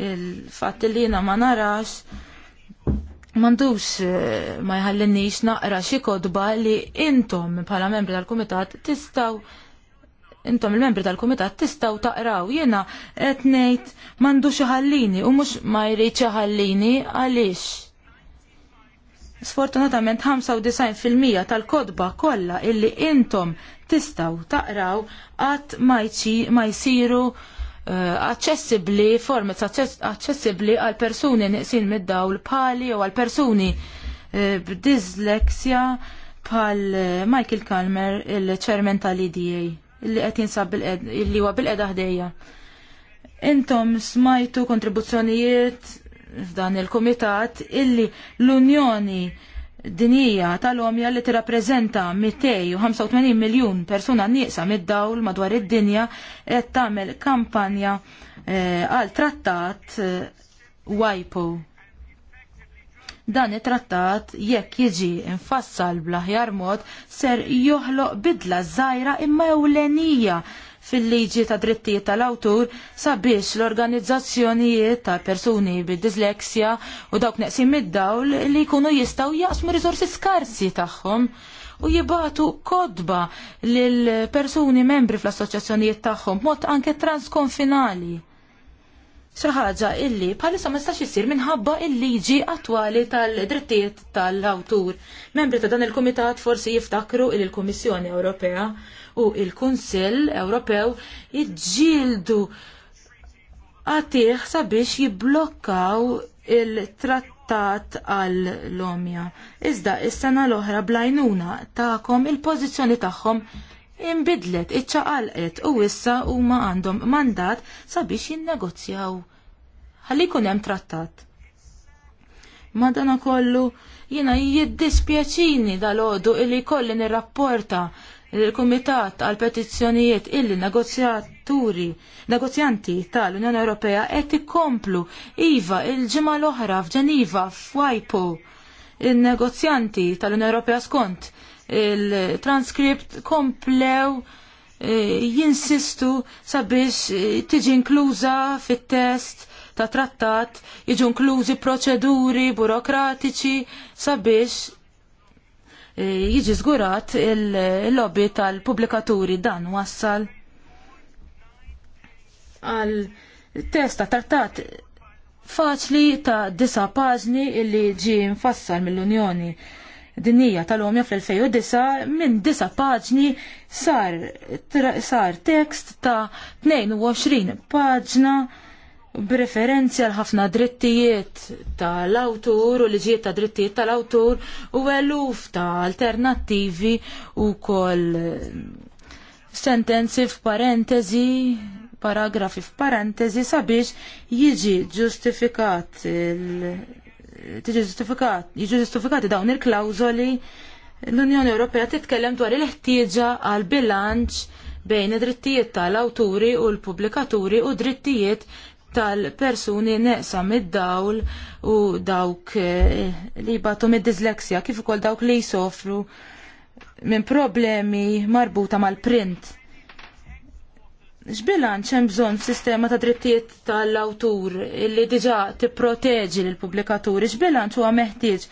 il-fatt li jiena ma narax mandux eh, ma jħallinix naqra xi kodba li intom bħala membri tal-kumitat tistaw intom il-membri tal-kumitat tistaw taqraw jiena qed ngħid m'għandux iħallini u mhux ma jrid iħallini għaliex. Sfortunatament 95% tal-kodba kollha illi intom tistaw taqraw qatt ma jsiru ma jsiru Eh, aċċessibbli, format aċċessibbli għal persuni niqsin mid-dawl pali u għal persuni eh, b'disleksja bħal eh, Michael Kalmer, il-ċermen tal-IDA, li qed jinsab li huwa bil-qeda ħdejja. Intom smajtu kontribuzzjonijiet f'dan il-komitat illi l-Unjoni dinija tal-omja li tirrappreżenta 285 miljun persuna nieqsa mid-dawl madwar id-dinja qed tagħmel kampanja eh, għal trattat eh, WIPO. Dan it-trattat jekk jiġi infassal bl-aħjar mod ser joħloq bidla żgħira imma ewlenija fil-liġi ta' drittijiet tal-awtur sabiex l-organizzazzjonijiet ta' persuni bid-disleksja u dawk neqsim mid-dawl li jkunu jistaw jaqsmu rizorsi skarsi tagħhom u jibatu kodba lil persuni membri fl-assoċjazzjonijiet tagħhom mod anke transkonfinali ħaġa illi bħalissa ma stax isir minħabba il-liġi attwali tal-drittijiet tal-awtur. Membri ta' dan il-Kumitat forsi jiftakru il kummissjoni Ewropea u il-Kunsill Ewropew iġġieldu għatih sabiex jiblokkaw il-trattat għal Lomja. Iżda is-sena l-oħra blajnuna ta'kom il-pożizzjoni tagħhom imbidlet, iċċaqalqet u issa huma għandhom mandat sabiex jinnegozjaw. Ħalli jkun hemm trattat. Madana kollu jina jiddispjaċini dal-ħodu illi kolli nirrapporta il-Kumitat għal petizzjonijiet illi negozjaturi, negozjanti tal-Unjoni Ewropea qed ikomplu iva il-ġimgħa l-oħra f'Ġeniva f'Wajpo. Il-negozjanti tal-Unjoni Ewropea skont il-transkript komplew e, jinsistu sabiex tiġi inkluża fit-test ta' trattat, jiġu inklużi proċeduri burokratiċi sabiex Eh, jiġi żgurat il-lobby tal-pubblikaturi dan wassal għal testa tartat faċli ta' disa paġni illi ġi mfassal mill-Unjoni dinija tal-omja fl-2009 minn disa paġni sar, sar tekst ta' 22 paġna B'referenzi għal ħafna drittijiet tal-awtur u liġijiet ta' drittijiet tal-awtur u eluf ta' alternattivi u kol sentenzi f'parentesi, paragrafi f'parentesi sabiex jiġi ġustifikat tiġi ġustifikat, jiġi ġustifikati dawn il-klawżoli l-Unjoni Ewropea titkellem dwar il-ħtieġa għal bilanċ bejn id-drittijiet tal-awturi u l-pubblikaturi u drittijiet tal-persuni neqsa mid-dawl u dawk eh, li batu mid-dizleksja kif ukoll dawk li jsofru minn problemi marbuta mal-print. X'bilanċ hemm bżonn sistema ta' drittijiet tal-awtur illi diġa' tipproteġi l pubblikaturi x'bilanċ huwa meħtieġ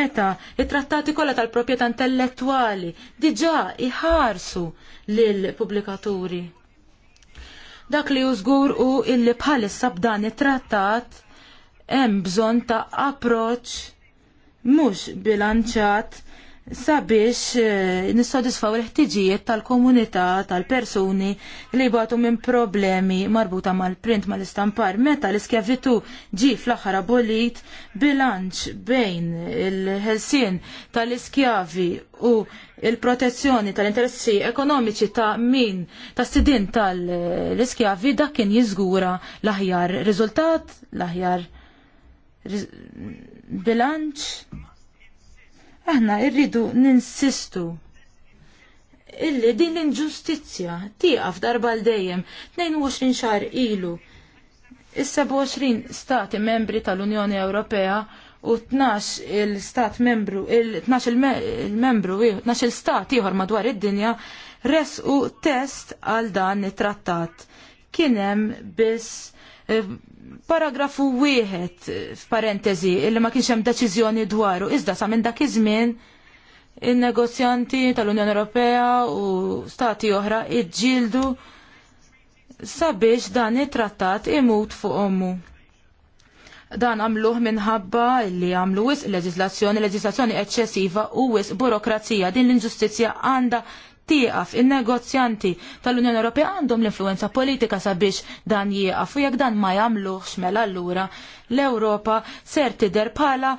meta it-trattati kollha tal-proprjetà intellettwali diġa' iħarsu l pubblikaturi. Dak li użgur u illi bħalissa b'dan it-trattat hemm bżonn ta' approċċ mhux bilanċat sabiex eh, nissodisfaw l-ħtiġijiet tal-komunità tal-persuni li jibgħatu minn problemi marbuta mal-print mal-istampar meta l-iskjavitu ġi fl-aħħar abolit bilanċ bejn il-ħelsien tal-iskjavi u il-protezzjoni tal-interessi ekonomiċi ta' min ta' sidin tal-iskjavi dak kien jiżgura l-aħjar riżultat, l-aħjar bilanċ Aħna irridu ninsistu illi din l-inġustizzja tiqaf darba l dejjem 22 xar ilu. Is-27 stati membri tal-Unjoni Ewropea u 12 il-stat membru, il-12 il-membru, 12 il-stat ieħor madwar id-dinja res u test għal dan it-trattat. Kienem biss eh, paragrafu wieħed f'parentesi illi ma kienx hemm deċiżjoni dwaru, iżda sa minn dak iż-żmien in-negozjanti tal-Unjoni Ewropea u stati oħra iġġieldu sabiex dan it-trattat imut fuq ommu. Dan għamluh minħabba li għamlu wisq leġislazzjoni, leġislazzjoni eċċessiva u wisq burokrazija. Din l-inġustizja għandha tieqaf in-negozjanti tal-Unjoni Ewropea għandhom l-influenza politika sabiex dan jieqaf u jekk dan ma jagħmluhx mela allura l-Ewropa ser tidher bħala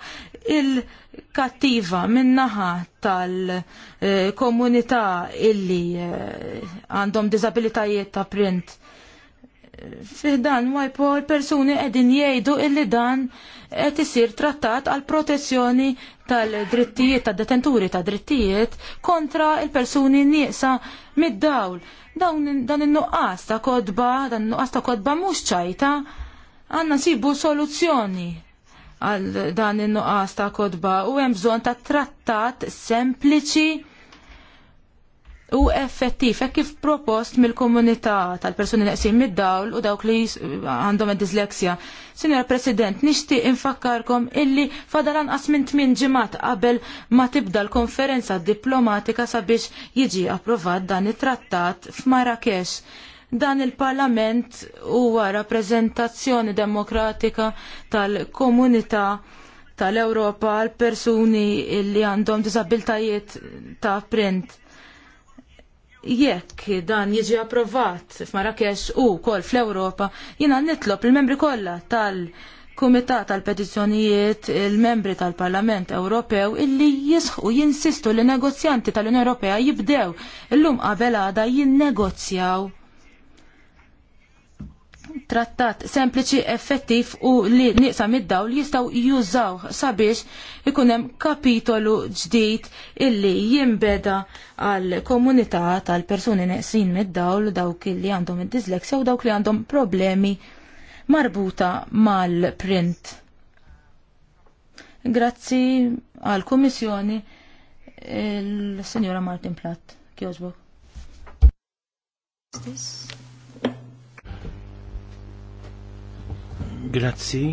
il-kattiva minnaħa tal-komunità illi eh, għandhom disabilitajiet ta' print fiħdan ma jpol persuni edin jgħidu illi dan qed isir trattat għal protezzjoni tal-drittijiet tad detenturi ta' drittijiet kontra il-persuni nieqsa mid-dawl. Dan il nuqqas ta' kodba, dan il nuqqas ta' kodba mhux ċajta għandna nsibu soluzzjoni għal dan in-nuqqas ta' kodba u hemm bżonn ta' trattat sempliċi u effettiv, hekk kif propost mill-komunità tal-persuni neqsin mid-dawl u dawk li għandhom id dislexja Sinjor President, nixtieq infakkarkom illi fadalan anqas minn tmien ġimgħat qabel ma tibda l-konferenza diplomatika sabiex jiġi approvat dan it-trattat f'Marrakesh. Dan il-Parlament huwa rappreżentazzjoni demokratika tal-komunità tal-Ewropa għal persuni li għandhom disabiltajiet ta' print jekk dan jiġi approvat f'Marrakesh u kol fl-Ewropa, jina nitlob il-membri kollha tal-Kumitat tal-Petizzjonijiet, il-membri tal-Parlament Ewropew illi jisħu jinsistu li negozjanti tal-Unjoni Ewropea jibdew illum qabel għada jinnegozjaw trattat sempliċi, effettiv u li nieqsa mid-dawl jistgħu jużaw sabiex ikun hemm kapitolu ġdid illi jinbeda għal komunità tal-persuni neqsin mid-dawl dawk li għandhom id dislexja u dawk li għandhom problemi marbuta mal-print. Grazzi għal kummissjoni il-Sinjora Martin Platt. Kjożbok. Grazzi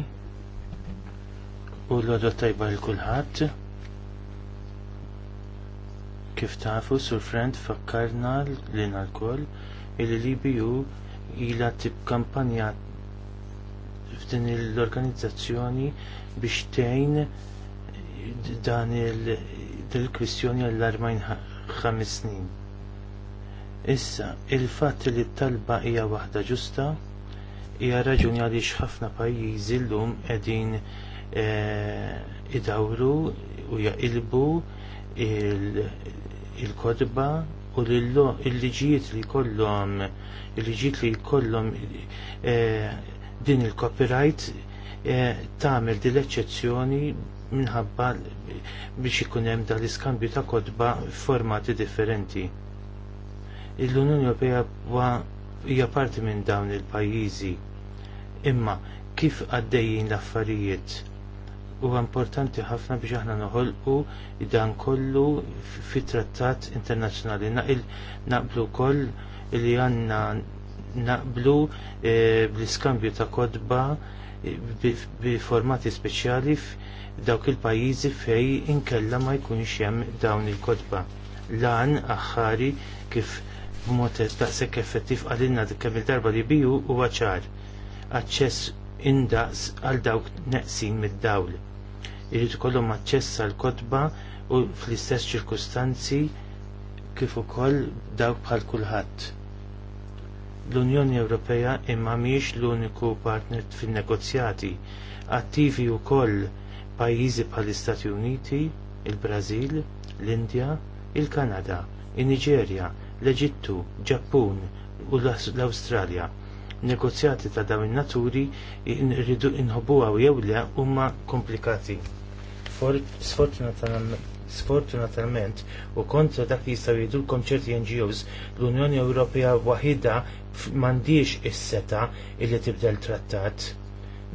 u l għadu tajba l-kulħat. Kif tafu, sur friend fakkarna l-lin għal-koll il-LBU ila tip kampanja f'din l-organizzazzjoni biex tejn dan il-kwistjoni għall-armajn ħames snin. Issa, il-fatt li t-talba hija waħda ġusta, hija raġuni għaliex ħafna pajjiżi llum qegħdin e, idawru u jaqilbu il-kodba u l-liġijiet li kollhom il-liġijiet li kollhom e, din il-copyright e, tagħmel din l-eċċezzjoni minħabba biex ikun hemm dal l-iskambju ta' kodba f'formati differenti. L-Unjoni Ewropea hija parti minn dawn il-pajjiżi. Imma kif għaddejjin l-affarijiet huwa importanti ħafna biex aħna noħolqu dan kollu fi trattat internazzjonali. naqblu koll li għanna naqblu e, bl-iskambju ta' kodba eh, bi formati speċjali f'dawk il-pajjiżi fej inkella ma jkunx hemm dawn il-kodba. Lan aħħari kif b'mod daqshekk effettiv għalinna dik kemm il-darba li biju huwa ċar aċċess indaqs għal dawk neqsin mid-dawl. Irid ikollhom aċċess għal kotba u fl-istess ċirkustanzi kif ukoll dawk bħal kulħadd. L-Unjoni Ewropea imma mhijiex l-uniku partner fin-negozjati. Attivi wkoll pajjiżi bħall-Istati Uniti, il-Brażil, l-Indja, il-Kanada, in-Niġerja, il l-Eġittu, Ġappun u l-Awstralja. Negozjati ta' dawn in-naturi rridu inħobbuha jew le huma komplikati. Sfortunatament u kontra dak li jistgħu jgħidulkom ċerti NGOs, l-Unjoni Ewropea waħida m'għandix is-seta illi tibdel trattat.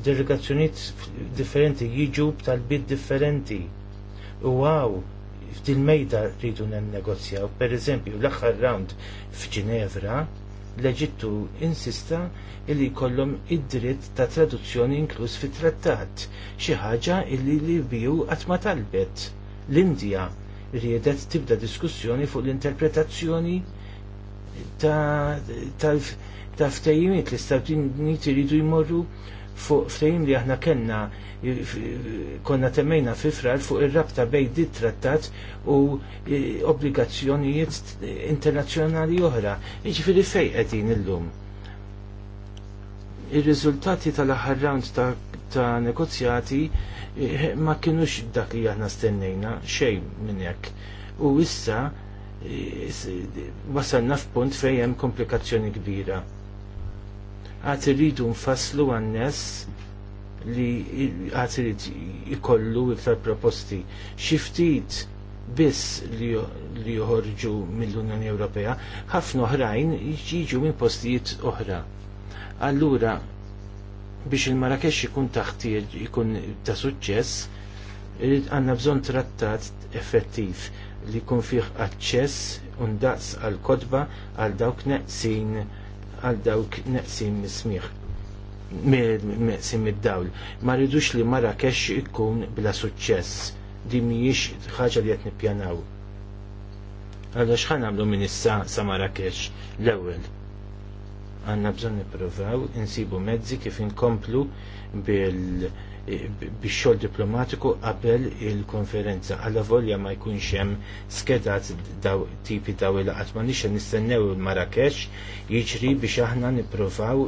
Delegazzjonijiet differenti jiġu b'talbiet differenti. U għaw, Fdin mejda rridu negozjaw per eżempju l-aħħar round f'Ġinevra l-Eġittu insista illi jkollhom id-dritt ta' traduzzjoni inkluż fit-trattat, xi ħaġa illi li biju qatt ma talbet. L-Indja riedet tibda diskussjoni fuq l-interpretazzjoni ta' ta' ftejjimiet li Stati Uniti rridu jmorru fuq frejm li aħna kellna konna temmejna fifrar fuq ir-rabta bej dit trattat u obbligazzjonijiet internazzjonali oħra. Jiġifieri fejn qegħdin illum. Ir-riżultati tal-aħħar round ta', ta negozjati ma kienux dak li aħna stennejna xejn minn hekk. U issa wasalna f'punt fejn hemm komplikazzjoni kbira għat rridu nfasslu għannes li għat irrid ikollu iktar proposti. Xiftit biss li joħorġu mill-Unjoni Ewropea, ħafna oħrajn jiġu minn postijiet oħra. Allura, biex il-Marrakesh ikun taħtieġ ikun ta' suċċess, għanna bżon trattat effettiv li jkun fih aċċess u ndaqs għal kodba għal dawk neqsin għal dawk neqsim smiħ meqsim id-dawl. Ma rridux li kex ikkun bla suċċess. Di mhijiex ħaġa li qed nippjanaw. Għalla xħan għamlu minn issa sa kex l-ewwel. Għanna bżon nippruvaw insibu mezzi kif inkomplu bil- Eh, bix-xogħol diplomatiku qabel il-konferenza. Alla volja ma jkunx hemm skedat daw tipi daw il-laqat ma nix nistennew il-Marrakesh jiġri biex aħna nippruvaw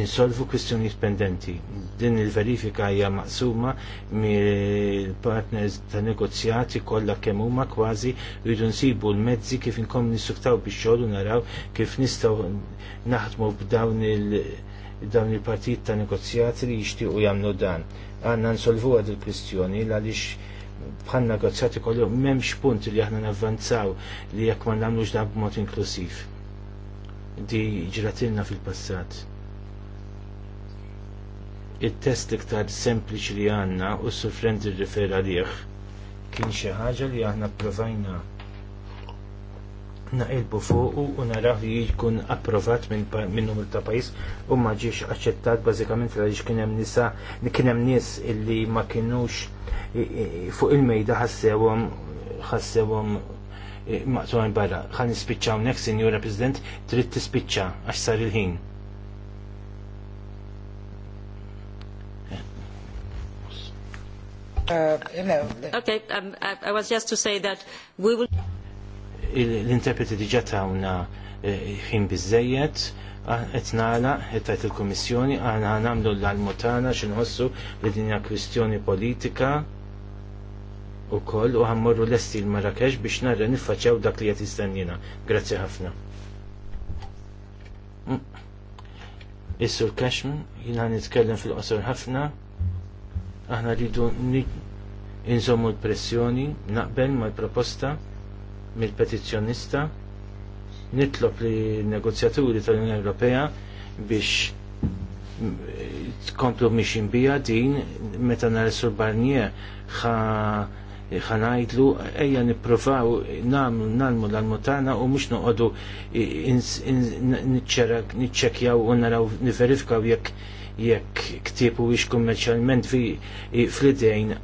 insolvu kwistjonijiet pendenti. Din il-verifika hija maqsuma mill-partners ta' negozjati kollha kemm huma kważi jridu nsibu l-mezzi kif inkom nissuktaw bix-xogħol naraw kif nistgħu naħdmu b'dawn il- dawn il-partijiet ta' negozjati li jixtiequ jagħmlu dan għanna nsolvu għad il-kwistjoni għaliex bħan negozjati kollu memx punt li aħna navvanzaw li jekk ma nagħmlux dan b'mod inklusiv. Di ġratilna fil-passat. Il-test iktar sempliċi li għanna u s sufrendi r refera liħ kien xi ħaġa li aħna provajna naqilbu fuqu u naraw li jkun approvat minn numru ta' pajis u ma ġiex aċċettat bażikament għaliex kien hemm nisa kien hemm nies illi ma kinux fuq il-mejda ħassewhom ħassewhom maqtuħan barra. Ħan nispiċċa hawnhekk, Sinjura President, trid tispiċċa għax sar il-ħin. Uh, okay, um, I, I was just to say that we will l-interpreti diġa tawna eh, ħin bizzejiet, qed nagħlaq il-Kummissjoni għana nagħmlu l-almutana x'inħossu li din hija kwistjoni politika u koll u għammurru l-esti l-Marrakesh biex narra nifacċaw dak li jgħat istennina. Grazzi ħafna. Mm. Issur sur Cashman, jina nitkellem fil-qosor ħafna, aħna rridu nżommu l-pressjoni, naqbel ma l-proposta mill-petizzjonista nitlob li negozjaturi tal-Unjoni Ewropea biex tkomplu mixin bija din meta nar sur Barnier ħanajdlu ejja niprofaw namlu nalmu l-almutana u mux noqogħdu nitċekjaw u naraw niverifkaw jekk jekk ktieb huwiex kummerċjalment fl-idejn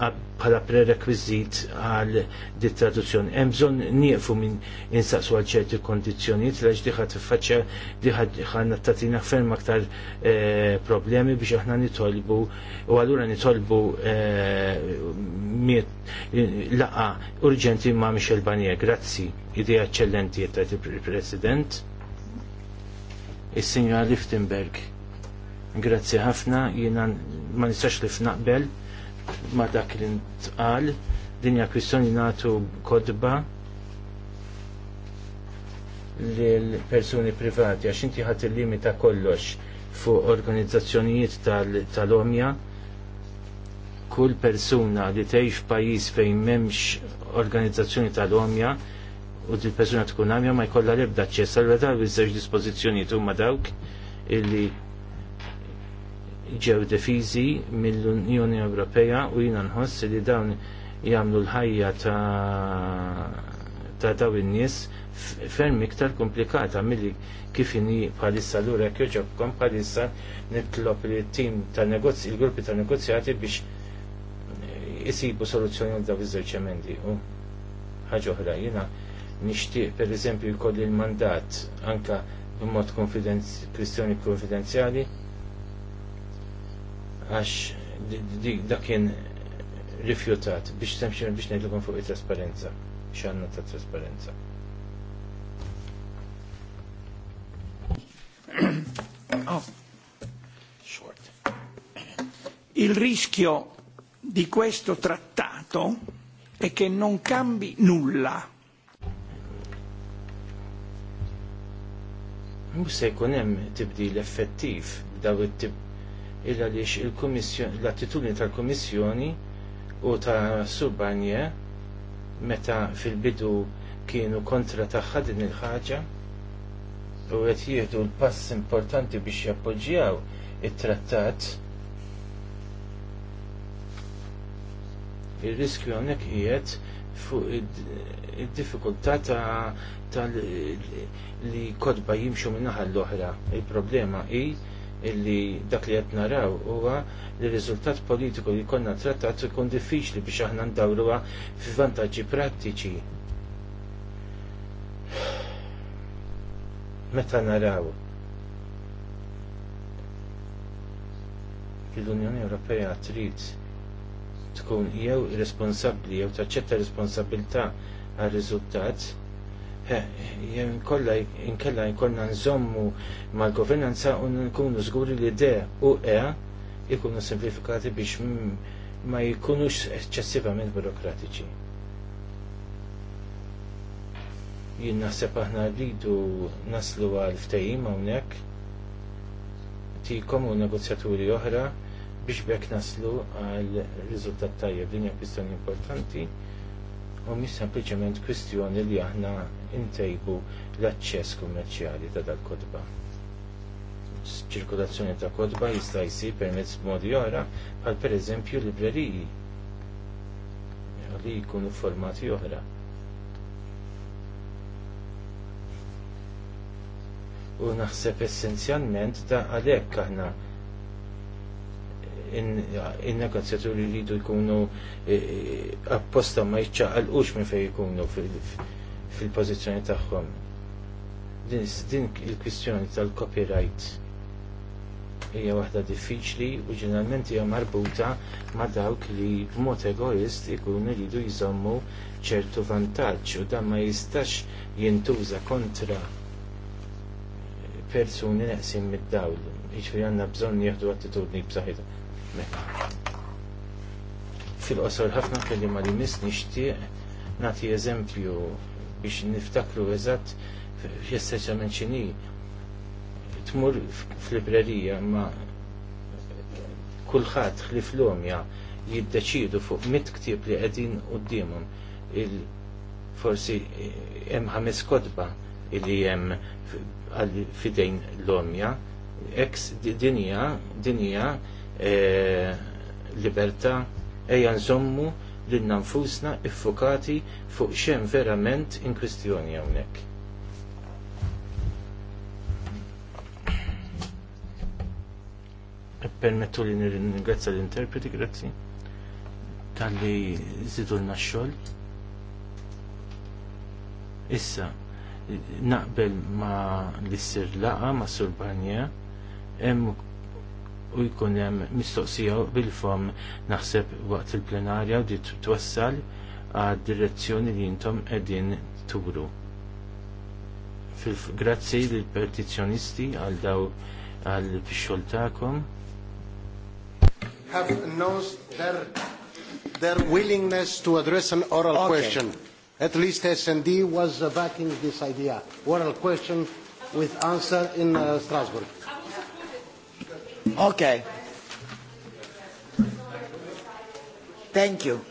bħala prerekwiżit għal dit traduzzjoni. Hemm bżonn nieqfu minn insaqsu għal ċerti kondizzjonijiet għax diħa tiffaċċja diħa nattatina ferm aktar eh, problemi biex aħna nitolbu u allura nitolbu eh, laqa urġenti ma' Michel Barnier. Grazzi, idea eccellenti jittat il-President. Is-Sinjora Liftenberg Grazzi ħafna, jiena ma nistax li f'naqbel ma dak li ntqal, dinja kwistjoni natu kodba l-persuni privati, għax inti ħat il-limita kollox fuq organizzazzjonijiet tal-omja, kull persuna li tgħix f'pajjiż fejn m'hemmx organizzazzjoni tal-omja u dil persuna tkun għamja ma jkollha l-ebda ċess, għal-għadha dispozizjoni dispożizzjonijiet huma dawk illi ġew defiżi mill-Unjoni Ewropea u jiena nħoss li dawn jagħmlu l-ħajja ta' ta' daw in-nies ferm iktar komplikata milli kif inhi bħalissa lura jekk joġobkom bħalissa nitlob li tim ta' negozji il-gruppi ta' negozjati biex isibu soluzzjoni għal daw iż-żewġ emendi. U ħaġa oħra jiena nixtieq pereżempju jkolli l-mandat anka b'mod konfidenz kwistjoni konfidenzjali għax dakin rifjutat biex temxin biex nejdlukom fuq il trasparenza xanna ta' trasparenza. Oh. Il rischio di questo trattato è che non cambi nulla. Mhux jkun hemm tibdil effettiv b'daw it-tip illa lix l-attitudni tal-Komissjoni u ta' Subbanje meta fil-bidu kienu kontra tagħha din il-ħaġa u qed jieħdu l-pass importanti biex jappoġġjaw it-trattat ir-riskju hawnhekk qiegħed fuq id-diffikultà ta' li kodba jimxu min-naħa l-oħra. Il-problema hi illi dak li qed naraw huwa li riżultat politiku li konna trattat ikun diffiċli biex aħna ndawruha fi vantaġġi prattiċi. Meta naraw li l-Unjoni Ewropea trid tkun jew responsabbli jew taċċetta responsabilità għar riżultat Eh, jen kolla inkella jkollna nżommu mal-governanza u nkunu żguri li D u E ikunu simplifikati biex ma jkunux eċċessivament burokratiċi. Jien naħseb aħna rridu naslu għal ftehim hawnhekk ti komu negozjaturi oħra biex bekk naslu għal riżultat tajjeb din hija kwistjoni importanti u mhix sempliċement kwistjoni li aħna ntejbu l-aċċess kummerċjali ta' dal-kodba. Ċirkulazzjoni ta' kodba jista' jsir permezz b'modi oħra bħal pereżempju libreriji li jkunu formati oħra. U naħseb essenzjalment da' għalhekk aħna in-negozjaturi jridu jkunu e, e, apposta ma jċaqalqux minn fejn jkunu fil-pożizzjoni tagħhom. Din il-kwistjoni tal-copyright hija waħda diffiċli u ġeneralment hija marbuta ma' dawk li b'mod egoist ikunu jridu jżommu ċertu vantaġġ u dan ma jistax jintuża kontra persuni neqsin mid-dawl, iġfiri għanna bżon jieħdu attitudni b'saħħitha. Fil-qosor ħafna kelima li mis nixtieq nagħti eżempju biex niftakru eżatt f'esseċament x'inhi tmur f'librerija ma kulħadd ħlif jiddeċidu fuq mit ktieb li qegħdin qudiemhom il forsi eh, hemm ħames kotba li hemm fidejn l-omja, ex dinja, dinja E, libertà ejja nżommu li nfusna iffukati fuq xem verament in kwistjoni hawnhekk. permettu li nirringrazzja l-interpreti, grazzi, tal-li zidulna xol. Issa, naqbel ma l-sir laqa ma sur banja, u jkun hemm mistoqsija bil-fom naħseb waqt il-plenarja li twassal għad direzzjoni li intom edin turu. Grazzi lill petizjonisti għal daw għal xogħol Have announced their, their willingness to address an oral okay. question. At least S&D was backing this idea. Oral question with answer in uh, Strasbourg. Okay. Thank you.